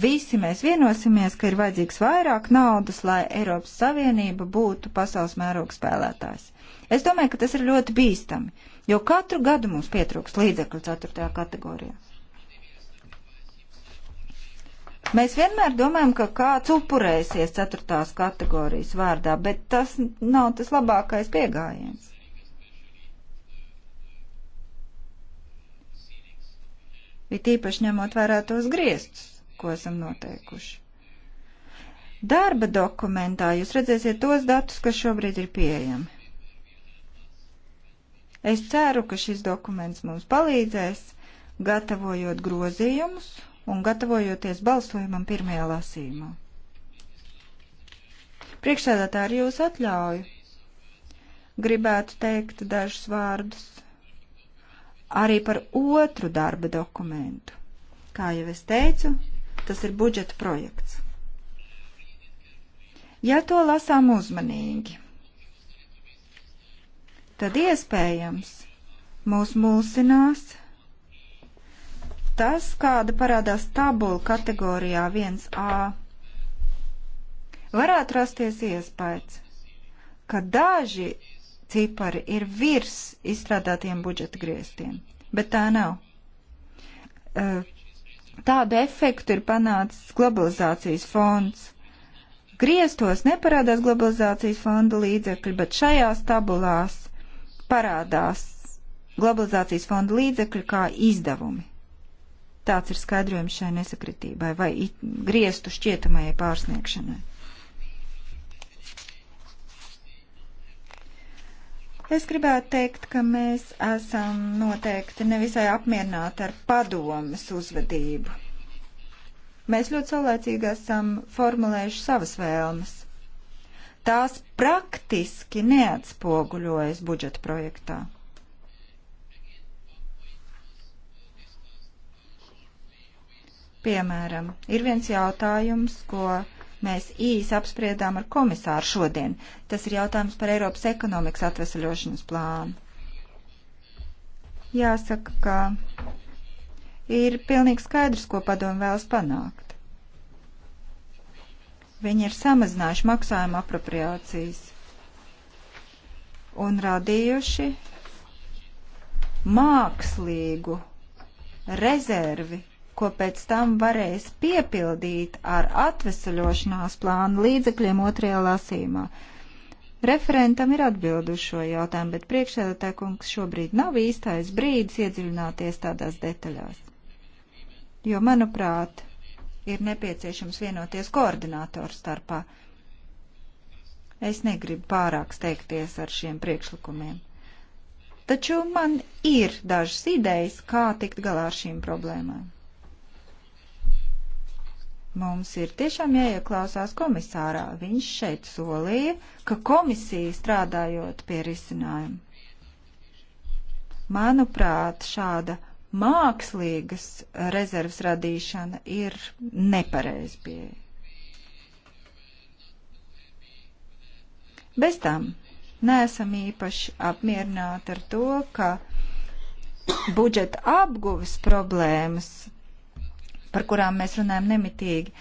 Speaker 2: visi mēs vienosimies, ka ir vajadzīgs vairāk naudas, lai Eiropas Savienība būtu pasaules mēroga spēlētājs. Es domāju, ka tas ir ļoti bīstami jo katru gadu mums pietrūks līdzekļu 4. kategorijā. Mēs vienmēr domājam, ka kāds upurēsies 4. kategorijas vārdā, bet tas nav tas labākais pieejams. It īpaši ņemot vērā tos griestus, ko esam noteikuši. Darba dokumentā jūs redzēsiet tos datus, kas šobrīd ir pieejami. Es ceru, ka šis dokuments mums palīdzēs gatavojot grozījumus un gatavojoties balsojumam pirmajā lasījumā. Priekšsēdētāji ar jūsu atļauju gribētu teikt dažus vārdus arī par otru darba dokumentu. Kā jau es teicu, tas ir budžeta projekts. Ja to lasām uzmanīgi, tad iespējams mūs mulsinās tas, kāda parādās tabula kategorijā 1A. Varētu rasties iespējas, ka daži cipari ir virs izstrādātiem budžeta grieztiem, bet tā nav. E, tādu efektu ir panācis globalizācijas fonds. Griestos neparādās globalizācijas fonda līdzekļi, bet šajās tabulās parādās globalizācijas fonda līdzekļi kā izdevumi. Tāds ir skaidrojums šai nesakritībai vai griestu šķietamajai pārsniegšanai. Es gribētu teikt, ka mēs esam noteikti nevisai apmierināti ar padomas uzvedību. Mēs ļoti saulēcīgi esam formulējuši savas vēlmes tās praktiski neatspoguļojas budžeta projektā. Piemēram, ir viens jautājums, ko mēs īsi apspriedām ar komisāru šodien. Tas ir jautājums par Eiropas ekonomikas atvesaļošanas plānu. Jāsaka, ka ir pilnīgi skaidrs, ko padomu vēlas panākt. Viņi ir samazinājuši maksājuma apropriācijas un radījuši mākslīgu rezervi, ko pēc tam varēs piepildīt ar atvesaļošanās plānu līdzekļiem otrajā lasīmā. Referentam ir atbilduši šo jautājumu, bet priekšsēdētāja kungs šobrīd nav īstais brīdis iedziļināties tādās detaļās. Jo, manuprāt, ir nepieciešams vienoties koordinātoru starpā. Es negribu pārāk steigties ar šiem priekšlikumiem. Taču man ir dažas idejas, kā tikt galā ar šīm problēmām. Mums ir tiešām jāieklausās komisārā. Viņš šeit solīja, ka komisija strādājot pie risinājuma. Manuprāt, šāda mākslīgas rezerves radīšana ir nepareiz pieeja. Bez tam neesam īpaši apmierināti ar to, ka budžeta apguves problēmas, par kurām mēs runājam nemitīgi,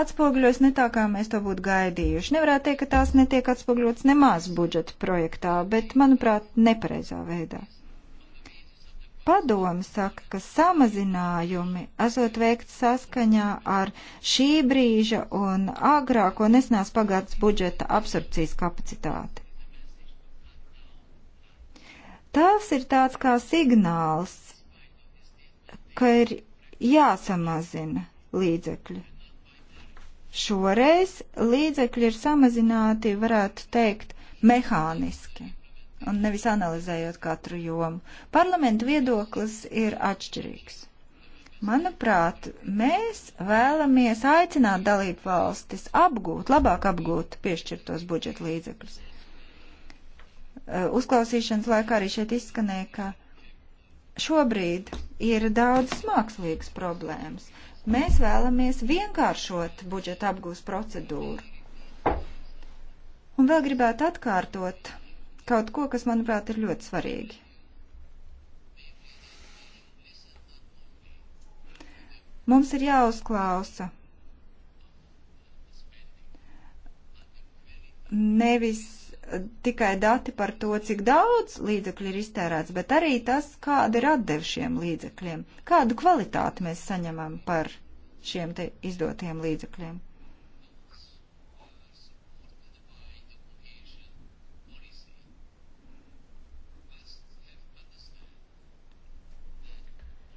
Speaker 2: atspoguļos ne tā, kā mēs to būtu gaidījuši. Nevarētu teikt, ka tās netiek atspoguļotas nemaz budžeta projektā, bet, manuprāt, nepareizā veidā. Padoma saka, ka samazinājumi esot veikti saskaņā ar šī brīža un agrāko nesnās pagātnes budžeta absorpcijas kapacitāti. Tas ir tāds kā signāls, ka ir jāsamazina līdzekļi. Šoreiz līdzekļi ir samazināti, varētu teikt, mehāniski un nevis analizējot katru jomu. Parlamentu viedoklis ir atšķirīgs. Manuprāt, mēs vēlamies aicināt dalību valstis apgūt, labāk apgūt piešķirtos budžeta līdzekļus. Eh, uzklausīšanas laikā arī šeit izskanēja, ka šobrīd ir daudz mākslīgas problēmas. Mēs vēlamies vienkāršot budžeta apgūst procedūru. Un vēl gribētu atkārtot kaut ko, kas, manuprāt, ir ļoti svarīgi. Mums ir jāuzklausa nevis tikai dati par to, cik daudz līdzekļu ir iztērēts, bet arī tas, kāda ir atdeve šiem līdzekļiem, kādu kvalitāti mēs saņemam par šiem te izdotiem līdzekļiem.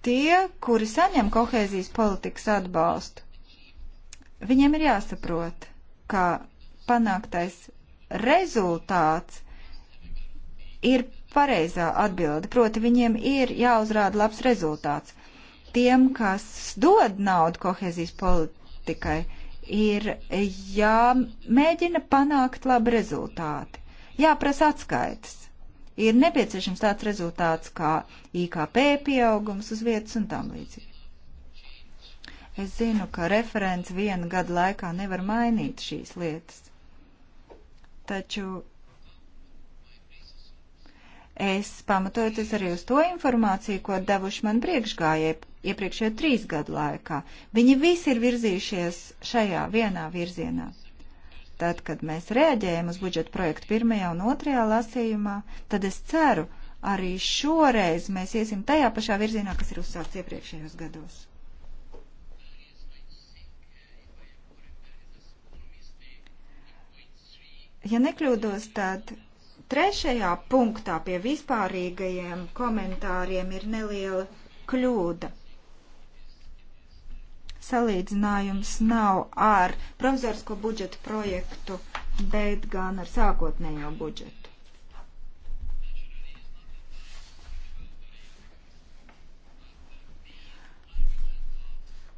Speaker 2: tie, kuri saņem kohēzijas politikas atbalstu, viņiem ir jāsaprot, ka panāktais rezultāts ir pareizā atbilde, proti viņiem ir jāuzrāda labs rezultāts. Tiem, kas dod naudu kohēzijas politikai, ir jāmēģina panākt labi rezultāti, jāprasa atskaitas ir nepieciešams tāds rezultāts kā IKP pieaugums uz vietas un tam līdzīgi. Es zinu, ka referents viena gada laikā nevar mainīt šīs lietas, taču es pamatojoties arī uz to informāciju, ko devuši man priekšgājēji iepriekšējo trīs gadu laikā, viņi visi ir virzījušies šajā vienā virzienā. Tad, kad mēs rēģējam uz budžeta projektu pirmajā un otrajā lasījumā, tad es ceru, arī šoreiz mēs iesim tajā pašā virzienā, kas ir uzsākts iepriekšējos gados. Ja nekļūdos, tad trešajā punktā pie vispārīgajiem komentāriem ir neliela kļūda salīdzinājums nav ar provizorisko budžetu projektu, bet gan ar sākotnējo budžetu.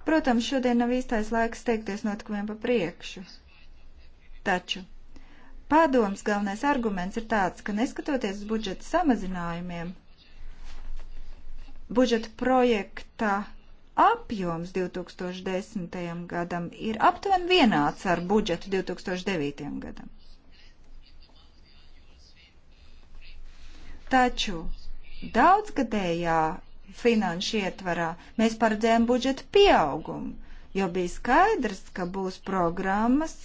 Speaker 2: Protams, šodien nav īstais laiks steigties notikumiem pa priekšu. Taču padoms galvenais arguments ir tāds, ka neskatoties uz budžeta samazinājumiem, budžeta projekta apjoms 2010. gadam ir aptuveni vienāds ar budžetu 2009. gadam. Taču daudzgadējā finanšu ietvarā mēs paredzējām budžeta pieaugumu, jo bija skaidrs, ka būs programmas,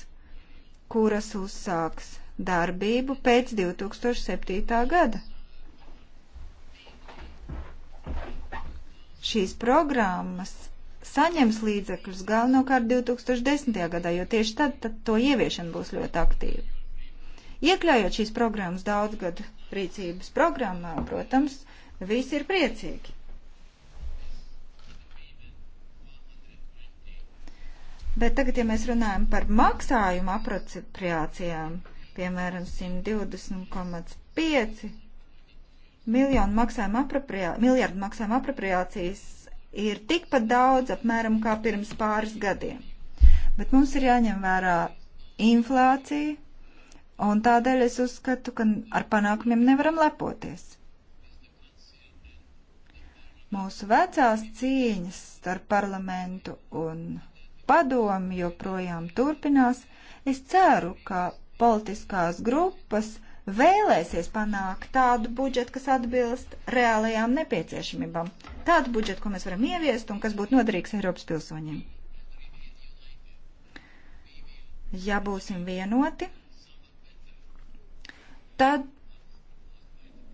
Speaker 2: kuras uzsāks darbību pēc 2007. gada. šīs programmas saņems līdzekļus galvenokārt 2010. gadā, jo tieši tad, tad to ieviešana būs ļoti aktīva. Iekļaujot šīs programmas daudzgadu rīcības programmā, protams, visi ir priecīgi. Bet tagad, ja mēs runājam par maksājumu apropriācijām, piemēram, 120,5 Miljonu maksājuma apropriā, miljardu maksājuma apropriācijas ir tikpat daudz apmēram kā pirms pāris gadiem. Bet mums ir jāņem vērā inflācija, un tādēļ es uzskatu, ka ar panākumiem nevaram lepoties. Mūsu vecās cīņas starp parlamentu un padomi joprojām turpinās. Es ceru, ka politiskās grupas vēlēsies panākt tādu budžetu, kas atbilst reālajām nepieciešamībām. Tādu budžetu, ko mēs varam ieviest un kas būtu noderīgs Eiropas pilsoņiem. Ja būsim vienoti, tad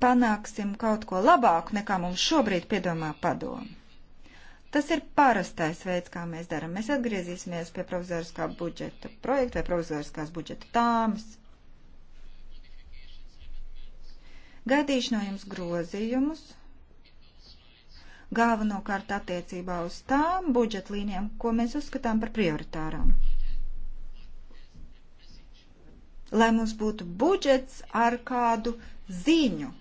Speaker 2: panāksim kaut ko labāku, nekā mums šobrīd piedomā padomu. Tas ir parastais veids, kā mēs darām. Mēs atgriezīsimies pie provizoriskā budžeta projekta vai provizoriskās budžeta tāmas. Gaidīšu no jums grozījumus, galvenokārt attiecībā uz tām budžetlīnijām, ko mēs uzskatām par prioritārām. Lai mums būtu budžets ar kādu ziņu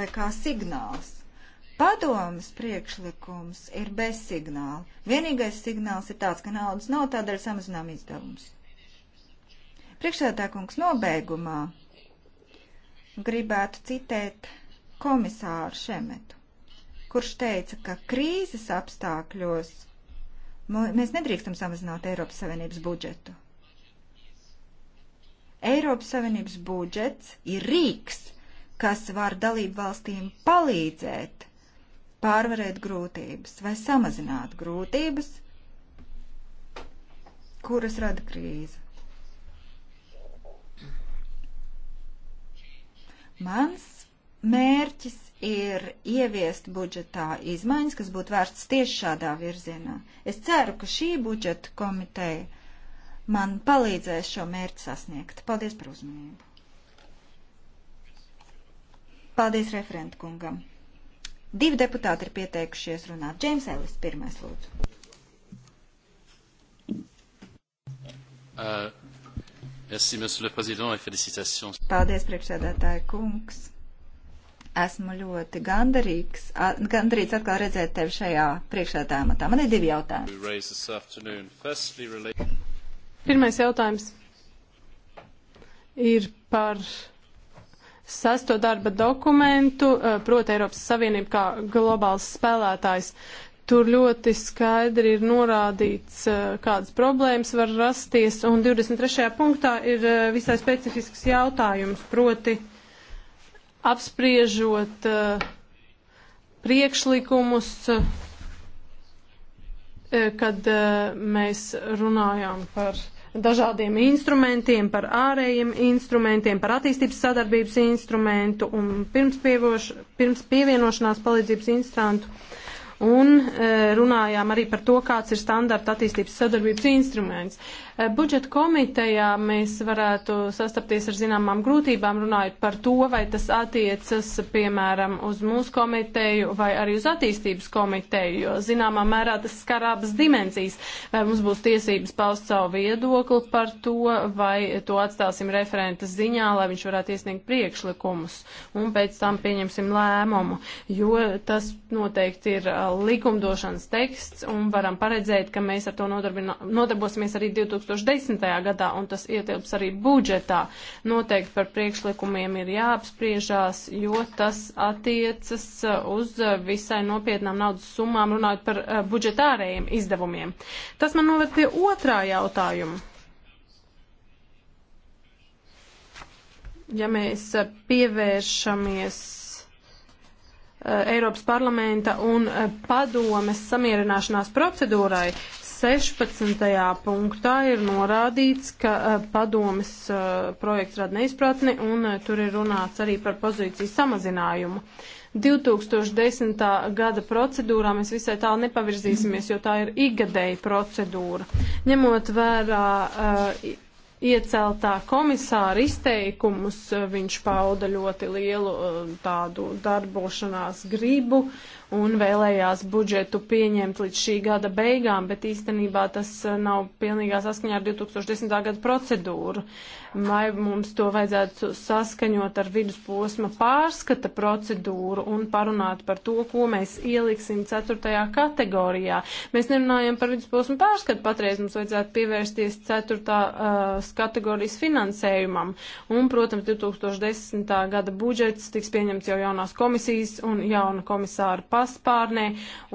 Speaker 2: vai kā signāls. Padomas priekšlikums ir bez signāla. Vienīgais signāls ir tāds, ka naudas nav, tādēļ samazinām izdevumus. Priekšsēdētājkungs nobeigumā gribētu citēt komisāru Šemetu, kurš teica, ka krīzes apstākļos mēs nedrīkstam samazināt Eiropas Savienības budžetu. Eiropas Savienības budžets ir rīks, kas var dalību valstīm palīdzēt pārvarēt grūtības vai samazināt grūtības, kuras rada krīze. Mans mērķis ir ieviest budžetā izmaiņas, kas būtu vērstas tieši šādā virzienā. Es ceru, ka šī budžeta komiteja man palīdzēs šo mērķi sasniegt. Paldies par uzmanību. Paldies referentu kungam. Divi deputāti ir pieteikušies runāt. Džeims Ellis, pirmais lūdzu.
Speaker 3: Uh, Merci, monsieur le président, et félicitations.
Speaker 2: Paldies, priekšsēdētāja kungs. Esmu ļoti gandarīgs, gandarīts atkal redzēt tevi šajā priekšsēdētājā matā. Man ir divi jautājumi. Pirmais jautājums ir par
Speaker 5: sesto darba dokumentu, eh, proti Eiropas Savienību kā globāls spēlētājs. Uh, Tur ļoti skaidri ir norādīts, eh, kādas problēmas var rasties, un 23. punktā ir eh, visai specifisks jautājums, proti apspriežot eh, priekšlikumus, kad mēs runājām par dažādiem instrumentiem, par ārējiem instrumentiem, par attīstības sadarbības instrumentu un pirms, pievoš, pirms pievienošanās palīdzības instrumentu. Uh, un eh, runājām arī par to, kāds ir standarta attīstības sadarbības instruments. Budžeta komitejā mēs varētu sastapties ar zināmām grūtībām runājot par to, vai tas attiecas, piemēram, uz mūsu komiteju vai arī uz attīstības komiteju, jo zināmā mērā tas skar abas dimensijas. Vai mums būs tiesības paust savu viedokli par to, vai to atstāsim referentas ziņā, lai viņš varētu iesniegt priekšlikumus un pēc tam pieņemsim lēmumu, jo tas noteikti ir uh, likumdošanas teksts un varam paredzēt, ka mēs ar to nodarbosimies arī 2000. 2010. gadā, un tas ietilps arī budžetā. Noteikti par priekšlikumiem ir jāapspriežās, jo tas attiecas uh, uz uh, visai nopietnām naudas summām, runājot par uh, budžetārējiem izdevumiem. Tas man noved pie otrā jautājuma. Ja mēs pievēršamies Eiropas parlamenta un padomes samierināšanās procedūrai, 16. punktā ir norādīts, ka eh, padomis eh, projekts rada neizpratni un eh, tur ir runāts arī par pozīciju samazinājumu. 2010. gada procedūrā mēs visai tālu nepavirzīsimies, jo tā ir igadēja procedūra. Ņemot vērā uh, ieceltā komisāra izteikumus, viņš pauda ļoti lielu uh, tādu darbošanās gribu. Uh, un vēlējās budžetu pieņemt līdz šī gada beigām, bet īstenībā tas uh, nav pilnīgā saskaņā ar 2010. gada procedūru. Vai mums to vajadzētu saskaņot ar vidusposma pārskata procedūru un parunāt par to, ko mēs ieliksim 4. kategorijā. Mēs nerunājam par vidusposma pārskatu, patreiz mums vajadzētu pievērsties 4. Uh, kategorijas finansējumam. Un, protams, 2010. gada budžets tiks pieņemts jau jaunās komisijas un jauna komisāra paspārnē,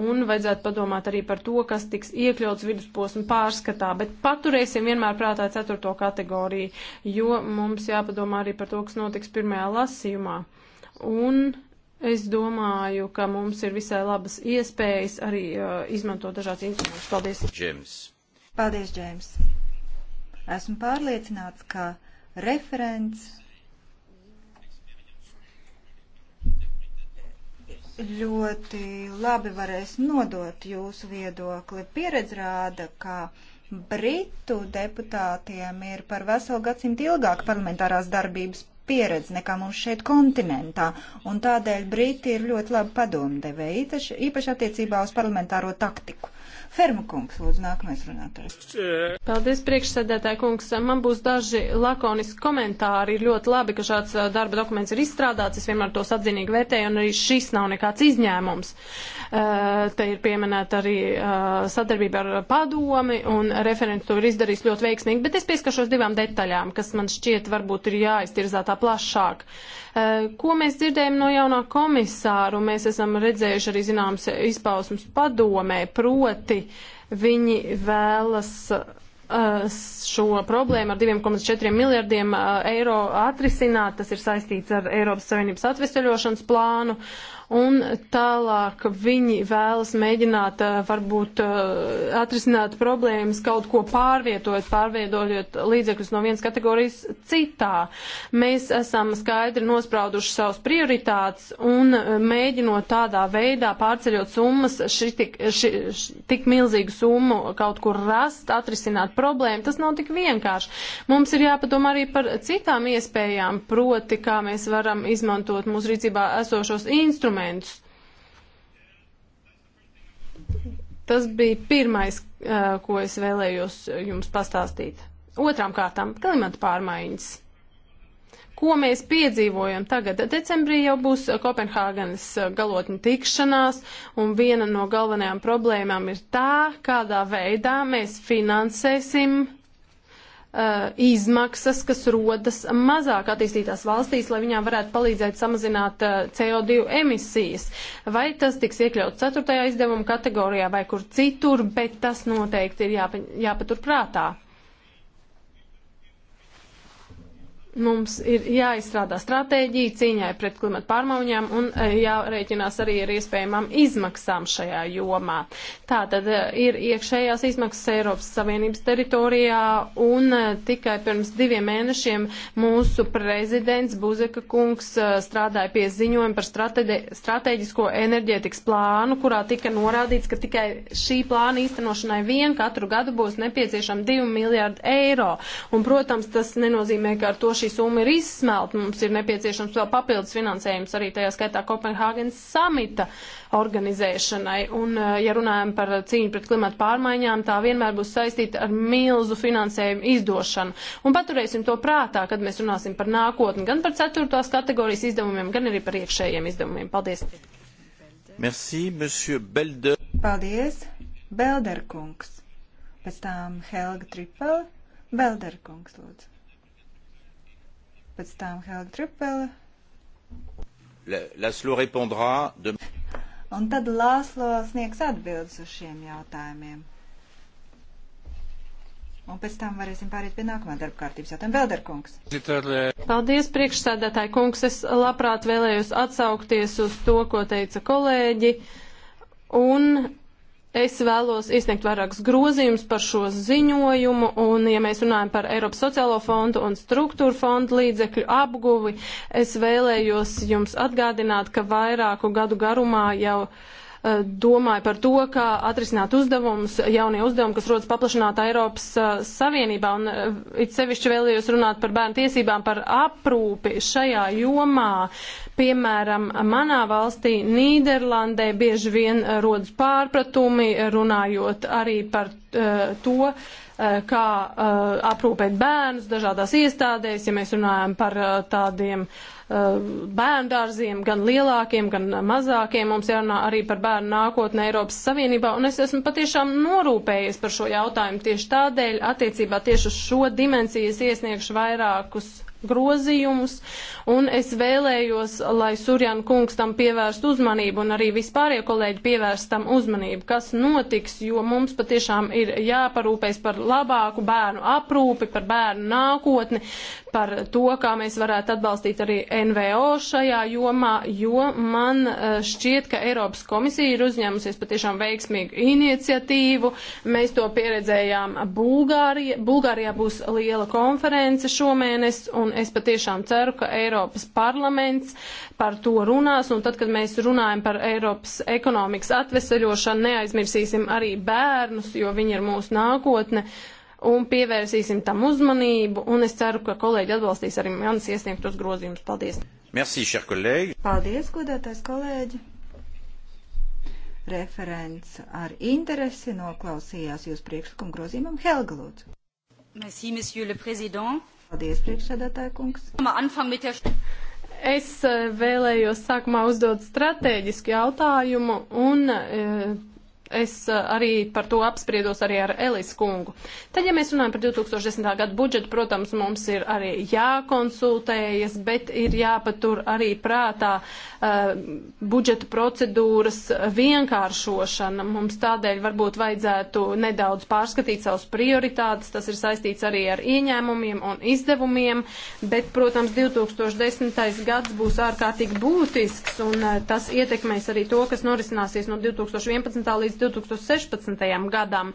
Speaker 5: un vajadzētu padomāt arī par to, kas tiks iekļauts vidusposmu pārskatā, bet paturēsim vienmēr prātā ceturto kategoriju, jo mums jāpadomā arī par to, kas notiks pirmajā lasījumā. Un es domāju, ka mums ir visai labas
Speaker 2: iespējas arī uh, izmantot dažādas instrumentus. Paldies! Džems. Paldies, Džēms! Esmu pārliecināts, ka referents ļoti labi varēs nodot jūsu viedokli. Pieredze rāda, ka Britu deputātiem ir par veselu gadsimtu ilgāk parlamentārās darbības pieredze nekā mums šeit kontinentā, un tādēļ Briti ir ļoti labi padomdevēji, īpaši attiecībā uz parlamentāro taktiku. Ferma kungs, lūdzu, nākamais runātājs.
Speaker 5: Paldies, priekšsēdētāji kungs. Man būs daži lakoniski komentāri. Ir ļoti labi, ka šāds darba dokuments ir izstrādāts. Es vienmēr tos atzinīgi vērtēju, un arī šis nav nekāds izņēmums. Te ir pieminēta arī sadarbība ar padomi, un referents to ir izdarījis ļoti veiksmīgi, bet es pieskaršos divām detaļām, kas man šķiet varbūt ir jāiztirzā tā plašāk. Ko mēs dzirdējam no jaunā komisāru? Mēs esam redzējuši arī zināmas izpausmes padomē, proti mērķi. Viņi vēlas eh, šo problēmu ar 2,4 miljardiem eh, eiro atrisināt. Tas ir saistīts ar Eiropas Savienības atvesaļošanas plānu. Uh, un tālāk viņi vēlas mēģināt eh, varbūt eh, atrisināt problēmas, kaut ko pārvietojot, pārvietojot līdzekļus no vienas kategorijas citā. Mēs esam skaidri nosprauduši savus prioritātes un eh, mēģinot tādā veidā pārceļot summas, šī tik, ši, ši, tik milzīgu summu kaut kur rast, atrisināt problēmu, tas nav tik vienkārši. Mums ir jāpadomā arī par citām iespējām, proti, kā mēs varam izmantot mūsu rīcībā esošos instrumentus, dokumentus. Tas bija pirmais, ko es vēlējos jums pastāstīt. Otrām kārtām - klimata pārmaiņas. Ko mēs piedzīvojam tagad? Decembrī jau būs Kopenhāgenes galotņa tikšanās, un viena no galvenajām problēmām ir tā, kādā veidā mēs finansēsim Uh, izmaksas, kas rodas mazāk attīstītās valstīs, lai viņām varētu palīdzēt samazināt uh, CO2 emisijas. Vai tas tiks iekļauts ceturtajā izdevuma kategorijā vai kur citur, bet tas noteikti ir jāpa, jāpaturprātā. Mums ir jāizstrādā stratēģija cīņai pret klimatu pārmaiņām un e, jārēķinās arī ar iespējamām izmaksām šajā jomā. Tā tad e, ir iekšējās izmaksas Eiropas Savienības teritorijā un e, tikai pirms diviem mēnešiem mūsu prezidents Buzeka kungs strādāja pie ziņojuma par strateģisko enerģētikas plānu, kurā tika norādīts, ka tikai šī plāna īstenošanai vien katru gadu būs nepieciešama 2 miljārdu eiro. Un, protams, tas nenozīmē, ka ar to šī summa ir izsmelt. Mums ir nepieciešams vēl papildus finansējums arī tajā skaitā Kopenhāgenes samita organizēšanai. Un, eh, ja runājam par cīņu pret klimatu pārmaiņām, tā vienmēr būs saistīta ar milzu finansējumu izdošanu. Un paturēsim to prātā, kad mēs runāsim par nākotni, gan par ceturtās kategorijas izdevumiem, gan arī par iekšējiem izdevumiem. Paldies!
Speaker 1: Merci, monsieur Belder.
Speaker 2: Paldies, Belderkungs. Pēc tām Helga Tripel, Belderkungs, lūdzu pēc tam Helga Tripele.
Speaker 1: Laslo répondrā. De...
Speaker 2: Un tad Lāslo sniegs atbildes uz šiem jautājumiem. Un pēc tam varēsim pāriet pie nākamā darba kārtības jautājuma. Velderkungs.
Speaker 5: Paldies, priekšsēdētāji kungs. Es labprāt vēlējos atsaukties uz to, ko teica kolēģi. Un Es vēlos izsniegt vairākus grozījumus par šo ziņojumu, un ja mēs runājam par Eiropas sociālo fondu un struktūru fondu līdzekļu apguvi, es vēlējos jums atgādināt, ka vairāku gadu garumā jau uh, domāju par to, kā atrisināt uzdevumus, jaunie uzdevumi, kas rodas paplašinātā Eiropas uh, Savienībā, un uh, it sevišķi vēlējos runāt par bērnu tiesībām, par aprūpi šajā jomā. Piemēram, manā valstī, Nīderlandē, bieži vien eh, rodas pārpratumi, runājot arī par uh, to, uh, kā uh, aprūpēt bērnus dažādās iestādēs, ja mēs runājam par uh, tādiem uh, bērndārziem, gan lielākiem, gan mazākiem. Mums jārunā arī par bērnu nākotni Eiropas Savienībā, un es esmu patiešām norūpējies par šo jautājumu. Tieši tādēļ attiecībā tieši uz šo dimensiju es iesniegšu vairākus grozījumus, un es vēlējos, lai Surjana kungs tam pievērst uzmanību, un arī vispārējie kolēģi pievērst tam uzmanību, kas notiks, jo mums patiešām ir jāparūpēs par labāku bērnu aprūpi, par bērnu nākotni, par to, kā mēs varētu atbalstīt arī NVO šajā jomā, jo man eh, šķiet, ka Eiropas komisija ir uzņēmusies patiešām veiksmīgu iniciatīvu. Mēs to pieredzējām Bulgārija. Bulgārijā būs liela konference šomēnes, un es patiešām ceru, ka Eiropas parlaments par to runās, un tad, kad mēs runājam par Eiropas ekonomikas atveseļošanu, neaizmirsīsim arī bērnus, jo viņi ir mūsu nākotne. Uh, un pievērsīsim tam uzmanību, un es ceru, ka kolēģi atbalstīs arī manas iesniegtos grozījumus. Paldies!
Speaker 3: Merci, cher kolēģi!
Speaker 2: Paldies, godātais kolēģi! Referents ar interesi noklausījās jūs priekšlikumu grozījumam Helga Lūdzu. Merci, monsieur le président. Paldies, priekšsēdētāja kungs.
Speaker 5: Es eh, vēlējos sākumā uzdot strateģisku jautājumu un e, Es eh, arī par to apspriedos arī ar Elis kungu. Tad, ja mēs runājam par 2010. gadu budžetu, protams, mums ir arī jākonsultējas, bet ir jāpatur arī prātā uh, budžeta procedūras vienkāršošana. Mums tādēļ varbūt vajadzētu nedaudz pārskatīt savus prioritātes. Tas ir saistīts arī ar ieņēmumiem un izdevumiem, bet, protams, 2010. gads būs ārkārtīgi būtisks un uh, tas ietekmēs arī to, kas norisināsies no 2011. līdz 2016. gadam.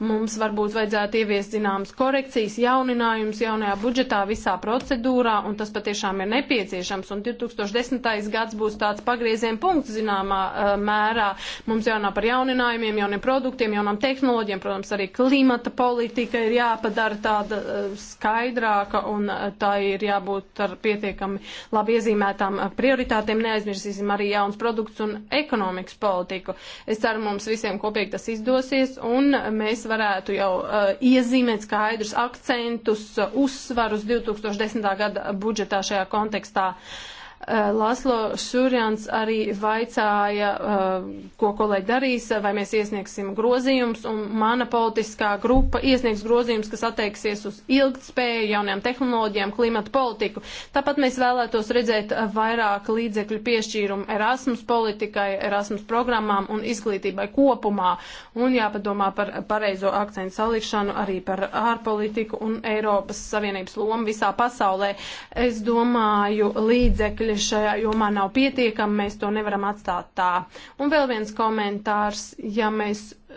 Speaker 5: Mums varbūt vajadzētu ieviest zināmas korekcijas, jauninājums jaunajā budžetā visā procedūrā, un tas patiešām ir nepieciešams. Un 2010. gads būs tāds pagrieziena punkts zināmā uh, mērā. Mums jānāk par jauninājumiem, jauniem produktiem, jaunām tehnoloģiem, protams, arī klimata politika ir jāpadara tāda uh, skaidrāka, un uh, tā ir jābūt ar pietiekami labi iezīmētām prioritātēm. Neaizmirsīsim arī jauns produkts un ekonomikas politiku. Es ceru, mums visiem visiem kopīgi tas izdosies, un mēs varētu jau uh, iezīmēt skaidrus akcentus, uh, uzsvarus 2010. gada budžetā šajā kontekstā. Uh, Eh, Laslo Šurjans arī vaicāja, eh, ko kolēģi darīs, eh, vai mēs iesniegsim grozījumus, un mana politiskā grupa iesniegs grozījumus, kas attieksies uz ilgtspēju, jaunajām tehnoloģijām, klimatu politiku. Tāpat mēs vēlētos redzēt vairāk līdzekļu piešķīrumu Erasmus politikai, Erasmus programmām un izglītībai kopumā, un jāpadomā par pareizo akcentu salikšanu arī par ārpolitiku un Eiropas Savienības lomu visā pasaulē. Es domāju, līdzekļi līdzekļi šajā jomā nav pietiekami, mēs to nevaram atstāt tā. Un vēl viens komentārs, ja mēs eh,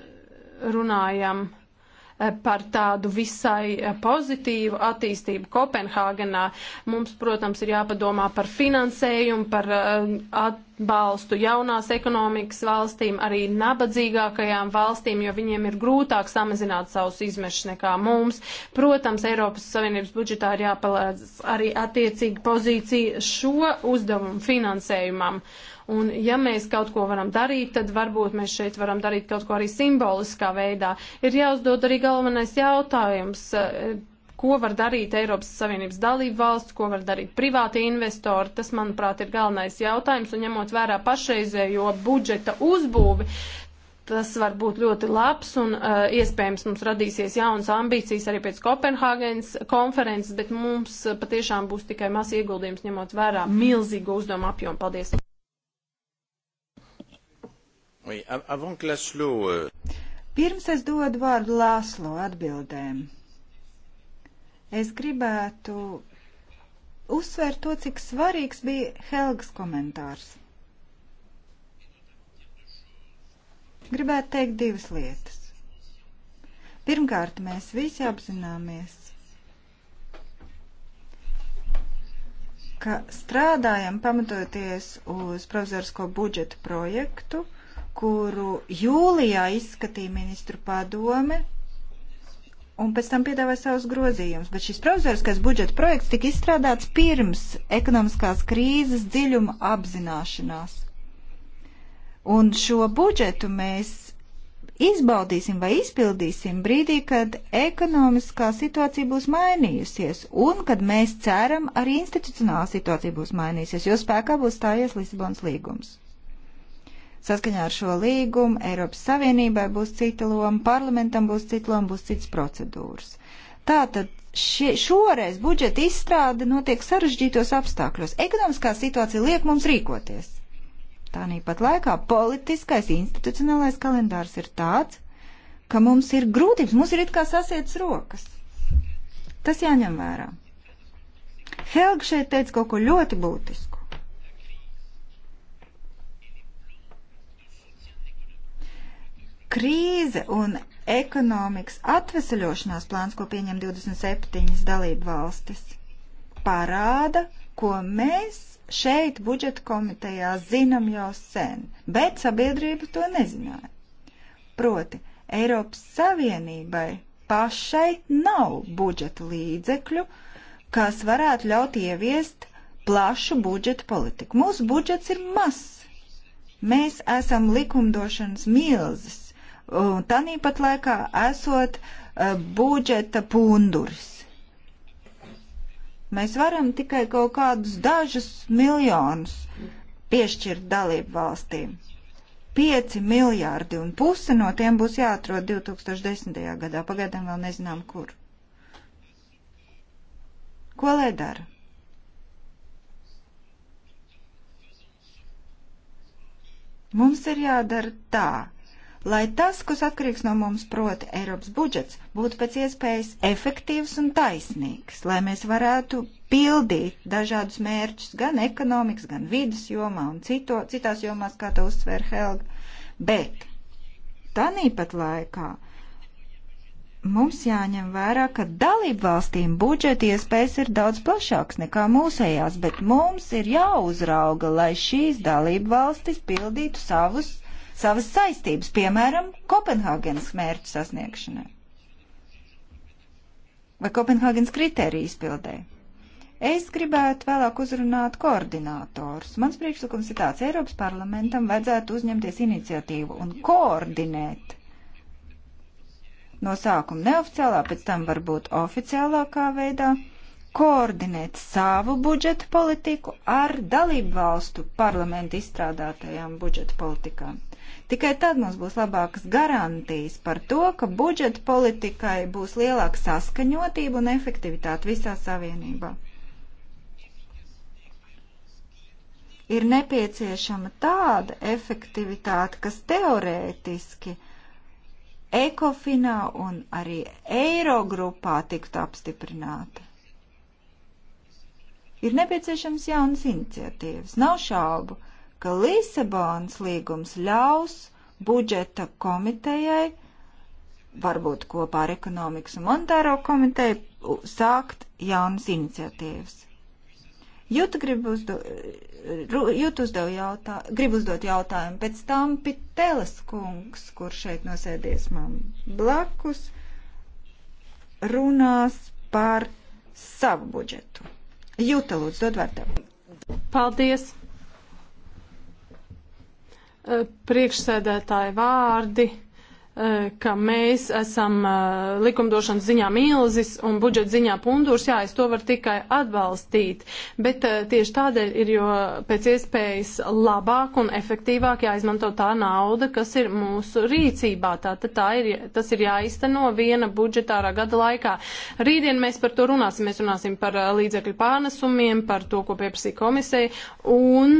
Speaker 5: runājam Eh, par tādu visai eh, pozitīvu attīstību Kopenhāgenā. Mums, protams, ir jāpadomā par finansējumu, par eh, atbalstu jaunās ekonomikas valstīm, arī nabadzīgākajām valstīm, jo viņiem ir grūtāk samazināt savus izmešus nekā mums. Protams, Eiropas Savienības budžetā ir jāpalēdz arī attiecīgi pozīcija šo uzdevumu finansējumam. Uh, Un ja mēs kaut ko varam darīt, tad varbūt mēs šeit varam darīt kaut ko arī simboliskā veidā. Ir jāuzdod arī galvenais jautājums eh, ko var darīt Eiropas Savienības dalību valsts, ko var darīt privāti investori. Tas, manuprāt, ir galvenais jautājums, un ņemot vērā pašreizējo budžeta uzbūvi, tas var būt ļoti labs, un uh, iespējams mums radīsies jaunas ambīcijas arī pēc Kopenhāgenes konferences, bet mums patiešām būs tikai maz ieguldījums, ņemot vērā milzīgu
Speaker 2: uzdevumu apjomu. Paldies!
Speaker 3: Oui, avant que
Speaker 2: Laslo... Euh, Pirms es dodu vārdu Lāslo atbildēm. Es gribētu uzsvērt to, cik svarīgs bija Helgas komentārs. Gribētu teikt divas lietas. Pirmkārt, mēs visi apzināmies, ka strādājam pamatoties uz provizorisko budžeta projektu, uh, kuru jūlijā izskatīja ministru padome un pēc tam piedāvāja savus grozījumus. Bet šis provizoriskais budžeta projekts tika izstrādāts pirms ekonomiskās krīzes dziļuma apzināšanās. Un šo budžetu mēs izbaudīsim vai izpildīsim brīdī, kad ekonomiskā situācija būs mainījusies un kad mēs ceram arī institucionālā situācija būs mainījusies, jo spēkā būs stājies Lisabonas līgums. Saskaņā ar šo līgumu Eiropas Savienībai būs cita loma, parlamentam būs cita loma, būs citas procedūras. Tātad šie, šoreiz budžeta izstrāde notiek sarežģītos apstākļos. Ekonomiskā situācija liek mums rīkoties. Tā nīpat laikā politiskais institucionālais kalendārs ir tāds, ka mums ir grūtības, mums ir it kā sasietas rokas. Tas jāņem vērā. Helga šeit teica kaut ko ļoti būtisku. Krīze un ekonomikas atvesaļošanās plāns, ko pieņem 27 dalību valstis, parāda, ko mēs šeit budžeta komitejā zinām jau sen, bet sabiedrība to nezināja. Proti, Eiropas Savienībai pašai nav budžeta līdzekļu, kas varētu ļaut ieviest plašu budžeta politiku. Mūsu budžets ir mazs. Mēs esam likumdošanas milzes un tanīpat laikā esot uh, budžeta punduris. Mēs varam tikai kaut kādus dažus miljonus piešķirt dalību valstīm. 5 miljārdi un puse no tiem būs jāatrod 2010. gadā. Pagaidām vēl nezinām, kur. Ko lai dara? Mums ir jādara tā, lai tas, kas atkarīgs no mums, proti Eiropas budžets, būtu pēc iespējas efektīvs un taisnīgs, lai mēs varētu pildīt dažādus mērķus gan ekonomikas, gan vidas jomā un cito, citās jomās, kā to uzsver Helga. Bet tanīpat laikā mums jāņem vērā, ka dalību valstīm budžeta iespējas ir daudz plašāks nekā mūsējās, bet mums ir jāuzrauga, lai šīs dalību valstis pildītu savus savas saistības, piemēram, Kopenhāgenes mērķu sasniegšanai vai Kopenhāgenes kritēriju izpildē. Es gribētu vēlāk uzrunāt koordinātors. Mans priekšlikums ir tāds, Eiropas parlamentam vajadzētu uzņemties iniciatīvu un koordinēt no sākuma neoficiālā, pēc tam varbūt oficiālākā veidā koordinēt savu budžeta politiku ar dalību valstu parlamentu izstrādātajām budžeta politikām. Tikai tad mums būs labākas garantijas par to, ka budžeta politikai būs lielāka saskaņotība un efektivitāte visā savienībā. Ir nepieciešama tāda efektivitāte, kas teorētiski ekofinā un arī eirogrupā tiktu apstiprināta. Ir nepieciešams jaunas iniciatīvas, nav šaubu ka Lisabonas līgums ļaus budžeta komitejai, varbūt kopā ar ekonomikas un monetāro komiteju, sākt jaunas iniciatīvas. Jūta grib uzdo, jūt uzdev jautā, grib uzdot jautājumu, pēc tam Piteles kungs, kurš šeit nosēdies man blakus, runās par savu budžetu. Jūta, lūdzu, dod vērtēm. Paldies!
Speaker 5: Eh, priekšsēdētāja vārdi Eh, ka mēs esam eh, likumdošanas ziņā milzis un budžeta ziņā pundurs, jā, es to varu tikai atbalstīt, bet eh, tieši tādēļ ir jo pēc iespējas labāk un efektīvāk jāizmanto tā nauda, kas ir mūsu rīcībā. Tā, tā, tā ir, tas ir jāizteno viena budžetārā gada laikā. Rītdien mēs par to runāsim, mēs runāsim par līdzekļu pārnesumiem, par to, ko pieprasīja komisija, un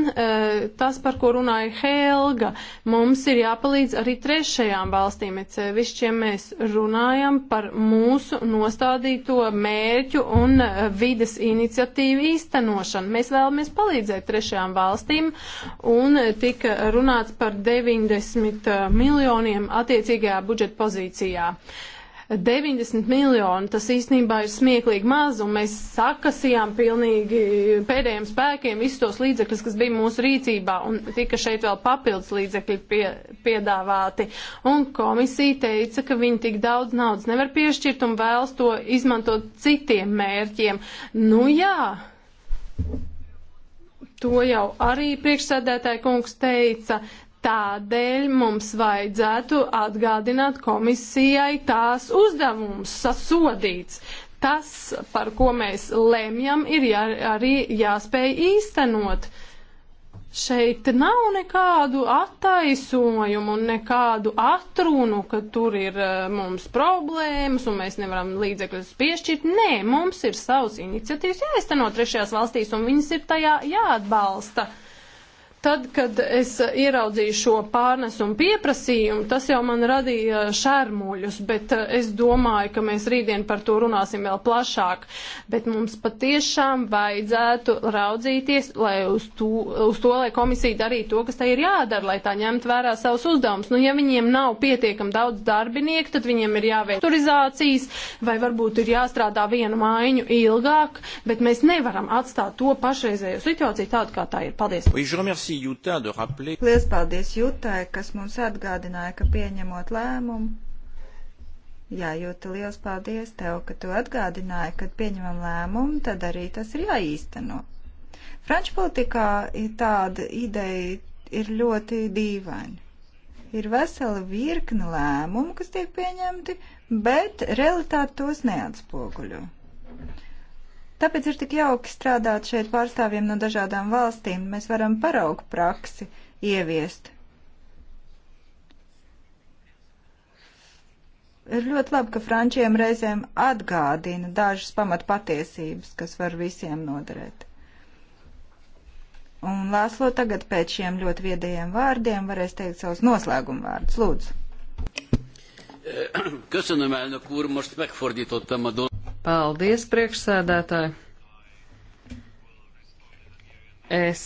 Speaker 5: tas, par ko runāja Helga, mums ir jāpalīdz arī trešajām valstīm valstīm, ir sevišķi, ja mēs runājam par mūsu nostādīto mērķu un eh, vides iniciatīvu īstenošanu. Mēs vēlamies palīdzēt trešajām valstīm un eh, tika runāts par 90 eh, miljoniem attiecīgajā budžeta pozīcijā. Uh, 90 miljoni, tas īstenībā ir smieklīgi maz, un mēs sakasījām pilnīgi pēdējiem spēkiem visus tos līdzekļus, kas bija mūsu rīcībā, un tika šeit vēl papildus līdzekļi pie, piedāvāti. Un komisija teica, ka viņi tik daudz naudas nevar piešķirt un vēlas to izmantot citiem mērķiem. Nu jā. To jau arī priekšsēdētāja kungs teica, uh, Tādēļ mums vajadzētu atgādināt komisijai tās uzdevums sasodīts. Tas, par ko mēs lemjam, ir jā, arī jāspēj īstenot. Šeit nav nekādu attaisnojumu un nekādu atrunu, ka tur ir eh, mums problēmas un mēs nevaram līdzekļus piešķirt. Nē, mums ir savas iniciatīvas jāizteno trešajās valstīs un viņas ir tajā jāatbalsta. Uh, Tad, kad es ieraudzīju šo pārnesumu pieprasījumu, tas jau man radīja šērmuļus, bet eh, es domāju, ka mēs rītdien par to runāsim vēl plašāk. Bet mums patiešām vajadzētu raudzīties, lai uz to, uz to lai komisija darītu to, kas tai ir jādara, lai tā ņemtu vērā savus uzdevumus. Nu, ja viņiem nav pietiekami daudz darbinieku, tad viņiem ir jāveic turizācijas vai varbūt ir jāstrādā vienu mājiņu ilgāk, bet mēs nevaram atstāt to pašreizējo situāciju tādu, kā tā ir.
Speaker 2: Paldies!
Speaker 1: Oui, Merci, Jutā, de rappeler.
Speaker 2: Lielas paldies Jutai, kas mums atgādināja, ka pieņemot lēmumu. Jā, Jūta, liels paldies tev, ka tu atgādināji, kad pieņemam lēmumu, tad arī tas ir jāīsteno. Franču politikā ir tāda ideja ir ļoti dīvaina ir vesela virkne lēmumu, kas tiek pieņemti, bet realitāte tos neatspoguļo. Tāpēc ir tik jauki strādāt šeit pārstāvjiem no dažādām valstīm. Mēs varam paraugu praksi ieviest. Ir ļoti labi, ka frančiem reizēm atgādina dažas pamatpatiesības, kas var visiem noderēt. Un Lāslo tagad pēc šiem ļoti viedajiem vārdiem varēs teikt savus noslēgumu vārdus. Lūdzu!
Speaker 3: *clears throat* Köszönöm, elnök úr, most megfordítottam a dolgot.
Speaker 2: Paldies,
Speaker 4: priekšsēdētāji. Es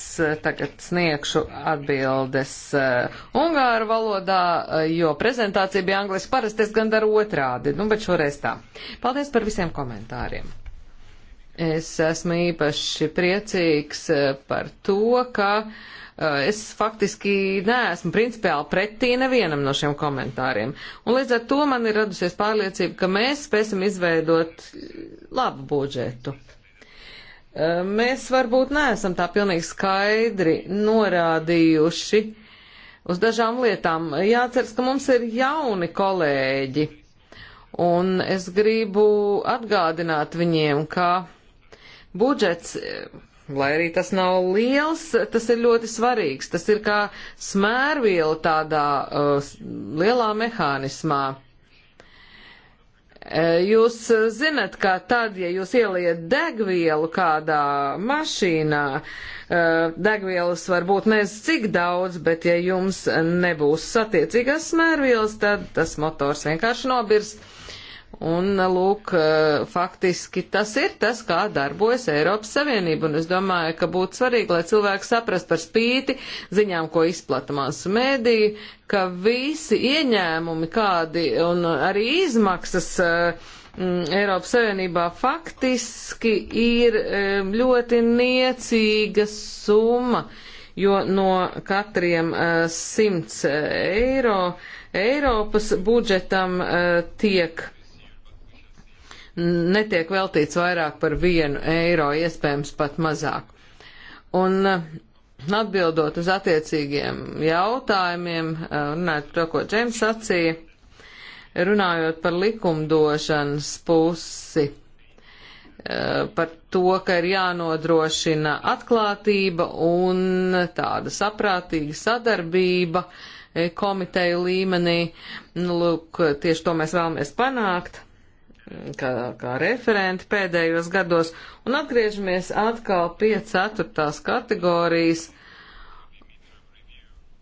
Speaker 4: tagad sniegšu atbildes eh, ungāru valodā, eh, jo prezentācija bija angliski. Parasti es gan daru otrādi, nu, bet šoreiz tā. Paldies par visiem komentāriem. Es esmu īpaši priecīgs eh, par to, ka uh, Eh, es faktiski neesmu principiāli pretī nevienam no šiem komentāriem. Un līdz ar to man ir radusies pārliecība, ka mēs spēsim izveidot eh, labu budžetu. Eh, mēs varbūt neesam tā pilnīgi skaidri norādījuši uz dažām lietām. Jāceras, ka mums ir jauni kolēģi. Un es gribu atgādināt viņiem, ka budžets Lai arī tas nav liels, tas ir ļoti svarīgs. Tas ir kā smērviela tādā uh, lielā mehānismā. Uh, jūs zinat, ka tad, ja jūs ieliet degvielu kādā mašīnā, uh, degvielas var būt nezinu cik daudz, bet ja jums nebūs satiecīgas smērvielas, tad tas motors vienkārši nobirst. Un, lūk, eh, faktiski tas ir tas, kā darbojas Eiropas Savienība, un es domāju, ka būtu svarīgi, lai cilvēki saprast par spīti ziņām, ko izplatamās mēdī, ka visi ieņēmumi kādi un arī izmaksas eh, m, Eiropas Savienībā faktiski ir m, eh, ļoti niecīga summa, jo no katriem m, 100 eiro Eiropas budžetam tiek netiek veltīts vairāk par vienu eiro, iespējams pat mazāk. Un eh, atbildot uz attiecīgiem jautājumiem, eh, runājot par to, ko Džeims sacīja, runājot par likumdošanas pusi, eh, par to, ka ir jānodrošina atklātība un tāda saprātīga sadarbība komiteju līmenī. Nu, lūk, tieši to mēs vēlamies panākt kā, kā referenti pēdējos gados, un atgriežamies atkal pie ceturtās kategorijas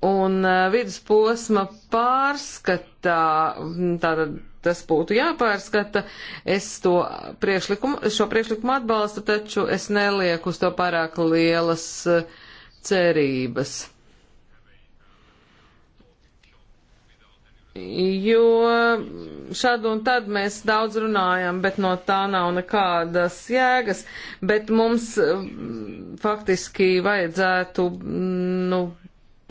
Speaker 4: un e, vidusposma pārskatā, tātad tas būtu jāpārskata. Es to priekšlikumu, šo priekšlikumu atbalstu, taču es nelieku uz to pārāk lielas e, cerības. jo šad un tad mēs daudz runājam, bet no tā nav nekādas jēgas, bet mums mm, faktiski vajadzētu, mm, nu,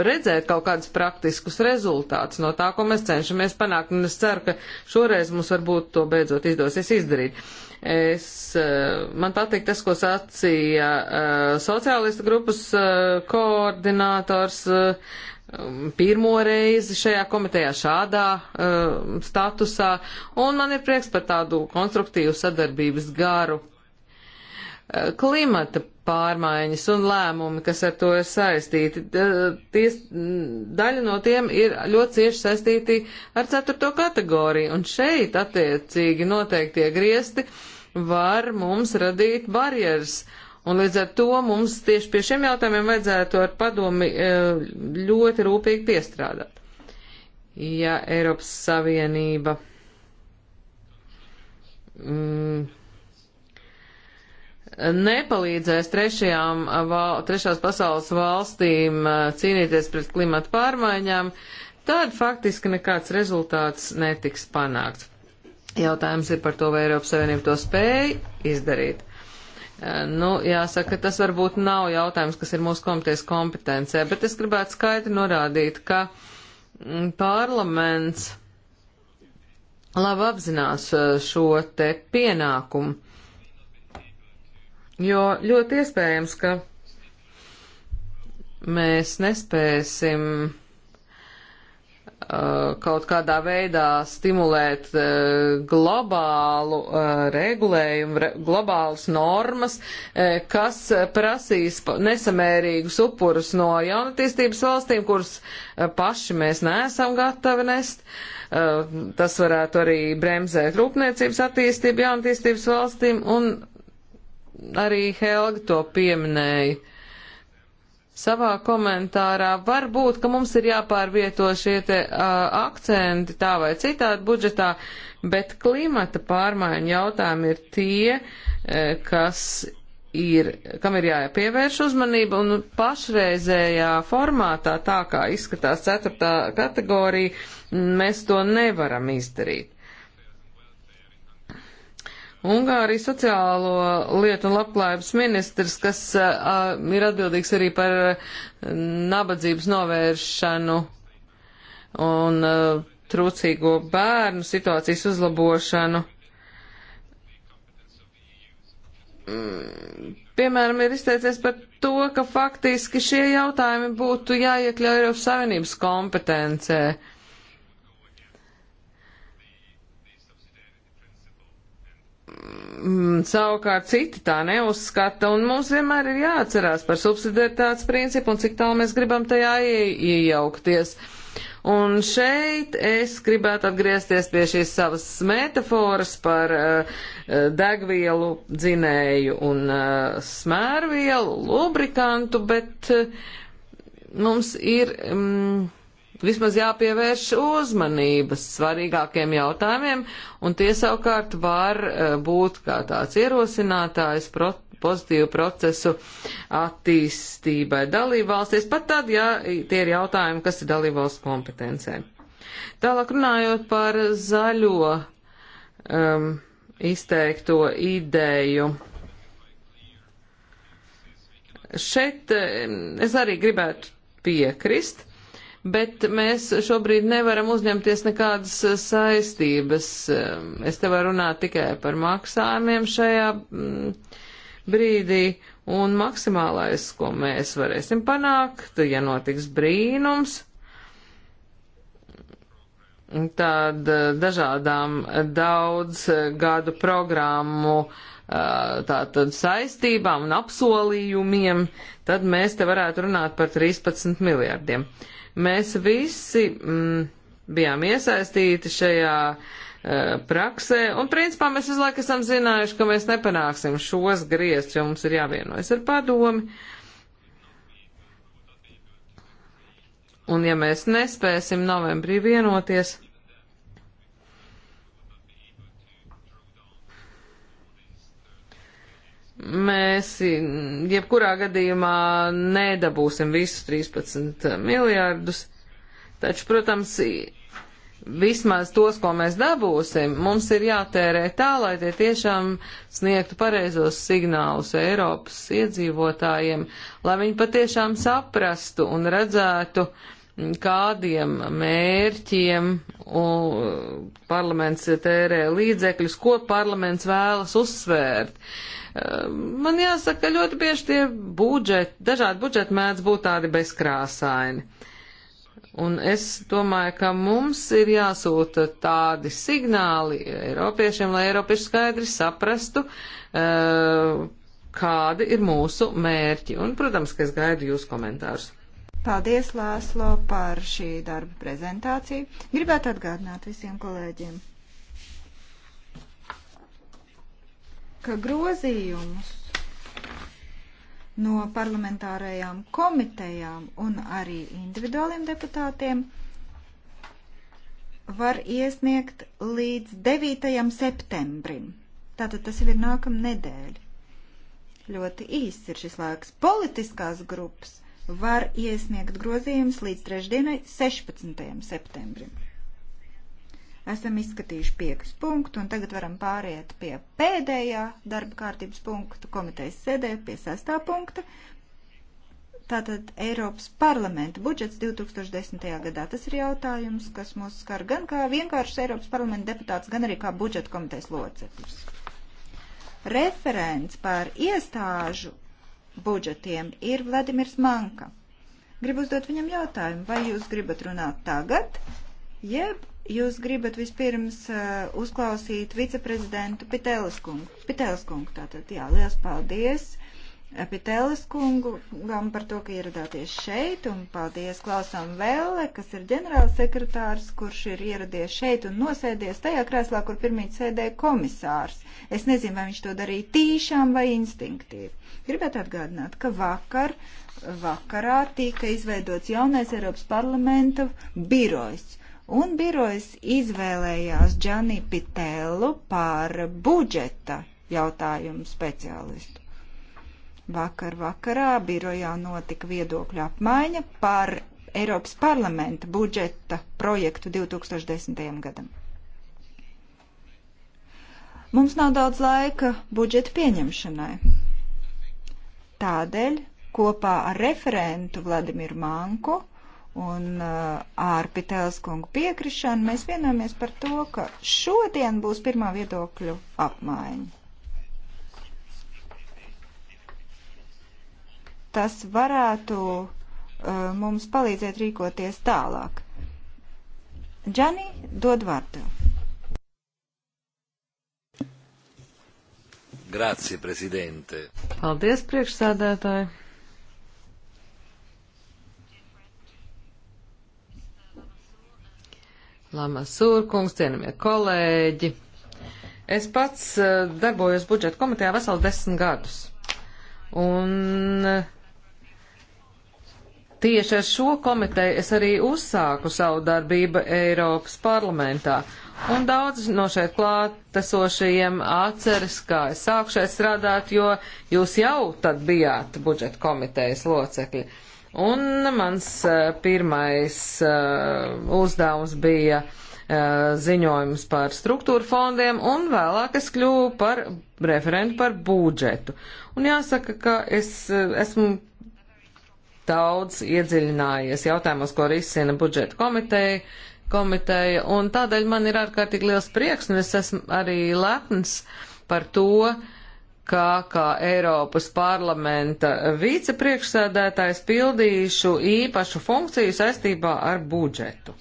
Speaker 4: redzēt kaut kādus praktiskus rezultātus no tā, ko mēs cenšamies panākt, un es ceru, ka šoreiz mums varbūt to beidzot izdosies izdarīt. Es, eh, man patīk tas, ko sacīja eh, sociālistu grupas eh, koordinators Um, pirmo reizi šajā komitejā šādā uh, statusā, un man ir prieks par tādu konstruktīvu sadarbības garu. Uh, klimata pārmaiņas un lēmumi, kas ar to ir saistīti, uh, ties, daļa no tiem ir ļoti cieši saistīti ar ceturto kategoriju, un šeit attiecīgi noteiktie griesti var mums radīt barjeras. Uh, Un līdz ar to mums tieši pie šiem jautājumiem vajadzētu ar padomi e, ļoti rūpīgi piestrādāt. Ja Eiropas Savienība mm, nepalīdzēs trešajām, val, trešās pasaules valstīm e, cīnīties pret klimatu pārmaiņām, tad faktiski nekāds rezultāts netiks panākts. Jautājums ir par to, vai Eiropas Savienība to spēja izdarīt. Eh, nu, jāsaka, tas varbūt nav jautājums, kas ir mūsu komitejas kompetencē, bet es gribētu skaidri norādīt, ka mm, parlaments labi apzinās eh, šo te pienākumu, jo ļoti iespējams, ka mēs nespēsim Uh, kaut kādā veidā stimulēt uh, globālu uh, regulējumu, globālas normas, kas prasīs nesamērīgus upurus no jaunatīstības valstīm, kurus paši mēs neesam gatavi nest. Tas varētu arī bremzēt rūpniecības attīstību jaunatīstības valstīm, un arī Helga to pieminēja savā komentārā. Varbūt, ka mums ir jāpārvieto šie te uh, akcenti tā vai citādi budžetā, bet klimata pārmaiņu jautājumi ir tie, uh, kas ir, kam ir jāpievērš uzmanība un pašreizējā formātā, tā kā izskatās ceturtā kategorija, mēs to nevaram izdarīt. Ungārijas sociālo lietu un labklājības ministrs, kas uh, ir atbildīgs arī par nabadzības novēršanu un uh, trūcīgo bērnu situācijas uzlabošanu.
Speaker 3: Mm,
Speaker 4: piemēram, ir izteicies par to, ka faktiski šie jautājumi būtu jāiekļauj Eiropas Savienības kompetencē. Mm, savukārt citi tā neuzskata, un mums vienmēr ir jāatcerās par subsidiaritātes principu un cik tālu mēs gribam tajā iejaukties. Un šeit es gribētu atgriezties pie šīs savas metafāras par uh, degvielu dzinēju un uh, smērvielu, lubrikantu, bet uh, mums ir. Um, vismaz jāpievērš uzmanības svarīgākiem jautājumiem, un tie savukārt var eh, būt kā tāds ierosinātājs pro, pozitīvu procesu attīstībai dalībvalstīs, pat tad, ja tie ir jautājumi, kas ir dalībvalsts kompetencē. Tālāk runājot par zaļo um, izteikto ideju. Šeit ehm, es arī gribētu piekrist bet mēs šobrīd nevaram uzņemties nekādas saistības. Es te varu runāt tikai par maksājumiem šajā mm, brīdī, un maksimālais, ko mēs varēsim panākt, ja notiks brīnums, tad eh, dažādām daudz gadu programmu eh, tātad saistībām un apsolījumiem, tad mēs te varētu runāt par 13 miljardiem. Uh, Mēs visi mm, bijām iesaistīti šajā eh, praksē, un principā mēs visu laiku esam zinājuši, ka mēs nepanāksim šos griezts, jo mums ir jāvienojas ar padomi. Un ja mēs nespēsim novembrī vienoties, mēs jebkurā gadījumā nedabūsim visus 13 miljārdus, taču, protams, vismaz tos, ko mēs dabūsim, mums ir jātērē tā, lai tie tiešām sniegtu pareizos signālus Eiropas iedzīvotājiem, lai viņi patiešām saprastu un redzētu, uh, kādiem mērķiem parlaments tērē līdzekļus, ko parlaments vēlas uzsvērt. Ehm, man jāsaka, ļoti bieži tie budžeti, dažādi budžeti mēdz būt tādi bezkrāsaini. Un es domāju, ka mums ir jāsūta tādi signāli Eiropiešiem, lai Eiropieši skaidri saprastu, ehm, kādi ir mūsu mērķi. Un, protams, ka es gaidu jūs komentārus.
Speaker 2: Paldies, Lāslo, par šī darba prezentāciju. Gribētu atgādināt visiem kolēģiem, ka grozījumus no parlamentārajām komitejām un arī individuāliem deputātiem var iesniegt līdz 9. septembrim. Tātad tas jau ir nākamā nedēļa. Ļoti īss ir šis laiks. Politiskās grupas var iesniegt grozījumus līdz trešdienai, 16. septembrim. Esam izskatījuši piekus punktu, un tagad varam pāriet pie pēdējā darba kārtības punktu komitejas sēdē, pie sestā punkta. Tātad Eiropas parlamenta budžets 2010. gadā. Tas ir jautājums, kas mūs skar gan kā vienkāršs Eiropas parlamenta deputāts, gan arī kā budžeta komitejas loceklis. Referents par iestāžu budžetiem ir Vladimirs Manka. Gribu uzdot viņam jautājumu, vai jūs gribat runāt tagad, jeb jūs gribat vispirms uh, uzklausīt viceprezidentu Pitēliskungu. Pitēliskungu tātad, jā, liels paldies. Pitēlis kungam par to, ka ieradāties šeit, un paldies Klausam Vēle, kas ir ģenerālsekretārs, kurš ir ieradies šeit un nosēdies tajā krēslā, kur pirmīt sēdēja komisārs. Es nezinu, vai viņš to darīja tīšām vai instinktīvi. Gribētu atgādināt, ka vakar, vakarā tika izveidots jaunais Eiropas parlamenta birojs un birojas izvēlējās Džani Pitēlu par budžeta jautājumu speciālistu. Vakar vakarā birojā notika viedokļu apmaiņa par Eiropas parlamenta budžeta projektu 2010. gadam. Mums nav daudz laika budžeta pieņemšanai. Tādēļ kopā ar referentu Vladimiru Manku un uh, ārpi Telskungu piekrišanu mēs vienojamies par to, ka šodien būs pirmā viedokļu apmaiņa. tas varētu uh, mums palīdzēt rīkoties tālāk. Džani, dod vārdu.
Speaker 1: Grazie,
Speaker 4: prezidente. Paldies, priekšsādētāji. Lama Sūrkungs, cienamie kolēģi. Es pats uh, darbojos budžeta komitejā veselu desmit gadus. Un Tieši ar šo komiteju es arī uzsāku savu darbību Eiropas parlamentā. Un daudz no šeit klātesošajiem atceras, kā es sāku šeit strādāt, jo jūs jau tad bijāt budžeta komitejas locekļi. Un mans eh, pirmais eh, uzdevums bija eh, ziņojums par struktūra fondiem, un vēlāk es kļuvu par referentu par budžetu. Un jāsaka, ka es esmu daudz iedziļinājies jautājumos, ko risina budžeta komiteja, komiteja, un tādēļ man ir ārkārtīgi liels prieks, un es esmu arī lepns par to, kā, kā Eiropas parlamenta vicepriekšsēdētājs pildīšu īpašu funkciju saistībā ar budžetu.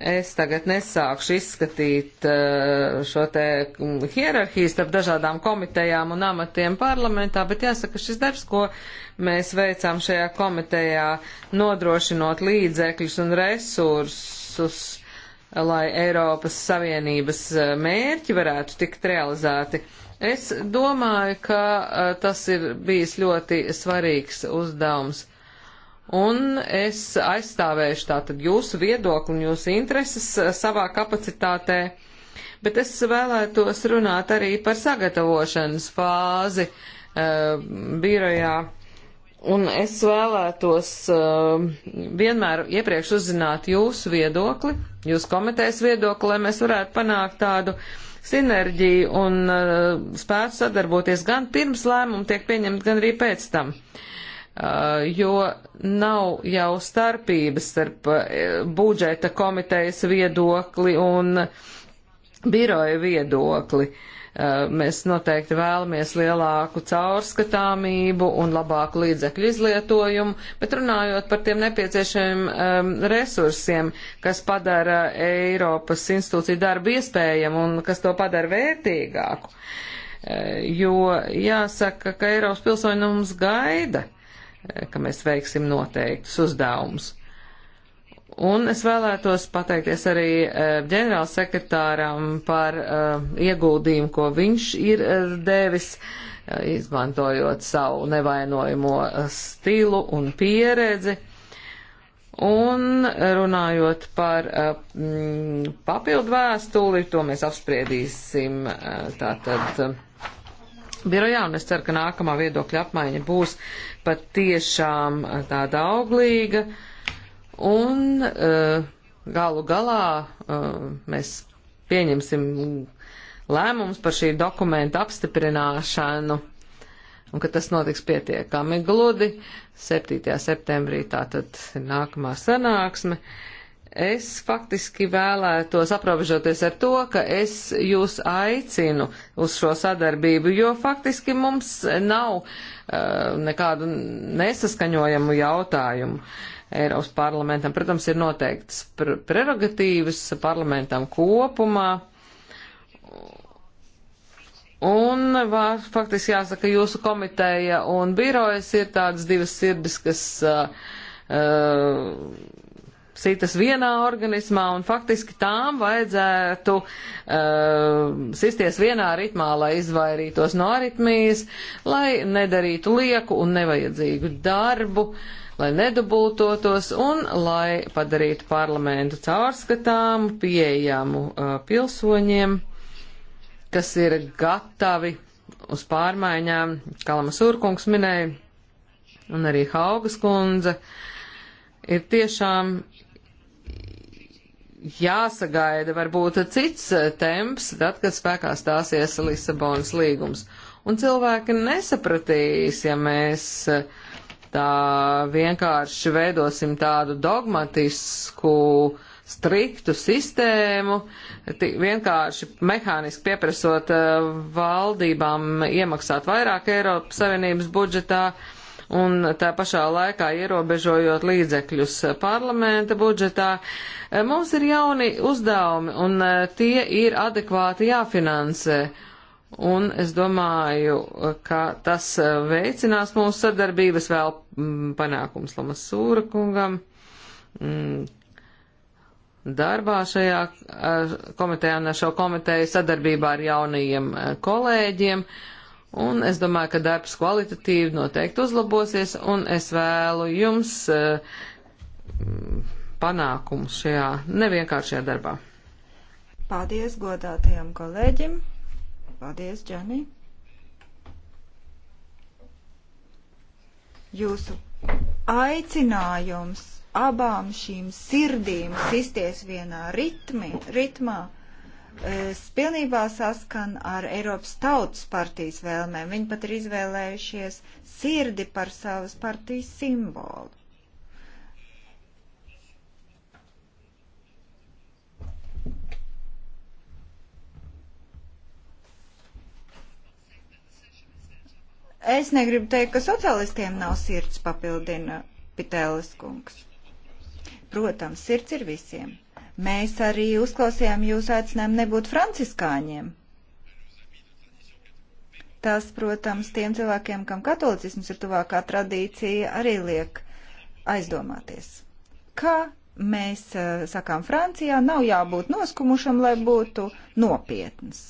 Speaker 4: Es tagad nesākšu izskatīt eh, šo te mm, hierarhiju starp dažādām komitejām un amatiem parlamentā, bet jāsaka, šis darbs, ko mēs veicām šajā komitejā, nodrošinot līdzekļus un resursus, lai Eiropas Savienības eh, mērķi varētu tikt realizēti. Es domāju, ka eh, tas ir bijis ļoti svarīgs uzdevums un es aizstāvēšu tātad jūsu viedokli un jūsu intereses eh, savā kapacitātē, bet es vēlētos runāt arī par sagatavošanas fāzi uh, birojā. Un es vēlētos uh, vienmēr iepriekš uzzināt jūsu viedokli, jūsu komitejas viedokli, lai mēs varētu panākt tādu sinerģiju un uh, spētu sadarboties gan pirms lēmumu tiek pieņemt, gan arī pēc tam. Uh, Uh, jo nav jau starpības starp uh, budžeta komitejas viedokli un biroja viedokli. Uh, mēs noteikti vēlamies lielāku caurskatāmību un labāku līdzekļu izlietojumu, bet runājot par tiem nepieciešamiem um, resursiem, kas padara Eiropas institūciju darbu iespējamu un kas to padara vērtīgāku, jo jāsaka, ka Eiropas pilsoņi nu mums gaida. Uh, ka mēs veiksim noteiktus uzdevumus. Un es vēlētos pateikties arī eh, ģenerālsekretāram par eh, ieguldījumu, ko viņš ir eh, devis, izmantojot savu nevainojamo stilu un pieredzi. Un runājot par mm, papildu vēstuli, to mēs apspriedīsim tātad birojā, un es ceru, ka nākamā viedokļa apmaiņa būs patiešām eh, tāda auglīga, un uh, galu galā uh, mēs pieņemsim lēmums par šī dokumenta apstiprināšanu, un ka tas notiks pietiekami gludi. 7. septembrī tātad ir nākamā sanāksme. Es faktiski vēlētos aprobežoties ar to, ka es jūs aicinu uz šo sadarbību, jo faktiski mums nav uh, Uh, nekādu nesaskaņojamu jautājumu. Eiropas parlamentam, protams, ir noteikts prerogatīvas parlamentam kopumā. Un var, faktiski jāsaka, jūsu komiteja un birojas ir tādas divas sirdis, kas uh, uh, sitas vienā organismā, un faktiski tām vajadzētu uh, sisties vienā ritmā, lai izvairītos no aritmijas, lai nedarītu lieku un nevajadzīgu darbu, lai nedubultotos un lai padarītu parlamentu caurskatāmu, pieejamu uh, pilsoņiem, kas ir gatavi uz pārmaiņām, Kalamas Urkungs minēja, un arī Haugas kundze, ir tiešām jāsagaida varbūt cits eh, temps, tad, kad spēkā stāsies Lisabonas līgums. Un cilvēki nesapratīs, ja mēs eh, tā vienkārši veidosim tādu dogmatisku, striktu sistēmu, vienkārši mehāniski pieprasot eh, valdībām iemaksāt vairāk Eiropas Savienības budžetā un tā pašā laikā ierobežojot līdzekļus parlamenta budžetā, e, mums ir jauni uzdevumi un e, tie ir adekvāti jāfinansē. Un es domāju, ka tas e, veicinās mūsu sadarbības vēl mm, panākums Lamas Sūra kungam mm, darbā šajā komitejā un ar šo komiteju sadarbībā ar jaunajiem kolēģiem. Uh, Un es domāju, ka darbs kvalitatīvi noteikti uzlabosies, un es vēlu jums eh, panākumus šajā nevienkāršajā darbā.
Speaker 2: Paldies godātajam kolēģim. Paldies, Džani. Jūsu aicinājums abām šīm sirdīm sisties vienā ritmi, ritmā pilnībā saskan ar Eiropas tautas partijas vēlmēm. Viņi pat ir izvēlējušies sirdi par savas partijas simbolu. Es negribu teikt, ka socialistiem nav sirds, papildina Pitēlis kungs. Protams, sirds ir visiem. Mēs arī uzklausījām jūsu aicinājumu nebūt franciskāņiem. Tas, protams, tiem cilvēkiem, kam katolicisms ir tuvākā tradīcija, arī liek aizdomāties. Kā mēs eh, sakām Francijā, nav jābūt noskumušam, lai būtu nopietns.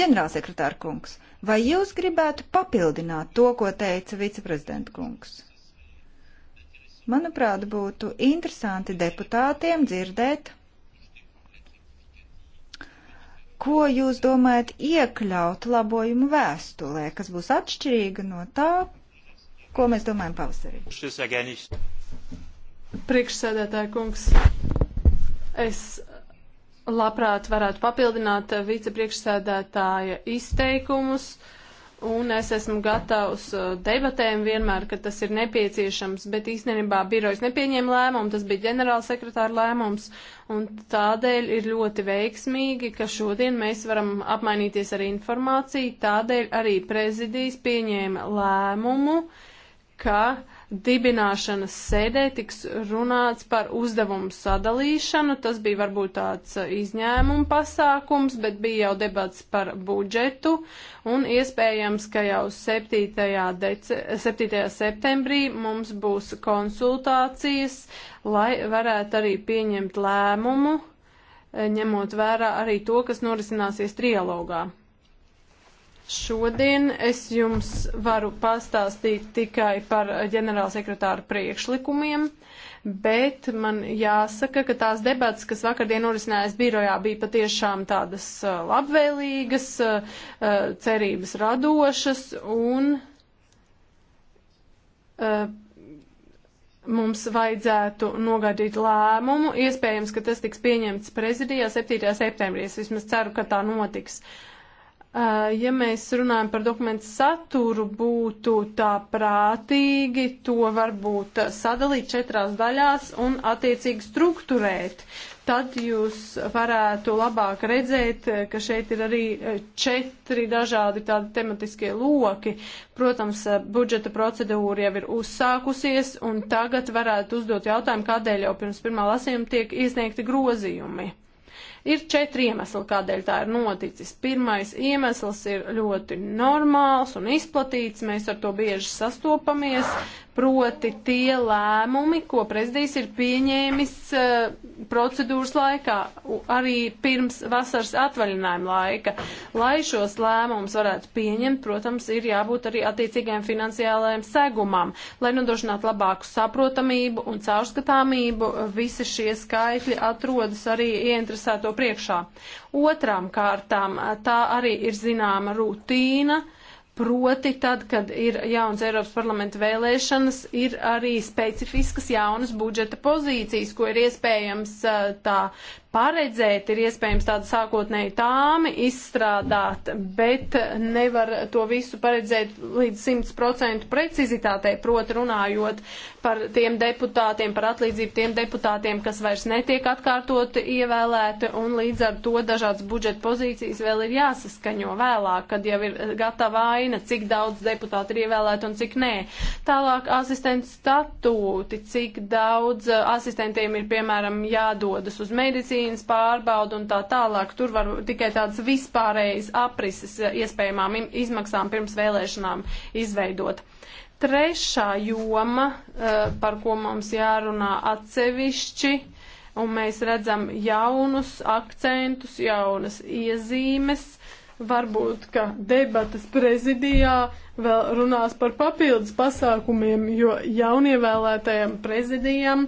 Speaker 2: Ģenerālsekretāra kungs, vai jūs gribētu papildināt to, ko teica viceprezidenta kungs? Manuprāt, būtu interesanti deputātiem dzirdēt, ko jūs domājat iekļaut labojumu vēstulē, kas būs atšķirīga no tā, ko mēs domājam
Speaker 4: pavasarī.
Speaker 2: Priekšsēdētāja kungs,
Speaker 5: es labprāt varētu papildināt vicepriekšsēdētāja izteikumus. Uh, Un es esmu gatavs uh, debatēm vienmēr, kad tas ir nepieciešams, bet īstenībā birojas nepieņēma lēmumu, tas bija ģenerāla sekretāra lēmums, un tādēļ ir ļoti veiksmīgi, ka šodien mēs varam apmainīties ar informāciju, tādēļ arī prezidijas pieņēma lēmumu, ka uh, dibināšanas sēdē tiks runāts par uzdevumu sadalīšanu. Tas bija varbūt tāds uh, izņēmuma pasākums, bet bija jau debats par budžetu un iespējams, ka jau 7. Dece, 7. septembrī mums būs konsultācijas, lai varētu arī pieņemt lēmumu, uh, ņemot vērā arī to, kas norisināsies trialogā. Šodien es jums varu pastāstīt tikai par ģenerālsekretāru priekšlikumiem, bet man jāsaka, ka tās debats, kas vakardien norisinājās birojā, bija patiešām tādas uh, labvēlīgas, uh, uh, cerības radošas un mums vajadzētu nogaidīt lēmumu. Iespējams, ka tas tiks pieņemts prezidijā 7. septembrī. Es vismaz ceru, ka tā notiks. Uh, ja mēs runājam par dokumentu saturu, būtu tā prātīgi to varbūt sadalīt četrās daļās un attiecīgi strukturēt. Tad jūs varētu labāk redzēt, ka šeit ir arī četri dažādi tādi tematiskie loki. Protams, budžeta procedūra jau ir uzsākusies, un tagad varētu uzdot jautājumu, kādēļ jau pirms pirmā lasījuma tiek iesniegti grozījumi. Ir četri iemesli, kādēļ tā ir noticis. Pirmais iemesls ir ļoti normāls un izplatīts, mēs ar to bieži sastopamies, proti tie lēmumi, ko prezidijs ir pieņēmis uh, procedūras laikā, arī pirms vasaras atvaļinājuma laika. Lai šos lēmumus varētu pieņemt, protams, ir jābūt arī attiecīgajam finansiālajam segumam, lai nodrošinātu labāku saprotamību un caurskatāmību. Visi šie skaitļi atrodas arī ieinteresēto priekšā. Otram kārtām eh, tā arī ir zināma rutīna. Uh, Proti tad, kad ir jauns Eiropas parlamenta vēlēšanas, ir arī specifiskas jaunas budžeta pozīcijas, ko ir iespējams eh, tā paredzēt, ir iespējams tādu sākotnēju tāmi izstrādāt, bet nevar to visu paredzēt līdz 100% precizitātei, proti runājot par tiem deputātiem, par atlīdzību tiem deputātiem, kas vairs netiek atkārtoti ievēlēti, un līdz ar to dažādas budžeta pozīcijas vēl ir jāsaskaņo vēlāk, kad jau ir gatava aina, cik daudz deputāti ir ievēlēti un cik nē. Tālāk asistentu statūti, cik daudz asistentiem ir, piemēram, jādodas uz medicīnu, medicīnas pārbaudu un tā tālāk. Tur var tikai tāds vispārējais aprises eh, iespējamām izmaksām pirms vēlēšanām izveidot. Trešā joma, eh, par ko mums jārunā atsevišķi, un mēs redzam jaunus akcentus, jaunas iezīmes Varbūt, ka debatas prezidijā vēl runās par papildus pasākumiem, jo jaunievēlētajam prezidijam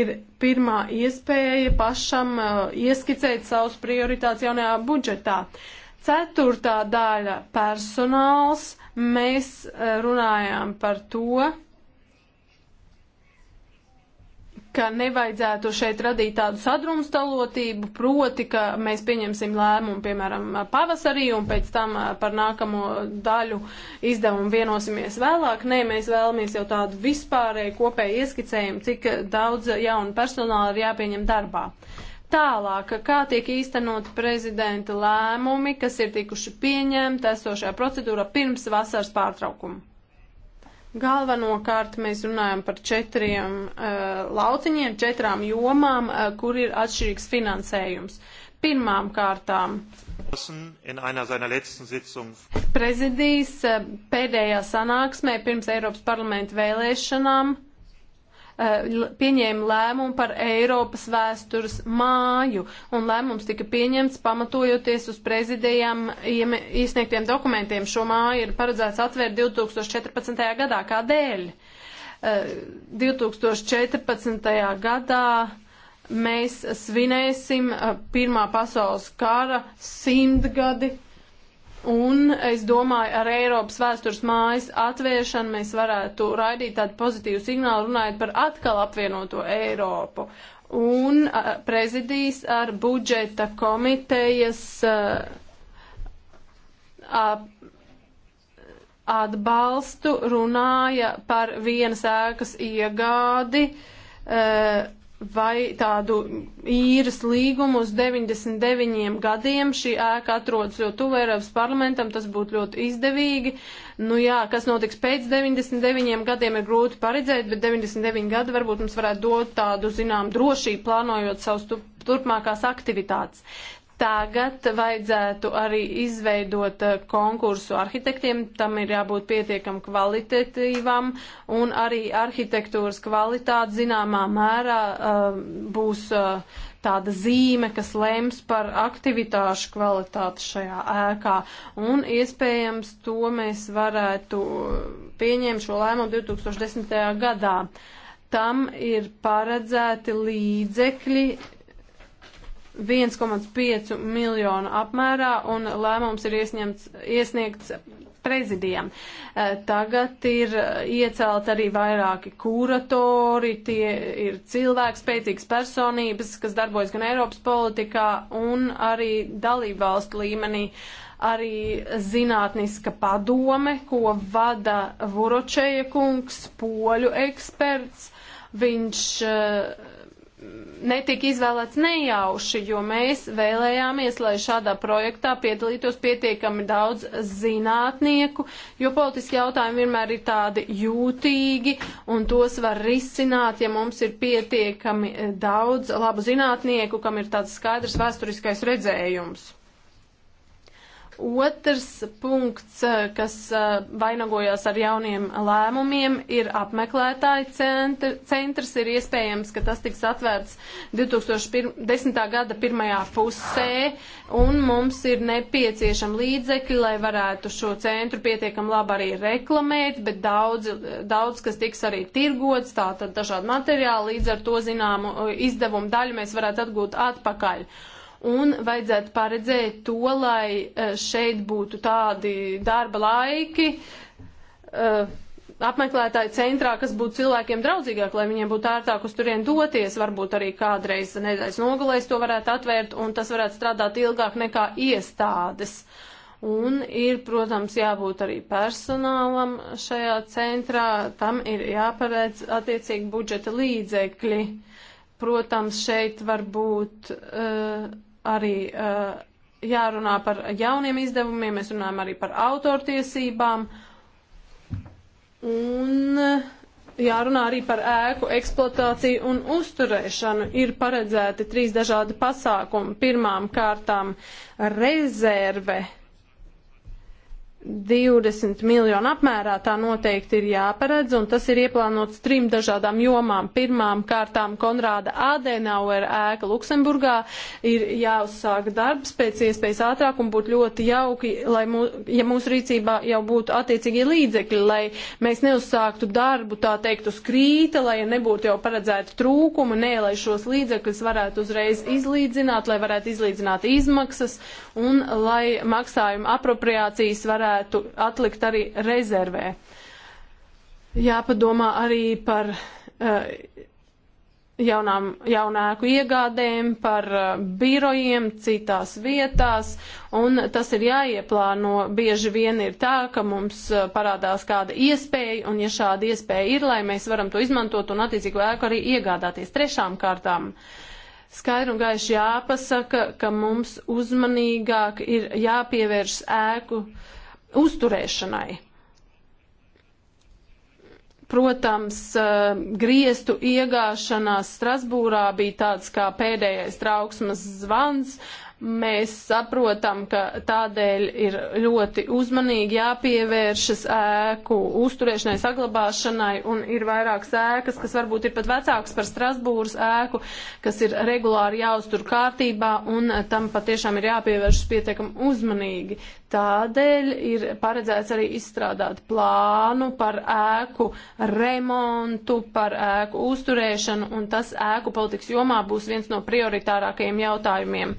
Speaker 5: ir pirmā iespēja pašam uh, ieskicēt savus prioritātus jaunajā budžetā. Ceturtā daļa - personāls. Mēs uh, runājām par to, ka nevajadzētu šeit radīt tādu sadrumstalotību, proti, ka mēs pieņemsim lēmumu, piemēram, pavasarī un pēc tam par nākamo daļu izdevumu vienosimies vēlāk. Nē, mēs vēlamies jau tādu vispārēju kopēju ieskicējumu, cik daudz jaunu personālu ir jāpieņem darbā. Tālāk, kā tiek īstenot prezidenta lēmumi, kas ir tikuši pieņemti esošajā procedūrā pirms vasaras pārtraukuma. Galvenokārt mēs runājam par četriem uh, lauciņiem, četrām jomām, uh, kur ir atšķirīgs finansējums. Pirmām kārtām prezidijas uh, pēdējā sanāksmē pirms Eiropas parlamenta vēlēšanām uh, Eh, pieņēma lēmumu par Eiropas vēstures māju, un lēmums tika pieņemts pamatojoties uz prezidējām iesniegtiem dokumentiem. Šo māju ir paredzēts atvērt 2014. gadā. Kādēļ? 2014. Eh, gadā mēs svinēsim eh, Pirmā pasaules kara simtgadi Un es domāju, ar Eiropas vēstures mājas atvēršanu mēs varētu raidīt tādu pozitīvu signālu runājot par atkal apvienoto Eiropu. Un a, prezidijas ar budžeta komitejas a, a, atbalstu runāja par vienas ēkas iegādi. A, vai tādu īres līgumu uz 99 gadiem šī ēka atrodas ļoti tuvu Eiropas parlamentam, tas būtu ļoti izdevīgi. Nu jā, kas notiks pēc 99 gadiem ir grūti paredzēt, bet 99 gadi varbūt mums varētu dot tādu, zinām, drošību plānojot savus turpmākās aktivitātes. Tagad vajadzētu arī izveidot eh, konkursu arhitektiem, tam ir jābūt pietiekam kvalitatīvam, un arī arhitektūras kvalitāte zināmā mērā uh, būs uh, tāda zīme, kas lems par aktivitāšu kvalitāti šajā ēkā. Un iespējams to mēs varētu pieņemt šo lēmumu 2010. gadā. Tam ir paredzēti līdzekļi 1,5 miljonu apmērā un lēmums ir iesņemts, iesniegts prezidijam. Eh, tagad ir eh, iecelt arī vairāki kuratori, tie ir cilvēki, spēcīgas personības, kas darbojas gan Eiropas politikā un arī dalību valstu līmenī. Arī zinātniska padome, ko vada Vuročeja kungs, poļu eksperts. Viņš uh, netika izvēlēts nejauši, jo mēs vēlējāmies, lai šādā projektā piedalītos pietiekami daudz zinātnieku, jo politiski jautājumi vienmēr ir tādi jūtīgi, un tos var risināt, ja mums ir pietiekami eh, daudz labu zinātnieku, kam ir tāds skaidrs vēsturiskais redzējums. Otrs punkts, eh, kas eh, vainagojās ar jauniem lēmumiem, ir apmeklētāju centri, centrs. Ir iespējams, ka tas tiks atvērts 2010. gada pirmajā pusē, un mums ir nepieciešama līdzekļi, lai varētu šo centru pietiekam labi arī reklamēt, bet daudz, daudz kas tiks arī tirgots, tātad dažādi materiāli, līdz ar to zināmu izdevumu daļu mēs varētu atgūt atpakaļ. Uh, un vajadzētu paredzēt to, lai eh, šeit būtu tādi darba laiki eh, apmeklētāju centrā, kas būtu cilvēkiem draudzīgāk, lai viņiem būtu ērtāk uz turien doties, varbūt arī kādreiz nedēļas nogalēs to varētu atvērt, un tas varētu strādāt ilgāk nekā iestādes. Un ir, protams, jābūt arī personālam šajā centrā, tam ir jāparedz attiecīgi budžeta līdzekļi. Protams, šeit var būt. Uh, arī uh, jārunā par jauniem izdevumiem, mēs runājam arī par autortiesībām un eh, jārunā arī par ēku eksploatāciju un uzturēšanu. Ir paredzēti trīs dažādi pasākumi. Pirmām kārtām rezerve 20 miljonu apmērā tā noteikti ir jāparedz, un tas ir ieplānots trim dažādām jomām. Pirmām kārtām Konrāda Adenauer ēka Luksemburgā ir jāuzsāk darbs pēc iespējas ātrāk un būtu ļoti jauki, lai mū, ja mūsu rīcībā jau būtu attiecīgie līdzekļi, lai mēs neuzsāktu darbu tā teikt uz krīta, lai nebūtu jau paredzēti trūkumi, nē, lai šos līdzekļus varētu uzreiz izlīdzināt, lai varētu izlīdzināt izmaksas un lai maksājuma apropriācijas varētu varētu atlikt arī rezervē. Jāpadomā arī par uh, jaunām, jaunāku iegādēm, par uh, birojiem citās vietās, un tas ir jāieplāno. Bieži vien ir tā, ka mums uh, parādās kāda iespēja, un ja šāda iespēja ir, lai mēs varam to izmantot un attiecīgu ēku arī iegādāties trešām kārtām. Skaidri un gaiši jāpasaka, ka mums uzmanīgāk ir jāpievērš ēku uh, uzturēšanai protams, eh, griestu iegāšanās Strasbūrā bija tāds kā pēdējais trauksmas zvans. Mēs saprotam, ka tādēļ ir ļoti uzmanīgi jāpievēršas ēku uzturēšanai, saglabāšanai, un ir vairākas ēkas, kas varbūt ir pat vecākas par Strasbūras ēku, kas ir regulāri jāuztur kārtībā, un tam patiešām ir jāpievēršas pietiekam uzmanīgi. Tādēļ ir paredzēts arī izstrādāt plānu par ēku remontu, par ēku uzturēšanu, un tas ēku politikas jomā būs viens no prioritārākajiem jautājumiem.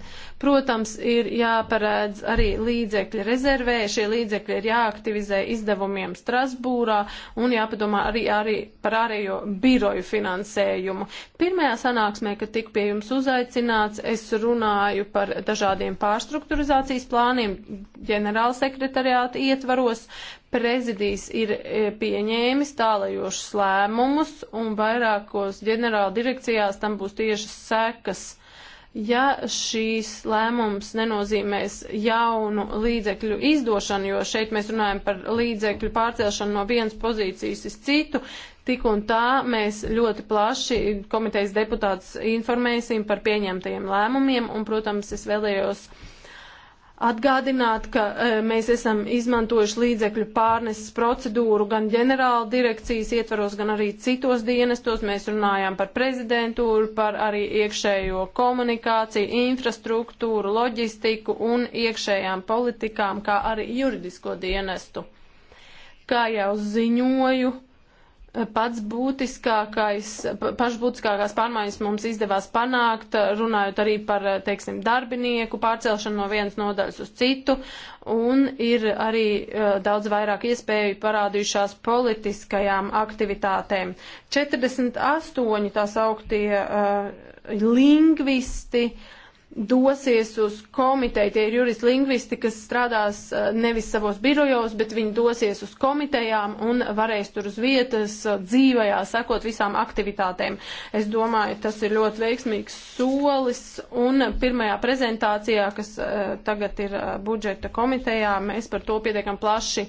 Speaker 5: Protams, ir jāparēdz arī līdzekļi rezervē, šie līdzekļi ir jāaktivizē izdevumiem Strasbūrā un jāpadomā arī, arī par ārējo biroju finansējumu. Pirmajā sanāksmē, kad tik pie jums uzaicināts, es runāju par dažādiem pārstrukturizācijas plāniem. Ja ģenerāla sekretariāta ietvaros, prezidijs ir e, pieņēmis tālajošus lēmumus un vairākos ģenerāla direkcijās tam būs tiešas sekas. Ja šīs lēmums nenozīmēs jaunu līdzekļu izdošanu, jo šeit mēs runājam par līdzekļu pārcelšanu no vienas pozīcijas uz citu, Tik un tā mēs ļoti plaši komitejas deputātus informēsim par pieņemtajiem lēmumiem, un, protams, es vēlējos uh, atgādināt, ka e, mēs esam izmantojuši līdzekļu pārneses procedūru gan ģenerāla direkcijas ietvaros, gan arī citos dienestos. Mēs runājām par prezidentūru, par arī iekšējo komunikāciju, infrastruktūru, loģistiku un iekšējām politikām, kā arī juridisko dienestu. Kā jau ziņoju, pats būtiskākais, pašbūtiskākās pārmaiņas mums izdevās panākt, runājot arī par, teiksim, darbinieku pārcelšanu no vienas nodaļas uz citu, un ir arī uh, daudz vairāk iespēju parādījušās politiskajām aktivitātēm. 48 tās augtie uh, lingvisti uh, dosies uz komiteju. Tie ir juristi lingvisti, kas strādās eh, nevis savos birojos, bet viņi dosies uz komitejām un varēs tur uz vietas eh, dzīvajā sekot visām aktivitātēm. Es domāju, tas ir ļoti veiksmīgs solis un pirmajā prezentācijā, kas eh, tagad ir budžeta komitejā, mēs par to pietiekam plaši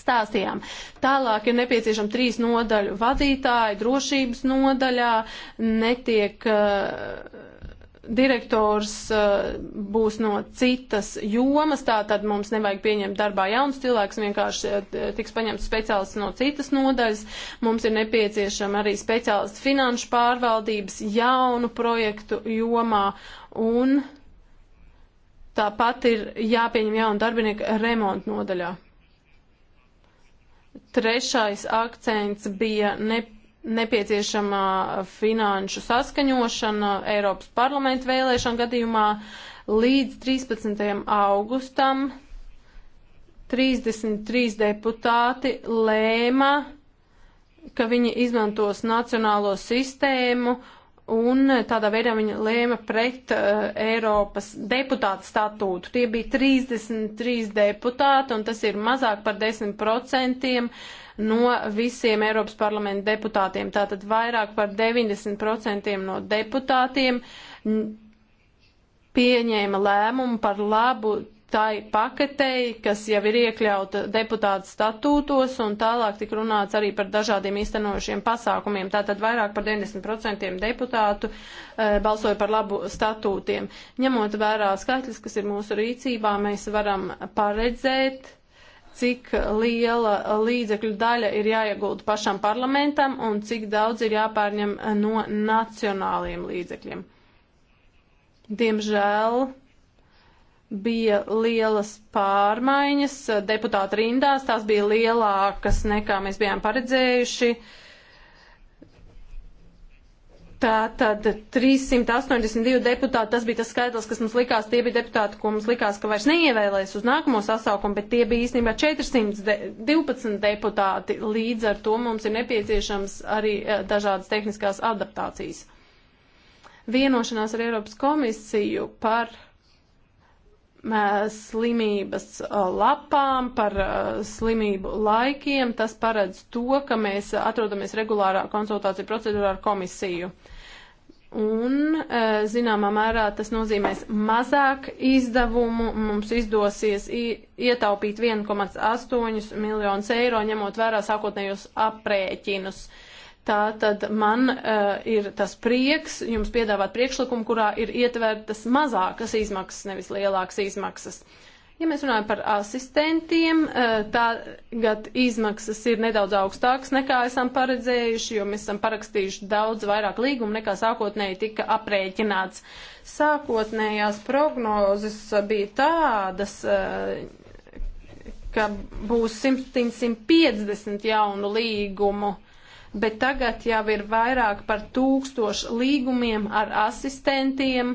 Speaker 5: stāstījām. Tālāk ir nepieciešama trīs nodaļu vadītāji, drošības nodaļā netiek uh, direktors eh, būs no citas jomas, tā tad mums nevajag pieņemt darbā jauns cilvēks, vienkārši eh, tiks paņemts speciālists no citas nodaļas. Mums ir nepieciešama arī speciālisti finanšu pārvaldības jaunu projektu jomā un tāpat ir jāpieņem jaunu darbinieku remontu nodaļā. Trešais akcents bija nepieciešams nepieciešama finanšu saskaņošana Eiropas parlamenta vēlēšanu gadījumā līdz 13. augustam 33 deputāti lēma, ka viņi izmantos nacionālo sistēmu un tādā veidā viņa lēma pret uh, Eiropas deputātu statūtu. Tie bija 33 deputāti, un tas ir mazāk par 10% no visiem Eiropas parlamenta deputātiem. Tātad vairāk par 90% no deputātiem pieņēma lēmumu par labu tai paketei, kas jau ir iekļauta deputāta statūtos, un tālāk tik runāts arī par dažādiem īstenojušiem pasākumiem. Tātad vairāk par 90% deputātu e, balsoja par labu statūtiem. Ņemot vērā skaitļus, kas ir mūsu rīcībā, mēs varam paredzēt, cik liela līdzekļu daļa ir jāiegulda pašam parlamentam un cik daudz ir jāpārņem no nacionāliem līdzekļiem. Diemžēl bija lielas pārmaiņas deputātu rindās, tās bija lielākas nekā mēs bijām paredzējuši. Uh, Tā tad 382 deputāti, tas bija tas skaitlis, kas mums likās, tie bija deputāti, ko mums likās, ka vairs neievēlēs uz nākamo sasaukumu, bet tie bija īstenībā 412 deputāti. Līdz ar to mums ir nepieciešams arī eh, dažādas tehniskās adaptācijas. Vienošanās ar Eiropas komisiju par slimības lapām, par slimību laikiem. Tas paredz to, ka mēs atrodamies regulārā konsultāciju procedūrā ar komisiju. Un, zināmā mērā, tas nozīmēs mazāk izdevumu. Mums izdosies ietaupīt 1,8 miljonus eiro, ņemot vērā sākotnējos aprēķinus. Uh, Tā tad man uh, ir tas prieks jums piedāvāt priekšlikumu, kurā ir ietvertas mazākas izmaksas, nevis lielākas izmaksas. Ja mēs runājam par asistentiem, eh, tagad izmaksas ir nedaudz augstākas nekā esam paredzējuši, jo mēs esam parakstījuši daudz vairāk līgumu nekā sākotnēji tika aprēķināts. Sākotnējās prognozes bija tādas, eh, ka būs 150 jaunu līgumu bet tagad jau ir vairāk par tūkstošu līgumiem ar asistentiem,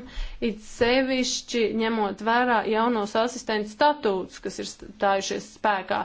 Speaker 5: it sevišķi ņemot vērā jaunos asistentu statūtus, kas ir stājušies spēkā.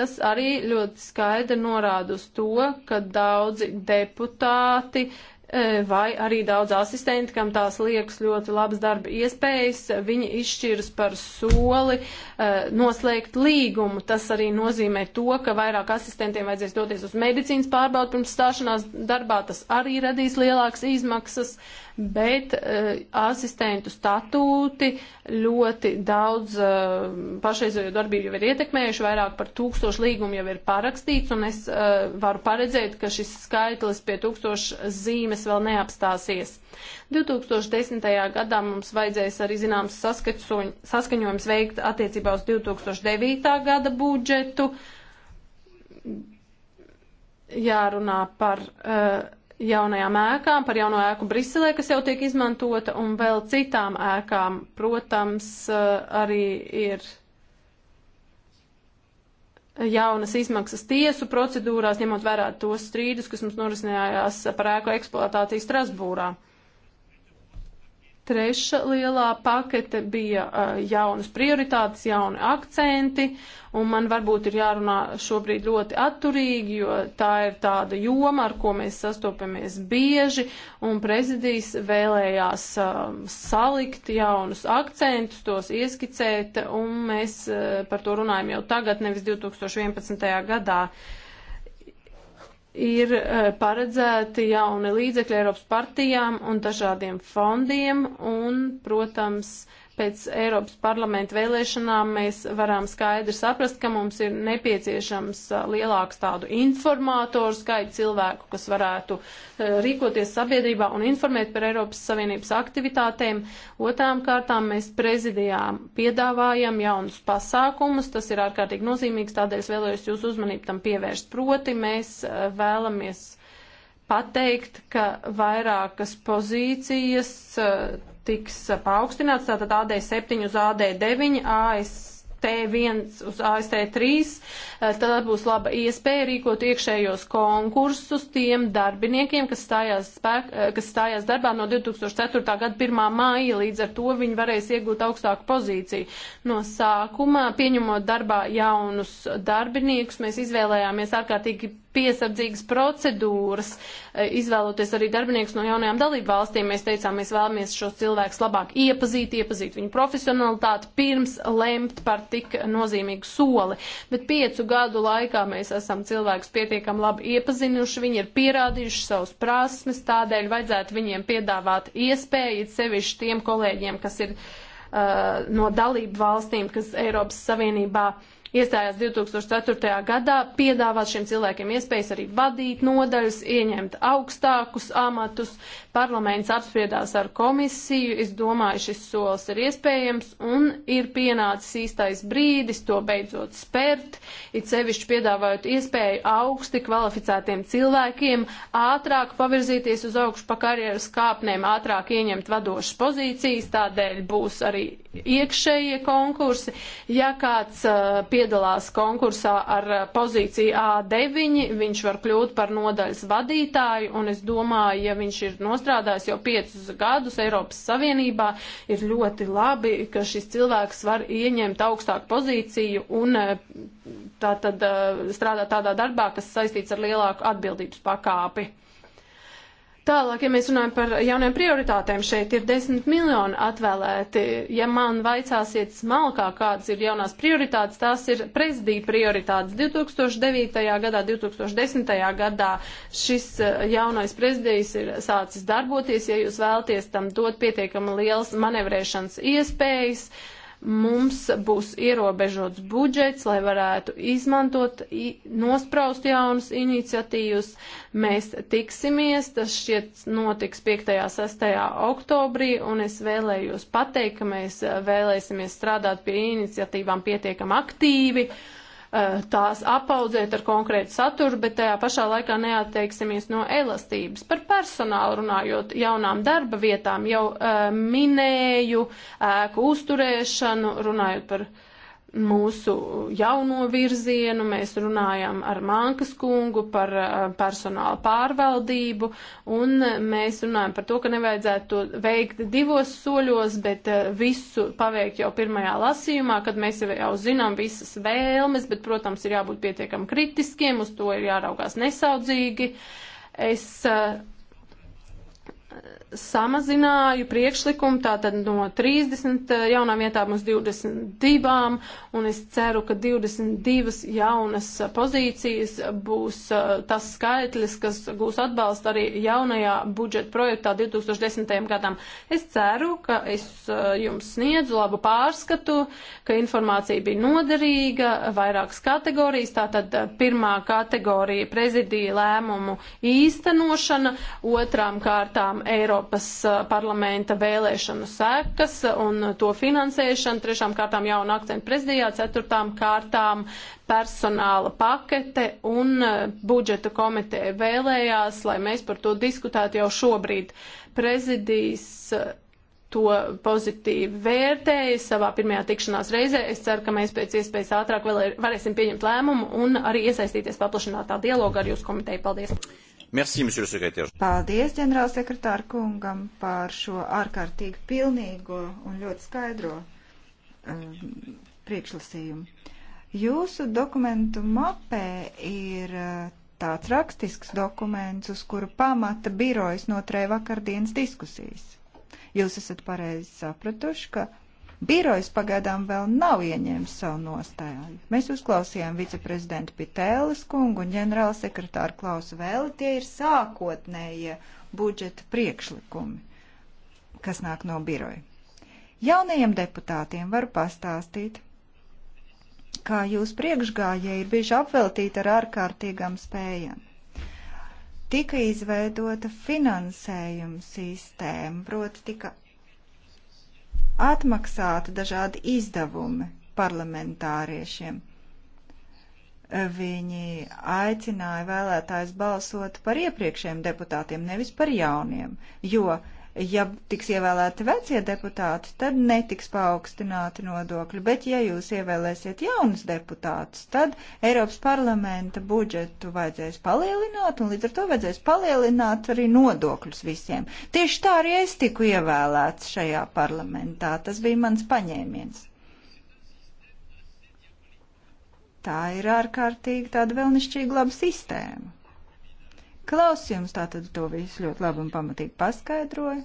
Speaker 5: Tas arī ļoti skaidri norāda uz to, ka daudzi deputāti uh, E, vai arī daudz asistenti, kam tās liekas ļoti labas darba iespējas, viņi izšķiras par soli e, noslēgt līgumu. Tas arī nozīmē to, ka vairāk asistentiem vajadzēs doties uz medicīnas pārbaudu pirms stāšanās darbā, tas arī radīs lielākas izmaksas. Uh, bet uh, asistentu statūti ļoti daudz uh, pašreizējo darbību jau ir ietekmējuši, vairāk par tūkstošu līgumu jau ir parakstīts, un es uh, varu paredzēt, ka šis skaitlis pie tūkstošu zīmes vēl neapstāsies. 2010. gadā mums vajadzēs arī zināms saskaņojums veikt attiecībā uz 2009. gada budžetu. Jārunā par. Uh, jaunajām ēkām, par jauno ēku Briselē, kas jau tiek izmantota, un vēl citām ēkām, protams, eh, arī ir jaunas izmaksas tiesu procedūrās, ņemot vērā tos strīdus, kas mums norisinājās par ēku eksploatāciju Strasbūrā. Treša lielā pakete bija uh, jaunas prioritātes, jauni akcenti, un man varbūt ir jārunā šobrīd ļoti atturīgi, jo tā ir tāda joma, ar ko mēs sastopamies bieži, un prezidijs vēlējās uh, salikt jaunus akcentus, tos ieskicēt, un mēs uh, par to runājam jau tagad, nevis 2011. gadā. Uh, ir eh, paredzēti jauni līdzekļi Eiropas partijām un dažādiem fondiem, un, protams, uh, pēc Eiropas parlamenta vēlēšanām mēs varam skaidri saprast, ka mums ir nepieciešams lielāks tādu informātoru skaitu cilvēku, kas varētu rīkoties sabiedrībā un informēt par Eiropas Savienības aktivitātēm. Otrām kārtām mēs prezidijām piedāvājam jaunus pasākumus, tas ir ārkārtīgi nozīmīgs, tādēļ es vēlējos jūs uzmanību tam pievērst. Proti, mēs vēlamies pateikt, ka vairākas pozīcijas tiks paaugstināts, tātad AD7 uz AD9, AST1 uz AST3, eh, tad būs laba iespēja rīkot iekšējos konkursus tiem darbiniekiem, kas stājās, spēk, eh, kas stājās darbā no 2004. gada 1. māja, līdz ar to viņi varēs iegūt augstāku pozīciju. No sākuma, pieņemot darbā jaunus darbiniekus, mēs izvēlējāmies ārkārtīgi piesardzīgas procedūras, e, izvēloties arī darbiniekus no jaunajām dalību valstīm. Mēs teicām, mēs vēlamies šos cilvēkus labāk iepazīt, iepazīt viņu profesionalitāti pirms lemt par tik nozīmīgu soli. Bet piecu gadu laikā mēs esam cilvēkus pietiekam labi iepazinuši, viņi ir pierādījuši savus prasmes, tādēļ vajadzētu viņiem piedāvāt iespēju, sevišķi tiem kolēģiem, kas ir uh, no dalību valstīm, kas Eiropas Savienībā uh, iestājās 2004. gadā, piedāvāt šiem cilvēkiem iespējas arī vadīt nodaļas, ieņemt augstākus amatus. Parlaments apspriedās ar komisiju, es domāju, šis solis ir iespējams un ir pienācis īstais brīdis to beidzot spērt, it sevišķi piedāvājot iespēju augsti kvalificētiem cilvēkiem ātrāk pavirzīties uz augšu pa karjeras kāpnēm, ātrāk ieņemt vadošas pozīcijas, tādēļ būs arī iekšējie konkursi. Ja kāds uh, eh, pie piedalās konkursā ar eh, pozīciju A9, viņš var kļūt par nodaļas vadītāju, un es domāju, ja viņš ir nostrādājis jau piecus gadus Eiropas Savienībā, ir ļoti labi, ka šis cilvēks var ieņemt augstāku pozīciju un eh, tā tad eh, strādāt tādā darbā, kas saistīts ar lielāku atbildības pakāpi. Tālāk, ja mēs runājam par jauniem prioritātēm, šeit ir 10 miljoni atvēlēti. Ja man vaicāsiet smalkā, kādas ir jaunās prioritātes, tās ir prezidija prioritātes. 2009. gadā, 2010. gadā šis eh, jaunais prezidijs ir sācis darboties, ja jūs vēlties tam dot pietiekami liels manevrēšanas iespējas. Uh, mums būs ierobežots budžets, lai varētu izmantot, nospraust jaunas iniciatīvas. Mēs tiksimies, tas šķiet notiks 5. 6. oktobrī, un es vēlējos pateikt, ka mēs eh, vēlēsimies strādāt pie iniciatīvām pietiekam aktīvi. Uh, Uh, tās apaudzēt ar konkrētu saturu, bet tajā pašā laikā neatteiksimies no elastības. Par personālu runājot, jaunām darba vietām jau uh, minēju, ēku uzturēšanu, runājot par mūsu jauno virzienu, mēs runājam ar Mankas kungu par uh, personāla pārvaldību, un mēs runājam par to, ka nevajadzētu to veikt divos soļos, bet uh, visu paveikt jau pirmajā lasījumā, kad mēs jau zinām visas vēlmes, bet, protams, ir jābūt pietiekam kritiskiem, uz to ir jāraugās nesaudzīgi. Es uh, samazināju priekšlikumu tātad no 30 eh, jaunām vietām uz 22, un es ceru, ka 22 jaunas pozīcijas būs eh, tas skaitlis, kas gūs atbalstu arī jaunajā budžeta projektā 2010. gadam. Es ceru, ka es eh, jums sniedzu labu pārskatu, ka informācija bija noderīga, vairākas kategorijas, tātad pirmā kategorija prezidija lēmumu īstenošana, otrām kārtām Eiropas parlamenta vēlēšanu sekas un to finansēšanu, trešām kārtām jauna akcentu prezidijā, ceturtām kārtām personāla pakete un budžeta komiteja vēlējās, lai mēs par to diskutētu jau šobrīd. Prezidijas to pozitīvi vērtēja savā pirmajā tikšanās reizē. Es ceru, ka mēs pēc iespējas ātrāk varēsim pieņemt lēmumu un arī iesaistīties paplašinātā dialogā ar jūsu komiteju. Paldies!
Speaker 1: Merci, monsieur le secrétaire.
Speaker 2: Paldies ģenerālsekretāra kungam par šo ārkārtīgi pilnīgo un ļoti skaidro um, priekšlasījumu. Jūsu dokumentu mapē ir eh, tāds rakstisks dokuments, uz kuru pamata birojas notrēja vakardienas diskusijas. Jūs esat pareizi sapratuši, ka Birojs pagaidām vēl nav ieņēmis savu nostāju. Mēs uzklausījām viceprezidentu Pitēlis kungu un ģenerāla sekretāru Klausu Vēli. Tie ir sākotnējie budžeta priekšlikumi, kas nāk no biroja. Jaunajiem deputātiem varu pastāstīt, kā jūs priekšgājēji ir bijuši apveltīti ar ārkārtīgām spējām tika izveidota finansējuma sistēma, proti tika atmaksāti dažādi izdevumi parlamentāriešiem. Viņi aicināja vēlētājs balsot par iepriekšējiem deputātiem, nevis par jauniem, jo ja tiks ievēlēti vecie deputāti, tad netiks paaugstināti nodokļi, bet ja jūs ievēlēsiet jaunus deputātus, tad Eiropas parlamenta budžetu vajadzēs palielināt, un līdz ar to vajadzēs palielināt arī nodokļus visiem. Tieši tā arī es tiku ievēlēts šajā parlamentā, tas bija mans paņēmiens. Tā ir ārkārtīgi tāda vēlnišķīga laba sistēma. Klausījums tātad to visu ļoti labi un pamatīgi paskaidroja.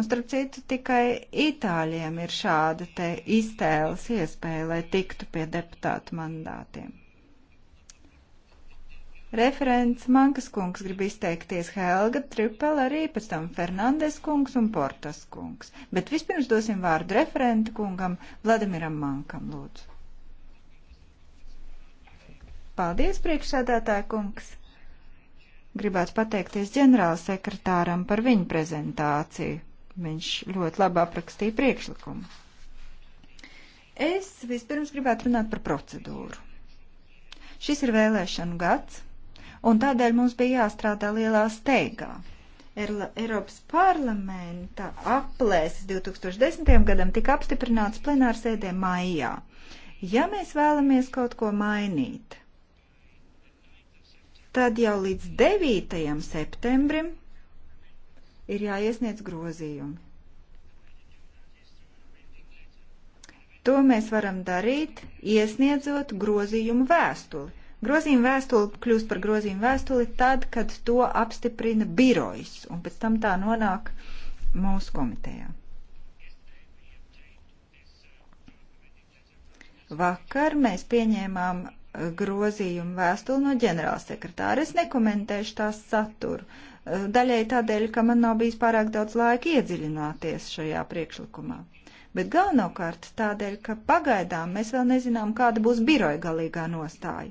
Speaker 2: Un starp citu, tikai itāļiem ir šāda te iztēles iespēja, lai tiktu pie deputātu mandātiem. Referents Mankas kungs grib izteikties Helga Trupel, arī pēc tam Fernandes kungs un Portas kungs. Bet vispirms dosim vārdu referenta kungam Vladimiram Mankam, lūdzu. Paldies, priekšsēdētāja kungs! Gribētu pateikties ģenerālsekretāram par viņu prezentāciju. Viņš ļoti labi aprakstīja priekšlikumu. Es vispirms gribētu runāt par procedūru. Šis ir vēlēšanu gads, un tādēļ mums bija jāstrādā lielā steigā. Eiropas parlamenta aplēses 2010. gadam tika apstiprināts plenārsēdē maijā. Ja mēs vēlamies kaut ko mainīt, tad jau līdz 9. septembrim ir jāiesniedz grozījumi. To mēs varam darīt, iesniedzot grozījumu vēstuli. Grozījuma vēstule kļūst par grozījumu vēstuli tad, kad to apstiprina birojs, un pēc tam tā nonāk mūsu komitejā. Vakar mēs pieņēmām grozījumu vēstuli no ģenerālsekretāra. Es nekomentēšu tās saturu. Eh, Daļai tādēļ, ka man nav bijis pārāk daudz laika iedziļināties šajā priekšlikumā. Bet galvenokārt tādēļ, ka pagaidām mēs vēl nezinām, kāda būs biroja galīgā nostāja.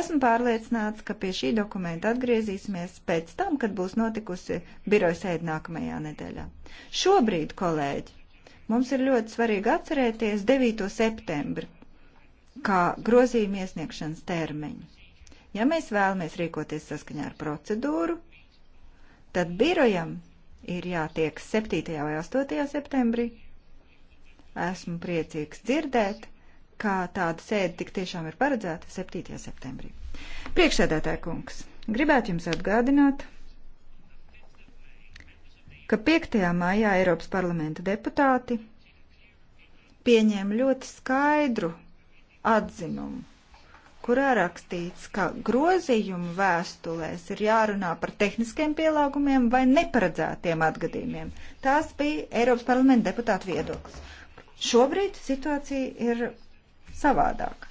Speaker 2: Esmu pārliecināts, ka pie šī dokumenta atgriezīsimies pēc tam, kad būs notikusi biroja sēde nākamajā nedēļā. Šobrīd, kolēģi, mums ir ļoti svarīgi atcerēties 9. septembri kā grozījuma iesniegšanas termiņu. Ja mēs vēlamies rīkoties saskaņā ar procedūru, tad birojam ir jātiek 7. vai 8. septembrī. Esmu priecīgs dzirdēt, kā tāda sēde tik tiešām ir paredzēta 7. septembrī. Priekšsēdētāja kungs, gribētu jums atgādināt, ka 5. maijā Eiropas parlamenta deputāti pieņēma ļoti skaidru atzinumu, kurā rakstīts, ka grozījumu vēstulēs ir jārunā par tehniskiem pielāgumiem vai neparedzētiem atgadījumiem. Tās bija Eiropas parlamenta deputāta viedoklis. Šobrīd situācija ir savādāka.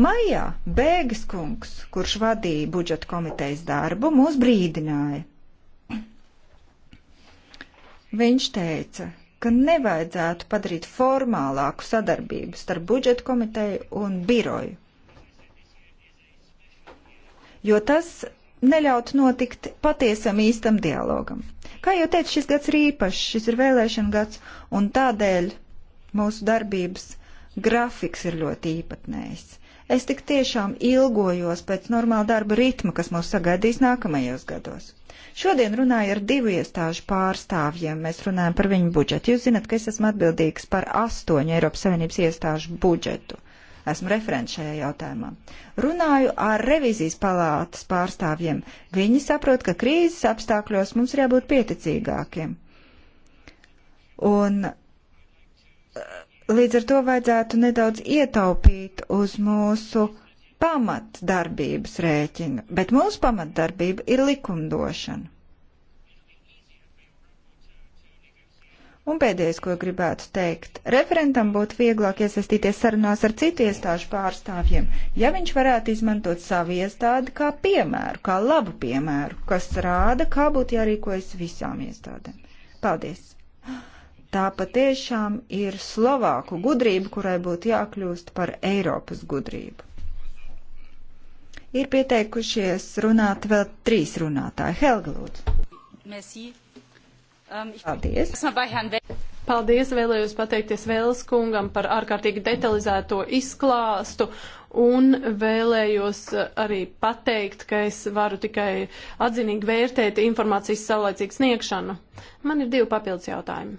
Speaker 2: Maijā Bēgas kungs, kurš vadīja budžeta komitejas darbu, mūs brīdināja. Viņš teica, ka nevajadzētu padarīt formālāku sadarbību starp budžeta komiteju un biroju, jo tas neļaut notikt patiesam īstam dialogam. Kā jau teicu, šis gads ir īpašs, šis ir vēlēšana gads, un tādēļ mūsu darbības grafiks ir ļoti īpatnējs. Es tik tiešām ilgojos pēc normāla darba ritma, kas mūs sagaidīs nākamajos gados. Šodien runāju ar divu iestāžu pārstāvjiem. Mēs runājam par viņu budžetu. Jūs zināt, ka es esmu atbildīgs par astoņu Eiropas Savienības iestāžu budžetu. Esmu referents šajā jautājumā. Runāju ar revizijas palātas pārstāvjiem. Viņi saprot, ka krīzes apstākļos mums ir jābūt pieticīgākiem. Un Līdz ar to vajadzētu nedaudz ietaupīt uz mūsu pamatdarbības rēķina, bet mūsu pamatdarbība ir likumdošana. Un pēdējais, ko gribētu teikt, referentam būtu vieglāk iesaistīties sarunās ar citu iestāžu pārstāvjiem, ja viņš varētu izmantot savu iestādi kā piemēru, kā labu piemēru, kas rāda, kā būtu jārīkojas visām iestādēm. Paldies! tā patiešām ir Slovāku gudrība, kurai būtu jākļūst par Eiropas gudrību. Ir pieteikušies runāt vēl trīs runātāji. Helga, lūdzu. Um, Paldies. Paldies, vēlējos pateikties
Speaker 5: Vēles kungam par ārkārtīgi detalizēto izklāstu un vēlējos uh, arī pateikt, ka es varu tikai atzinīgi vērtēt informācijas saulēcīgu sniegšanu. Man ir divi papildus jautājumi.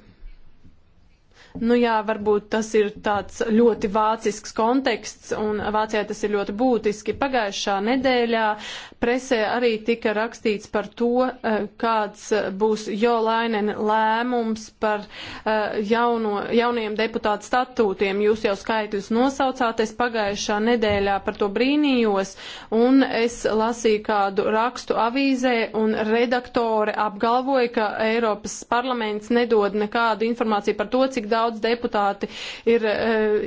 Speaker 5: Nu jā, varbūt tas ir tāds ļoti vācisks konteksts, un Vācijā tas ir ļoti būtiski. Pagājušā nedēļā presē arī tika rakstīts par to, eh, kāds būs Jolainen lēmums par eh, jauno, jauniem deputātu statūtiem. Jūs jau skaitļus nosaucāt, es pagājušā nedēļā par to brīnījos, un es lasīju kādu rakstu avīzē, un redaktore apgalvoja, ka Eiropas parlaments nedod nekādu informāciju par to, cik daudz daudz deputāti ir e,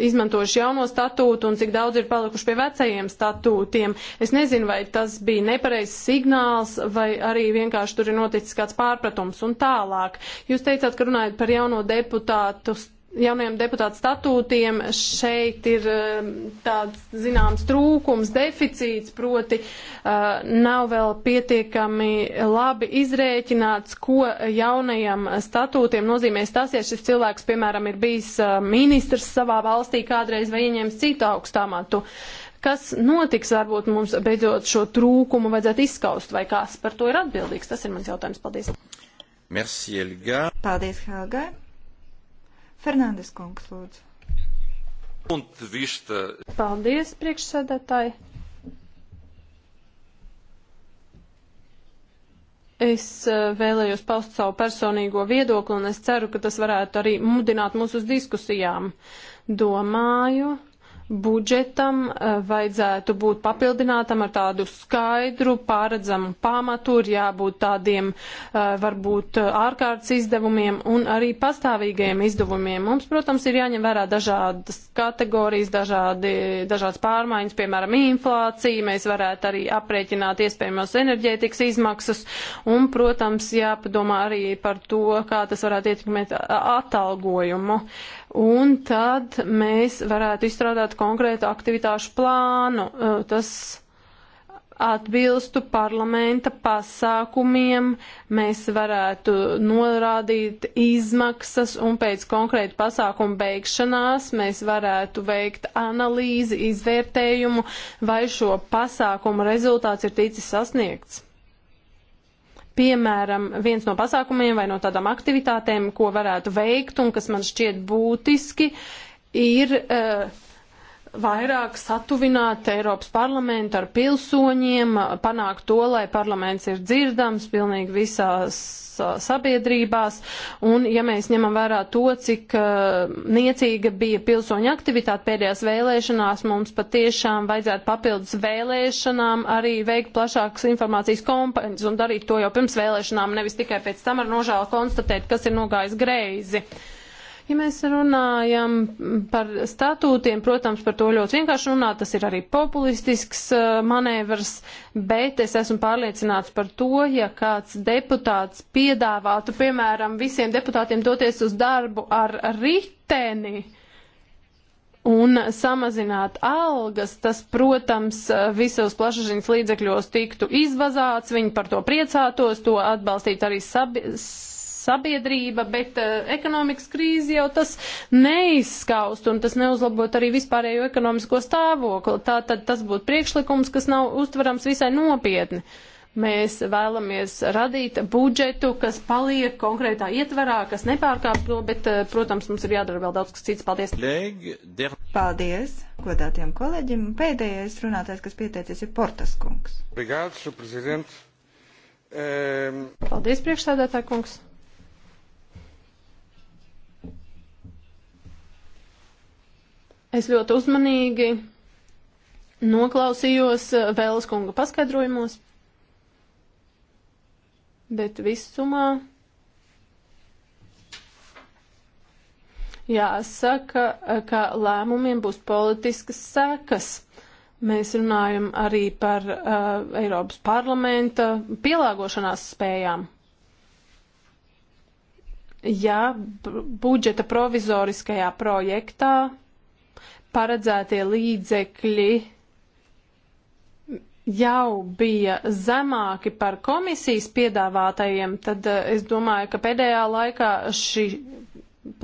Speaker 5: izmantojuši jauno statūtu un cik daudz ir palikuši pie vecajiem statūtiem. Es nezinu, vai tas bija nepareizs signāls, vai arī vienkārši tur ir noticis kāds pārpratums un tālāk. Jūs teicāt, ka runājat par jauno deputātu statūtu jaunajiem deputātu statūtiem šeit ir um, tāds zināms trūkums, deficīts, proti uh, nav vēl pietiekami labi izrēķināts, ko jaunajiem statūtiem nozīmēs tas, ja šis cilvēks, piemēram, ir bijis uh, ministrs savā valstī kādreiz vai ieņēmis citu augstāmatu. Kas notiks, varbūt mums beidzot šo trūkumu vajadzētu izskaust, vai kas par to ir atbildīgs? Tas ir mans jautājums.
Speaker 2: Paldies.
Speaker 1: Merci, Helga.
Speaker 2: Paldies, Helga. Fernandes kungs, lūdzu. Paldies, priekšsēdētāji.
Speaker 5: Es eh, vēlējos paust savu personīgo viedokli, un es ceru, ka tas varētu arī mudināt mūs uz diskusijām. Domāju, budžetam eh, vajadzētu būt papildinātam ar tādu skaidru, pāredzamu pamatu, ir jābūt tādiem eh, varbūt eh, ārkārtas izdevumiem un arī pastāvīgajiem izdevumiem. Mums, protams, ir jāņem vērā dažādas kategorijas, dažādi, dažādas pārmaiņas, piemēram, inflācija, mēs varētu arī aprēķināt iespējamos enerģētikas izmaksas un, protams, jāpadomā arī par to, kā tas varētu ietekmēt atalgojumu. Uh, un tad mēs varētu izstrādāt konkrētu aktivitāšu plānu. Tas atbilstu parlamenta pasākumiem, mēs varētu norādīt izmaksas un pēc konkrēta pasākuma beigšanās mēs varētu veikt analīzi, izvērtējumu, vai šo pasākumu rezultāts ir ticis sasniegts. Piemēram, viens no pasākumiem vai no tādām aktivitātēm, ko varētu veikt un kas man šķiet būtiski, ir uh, vairāk satuvināt Eiropas parlamentu ar pilsoņiem, panākt to, lai parlaments ir dzirdams pilnīgi visās sabiedrībās, un ja mēs ņemam vērā to, cik uh, niecīga bija pilsoņa aktivitāte pēdējās vēlēšanās, mums patiešām vajadzētu papildus vēlēšanām arī veikt plašākas informācijas kompaņas un darīt to jau pirms vēlēšanām, nevis tikai pēc tam ar nožēlu konstatēt, kas ir nogājis greizi. Uh, Ja mēs runājam par statūtiem, protams, par to ļoti vienkārši runā, tas ir arī populistisks uh, manevrs, bet es esmu pārliecināts par to, ja kāds deputāts piedāvātu, piemēram, visiem deputātiem doties uz darbu ar riteni, un samazināt algas, tas, protams, visos plašsaziņas līdzekļos tiktu izvazāts, viņi par to priecātos, to atbalstītu arī sabi sabiedrība, bet uh, ekonomikas krīze jau tas neizskaust un tas neuzlabot arī vispārējo ekonomisko stāvokli. Tā tad tas būtu priekšlikums, kas nav uztverams visai nopietni. Mēs vēlamies radīt budžetu, kas paliek konkrētā ietverā, kas nepārkāp to, bet, uh, protams, mums ir jādara vēl daudz kas
Speaker 2: cits. Paldies! Paldies, godātiem kolēģim! Pēdējais runātājs, kas pieteicies, ir Portas kungs.
Speaker 3: Obrigado,
Speaker 2: Paldies,
Speaker 5: priekšsēdētāj kungs. Es ļoti uzmanīgi noklausījos eh, Vēles kunga paskaidrojumos, bet visumā jāsaka, eh, ka lēmumiem būs politiskas sekas. Mēs runājam arī par uh, Eiropas parlamenta pielāgošanās spējām. Ja budžeta provizoriskajā projektā paredzētie līdzekļi jau bija zemāki par komisijas piedāvātajiem, tad eh, es domāju, ka pēdējā laikā šī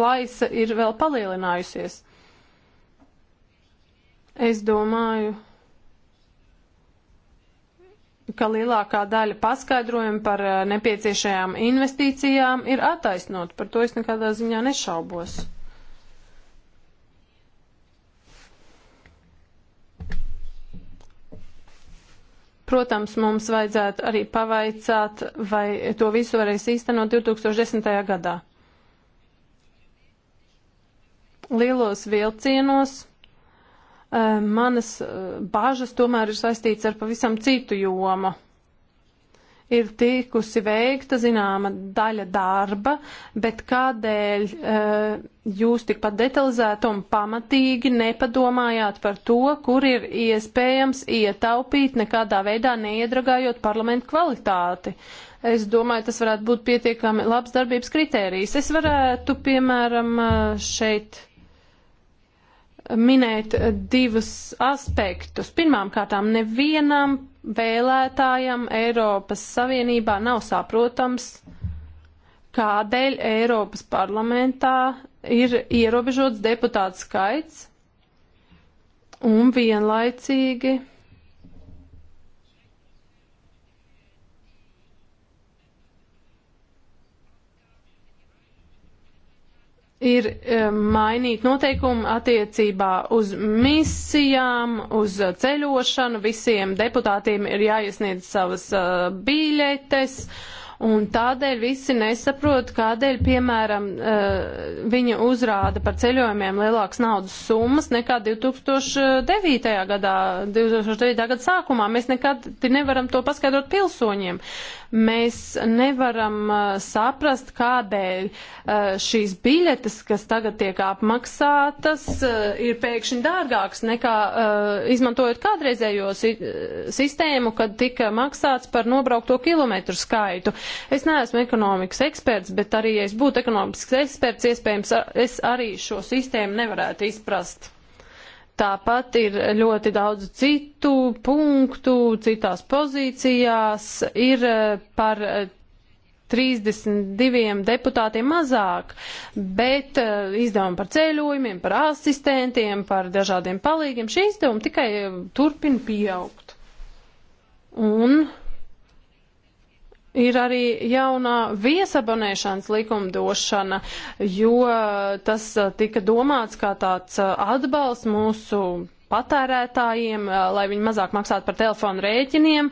Speaker 5: plaisa ir vēl palielinājusies. Es domāju, ka lielākā daļa paskaidrojumu par eh, nepieciešajām investīcijām ir attaisnot. Par to es nekādā ziņā nešaubos. Protams, mums vajadzētu arī pavaicāt, vai to visu varēs īstenot 2010. gadā. Lielos vilcienos eh, manas eh, bažas tomēr ir saistīts ar pavisam citu jomu ir tikusi veikta zināma daļa darba, bet kādēļ uh, jūs tikpat detalizēti un pamatīgi nepadomājāt par to, kur ir iespējams ietaupīt nekādā veidā neiedragājot parlamentu kvalitāti? Es domāju, tas varētu būt pietiekami labs darbības kritērijs. Es varētu, piemēram, šeit minēt divus aspektus. Pirmām kārtām nevienam vēlētājam Eiropas Savienībā nav saprotams, kādēļ Eiropas parlamentā ir ierobežots deputāts skaits un vienlaicīgi ir e, mainīt noteikumu attiecībā uz misijām, uz ceļošanu. Visiem deputātiem ir jāiesniedz savas e, biļetes. Uh, Un tādēļ visi nesaprot, kādēļ, piemēram, eh, viņa uzrāda par ceļojumiem lielākas naudas summas nekā 2009. gadā, 2009. gada sākumā. Mēs nekad nevaram to paskaidrot pilsoņiem mēs nevaram uh, saprast, kādēļ uh, šīs biļetes, kas tagad tiek apmaksātas, uh, ir pēkšņi dārgākas nekā izmantojot kādreizējo si sistēmu, kad tika maksāts par nobraukto kilometru skaitu. Es neesmu ekonomikas eksperts, bet arī, ja es būtu ekonomikas eksperts, iespējams, es arī šo sistēmu nevarētu izprast. Tāpat ir ļoti daudz citu punktu, citās pozīcijās, ir eh, par 32 eh, deputātiem mazāk, bet uh, izdevumi par ceļojumiem, par asistentiem, par dažādiem palīgiem, šie izdevumi tikai turpina pieaugt. Un ir arī jaunā viesabonēšanas likumdošana, jo tas uh, tika domāts kā tāds uh, atbalsts mūsu patērētājiem, uh, lai viņi mazāk maksātu par telefonu rēķiniem,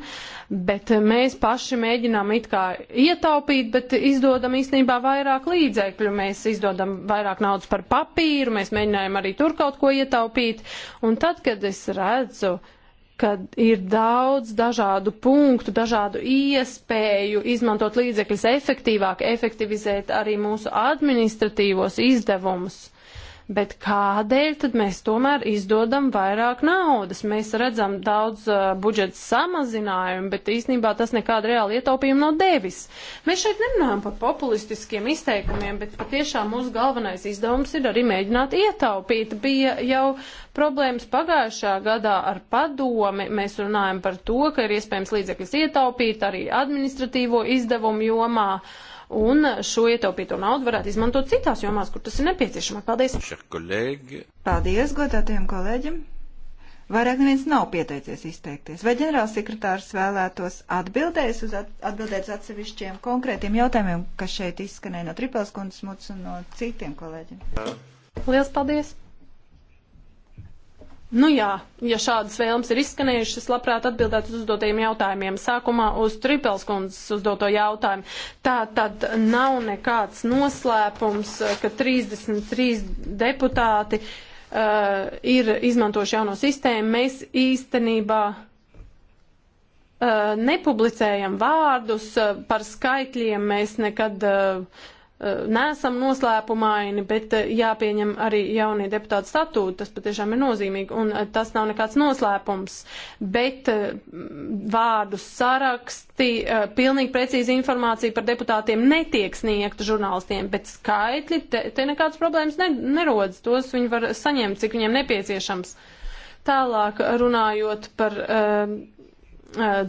Speaker 5: bet mēs paši mēģinām it kā ietaupīt, bet izdodam īstenībā vairāk līdzekļu, mēs izdodam vairāk naudas par papīru, mēs mēģinājam arī tur kaut ko ietaupīt, un tad, kad es redzu, uh, kad ir daudz dažādu punktu, dažādu iespēju izmantot līdzekļus efektīvāk, efektivizēt arī mūsu administratīvos izdevumus bet kādēļ tad mēs tomēr izdodam vairāk naudas? Mēs redzam daudz uh, budžeta samazinājumu, bet īstenībā tas nekāda reāla ietaupījuma nav devis. Mēs šeit nerunājam par populistiskiem izteikumiem, bet patiešām mūsu galvenais izdevums ir arī mēģināt ietaupīt. Bija jau problēmas pagājušā gadā ar padomi. Mēs runājam par to, ka ir iespējams līdzekļus ietaupīt arī administratīvo izdevumu jomā. Uh, un šo ietaupīto naudu varētu izmantot citās jomās, kur tas ir nepieciešamāk. Paldies!
Speaker 2: Paldies, godātiem kolēģiem! Vairāk neviens nav pieteicies izteikties. Vai ģenerālsekretārs vēlētos atbildēs uz at, atbildēt uz atsevišķiem konkrētiem jautājumiem, kas šeit izskanēja no Tripelskundas muts un no citiem kolēģiem? Lielas paldies! Nu jā, ja šādas vēlmes ir izskanējušas, es
Speaker 5: labprāt atbildētu uz uzdotajiem jautājumiem. Sākumā uz Tripelskundzes uzdoto jautājumu. Tā tad nav nekāds noslēpums, ka 33 deputāti uh, ir izmantojuši jauno sistēmu. Mēs īstenībā uh, nepublicējam vārdus, uh, par skaitļiem mēs nekad uh, neesam noslēpumaini, bet jāpieņem arī jaunie deputāti statūti. Tas patiešām ir nozīmīgi, un tas nav nekāds noslēpums. Bet vārdu saraksti, pilnīgi precīzi informācija par deputātiem netiek sniegta žurnālistiem, bet skaitļi te, te nekādas problēmas nerodas. Tos viņi var saņemt, cik viņiem nepieciešams. Tālāk runājot par. Uh,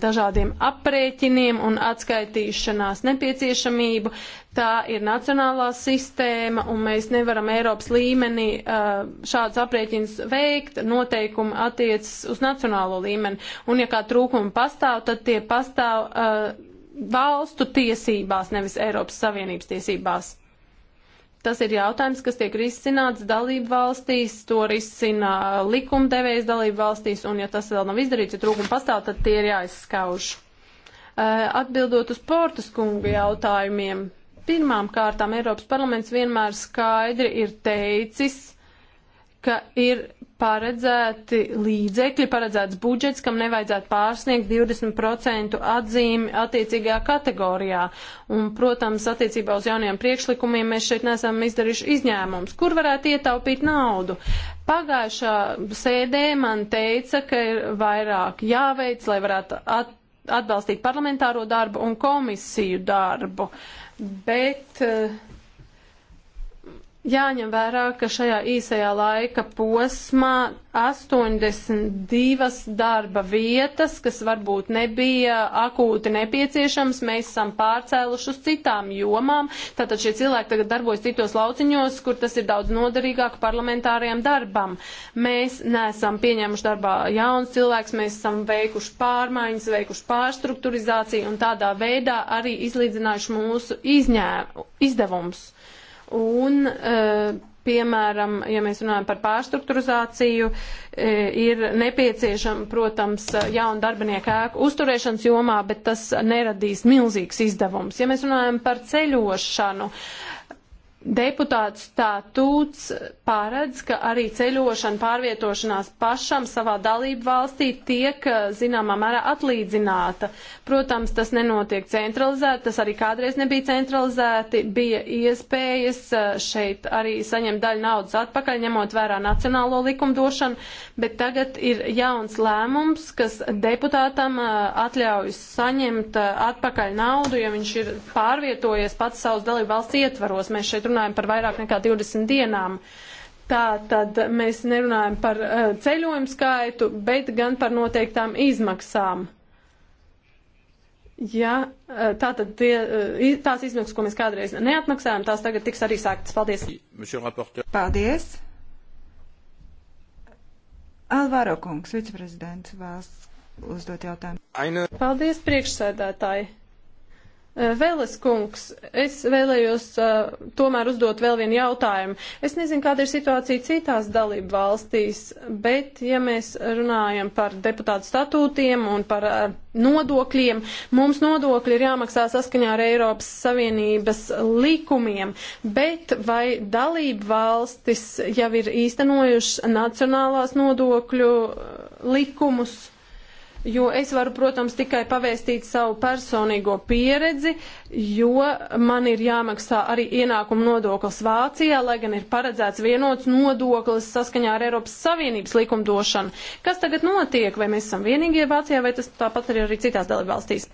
Speaker 5: dažādiem aprēķiniem un atskaitīšanās nepieciešamību. Tā ir nacionālā sistēma, un mēs nevaram Eiropas līmenī šāds aprēķins veikt. Noteikumi attiecas uz nacionālo līmeni, un ja kā trūkumi pastāv, tad tie pastāv valstu tiesībās, nevis Eiropas Savienības tiesībās. Tas ir jautājums, kas tiek risināts dalību valstīs, to risina likumdevējs dalību valstīs, un ja tas vēl nav izdarīts, ja trūkumi pastāv, tad tie ir jāizskauž. Eh, atbildot uz Portas kunga jautājumiem, pirmām kārtām Eiropas parlaments vienmēr skaidri ir teicis, ka ir paredzēti līdzekļi, paredzēts budžets, kam nevajadzētu pārsniegt 20% atzīmi attiecīgajā kategorijā. Un, protams, attiecībā uz jaunajiem priekšlikumiem mēs šeit nesam izdarījuši izņēmums. Kur varētu ietaupīt naudu? Pagājušā sēdē man teica, ka ir vairāk jāveic, lai varētu at atbalstīt parlamentāro darbu un komisiju darbu. Bet uh, jāņem vērā, ka šajā īsajā laika posmā 82 darba vietas, kas varbūt nebija akūti nepieciešams, mēs esam pārcēluši uz citām jomām. Tātad šie cilvēki tagad darbojas citos lauciņos, kur tas ir daudz noderīgāk parlamentāriem darbam. Mēs neesam pieņēmuši darbā jauns cilvēks, mēs esam veikuši pārmaiņas, veikuši pārstrukturizāciju un tādā veidā arī izlīdzinājuši mūsu izņē, izdevumus. Un, eh, piemēram, ja mēs runājam par pārstruktūrizāciju, eh, ir nepieciešama, protams, jauna darbinieka ēku uzturēšanas jomā, bet tas neradīs milzīgs izdevums. Ja mēs runājam par ceļošanu, uh, Deputāts Tātūts paredz, ka arī ceļošana, pārvietošanās pašam savā dalību valstī tiek eh, zināmā mērā atlīdzināta. Protams, tas nenotiek centralizēti, tas arī kādreiz nebija centralizēti, bija iespējas eh, šeit arī saņemt daļu naudas atpakaļ, ņemot vērā nacionālo likumdošanu, bet tagad ir jauns lēmums, kas deputātam eh, atļaujas saņemt atpakaļ naudu, ja viņš ir pārvietojies pats savas dalību valsts ietvaros. Mēs šeit runājam par vairāk nekā 20 dienām. Tā tad mēs nerunājam par uh, ceļojumu skaitu, bet gan par noteiktām izmaksām. Ja, eh, tātad tie, eh, tās izmaksas, ko mēs kādreiz neatmaksājām, tās tagad tiks arī sāktas. Paldies. Paldies.
Speaker 2: Alvaro kungs, viceprezidents, vēlas uzdot jautājumu. Aina. Paldies, priekšsēdētāji. Eh, Vēles kungs,
Speaker 5: es vēlējos uh, tomēr uzdot vēl vienu jautājumu. Es nezinu, kāda ir situācija citās dalību valstīs, bet ja mēs runājam par deputātu statūtiem un par uh, nodokļiem, mums nodokļi ir jāmaksā saskaņā ar Eiropas Savienības likumiem, bet vai dalību valstis jau ir īstenojušas nacionālās nodokļu likumus? jo es varu, protams, tikai pavēstīt savu personīgo pieredzi, jo man ir jāmaksā arī ienākuma nodoklis Vācijā, lai gan ir paredzēts vienots nodoklis saskaņā ar Eiropas Savienības likumdošanu. Kas tagad notiek? Vai mēs esam vienīgie Vācijā,
Speaker 2: vai tas tāpat arī, arī citās dalībvalstīs?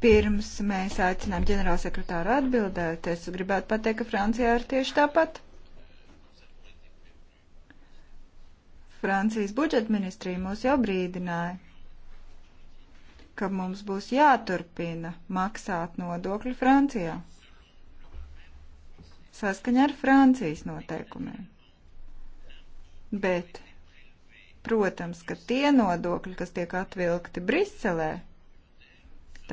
Speaker 2: Pirms mēs aicinām ģenerālsekretāru atbildēt, es gribētu pateikt, ka Francijā ir tieši tāpat. Francijas budžeta ministrija mūs jau brīdināja, ka mums būs jāturpina maksāt nodokļi Francijā saskaņā ar Francijas noteikumiem. Bet, protams, ka tie nodokļi, kas tiek atvilkti Briselē,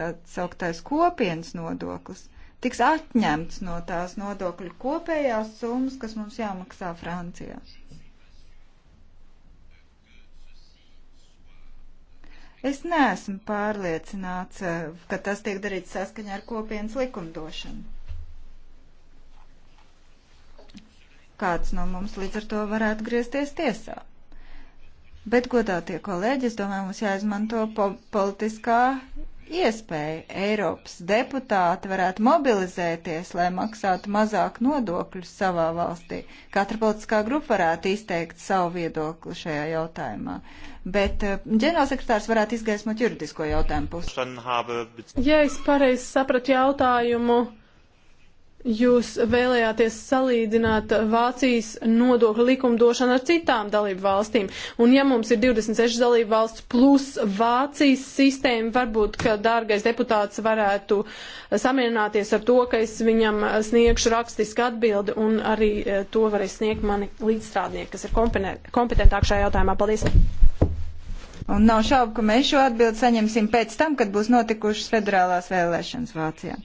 Speaker 2: tāds sauktais kopienas nodoklis, tiks atņemts no tās nodokļu kopējās summas, kas mums jāmaksā Francijā. Es neesmu pārliecināts, eh, ka tas tiek darīts saskaņā ar kopienas likumdošanu. Kāds no mums līdz ar to varētu griezties tiesā. Bet, godātie kolēģi, es domāju, mums jāizmanto po politiskā iespēja Eiropas deputāti varētu mobilizēties, lai maksātu mazāk nodokļus savā valstī. Katra politiskā grupa varētu izteikt savu viedokli šajā jautājumā. Bet eh, ģenerālsekretārs varētu izgaismot juridisko jautājumu
Speaker 5: pusi.
Speaker 2: Ja es pareizi sapratu jautājumu, uh, Jūs
Speaker 5: vēlējāties salīdzināt Vācijas nodokļu likumdošanu ar citām dalību valstīm. Un ja mums ir 26 dalību valsts plus Vācijas sistēma, varbūt, ka dārgais deputāts varētu samierināties ar to, ka es viņam sniegšu rakstisku atbildi un arī eh, to varēs sniegt mani līdzstrādnieki, kas ir kompetentāki šajā jautājumā.
Speaker 2: Paldies! Un nav šaubu, ka mēs šo atbildi saņemsim pēc tam, kad būs notikušas federālās vēlēšanas Vācijā.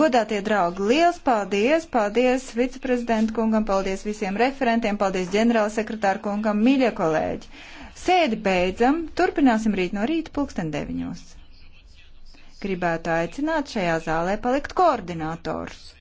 Speaker 2: Godātie draugi, liels paldies! Paldies viceprezidentu kungam, paldies visiem referentiem, paldies ģenerālsekretāru kungam, mīļie kolēģi! Sēdi beidzam, turpināsim rīt no rīta pulksten deviņos gribētu aicināt šajā zālē palikt koordinators.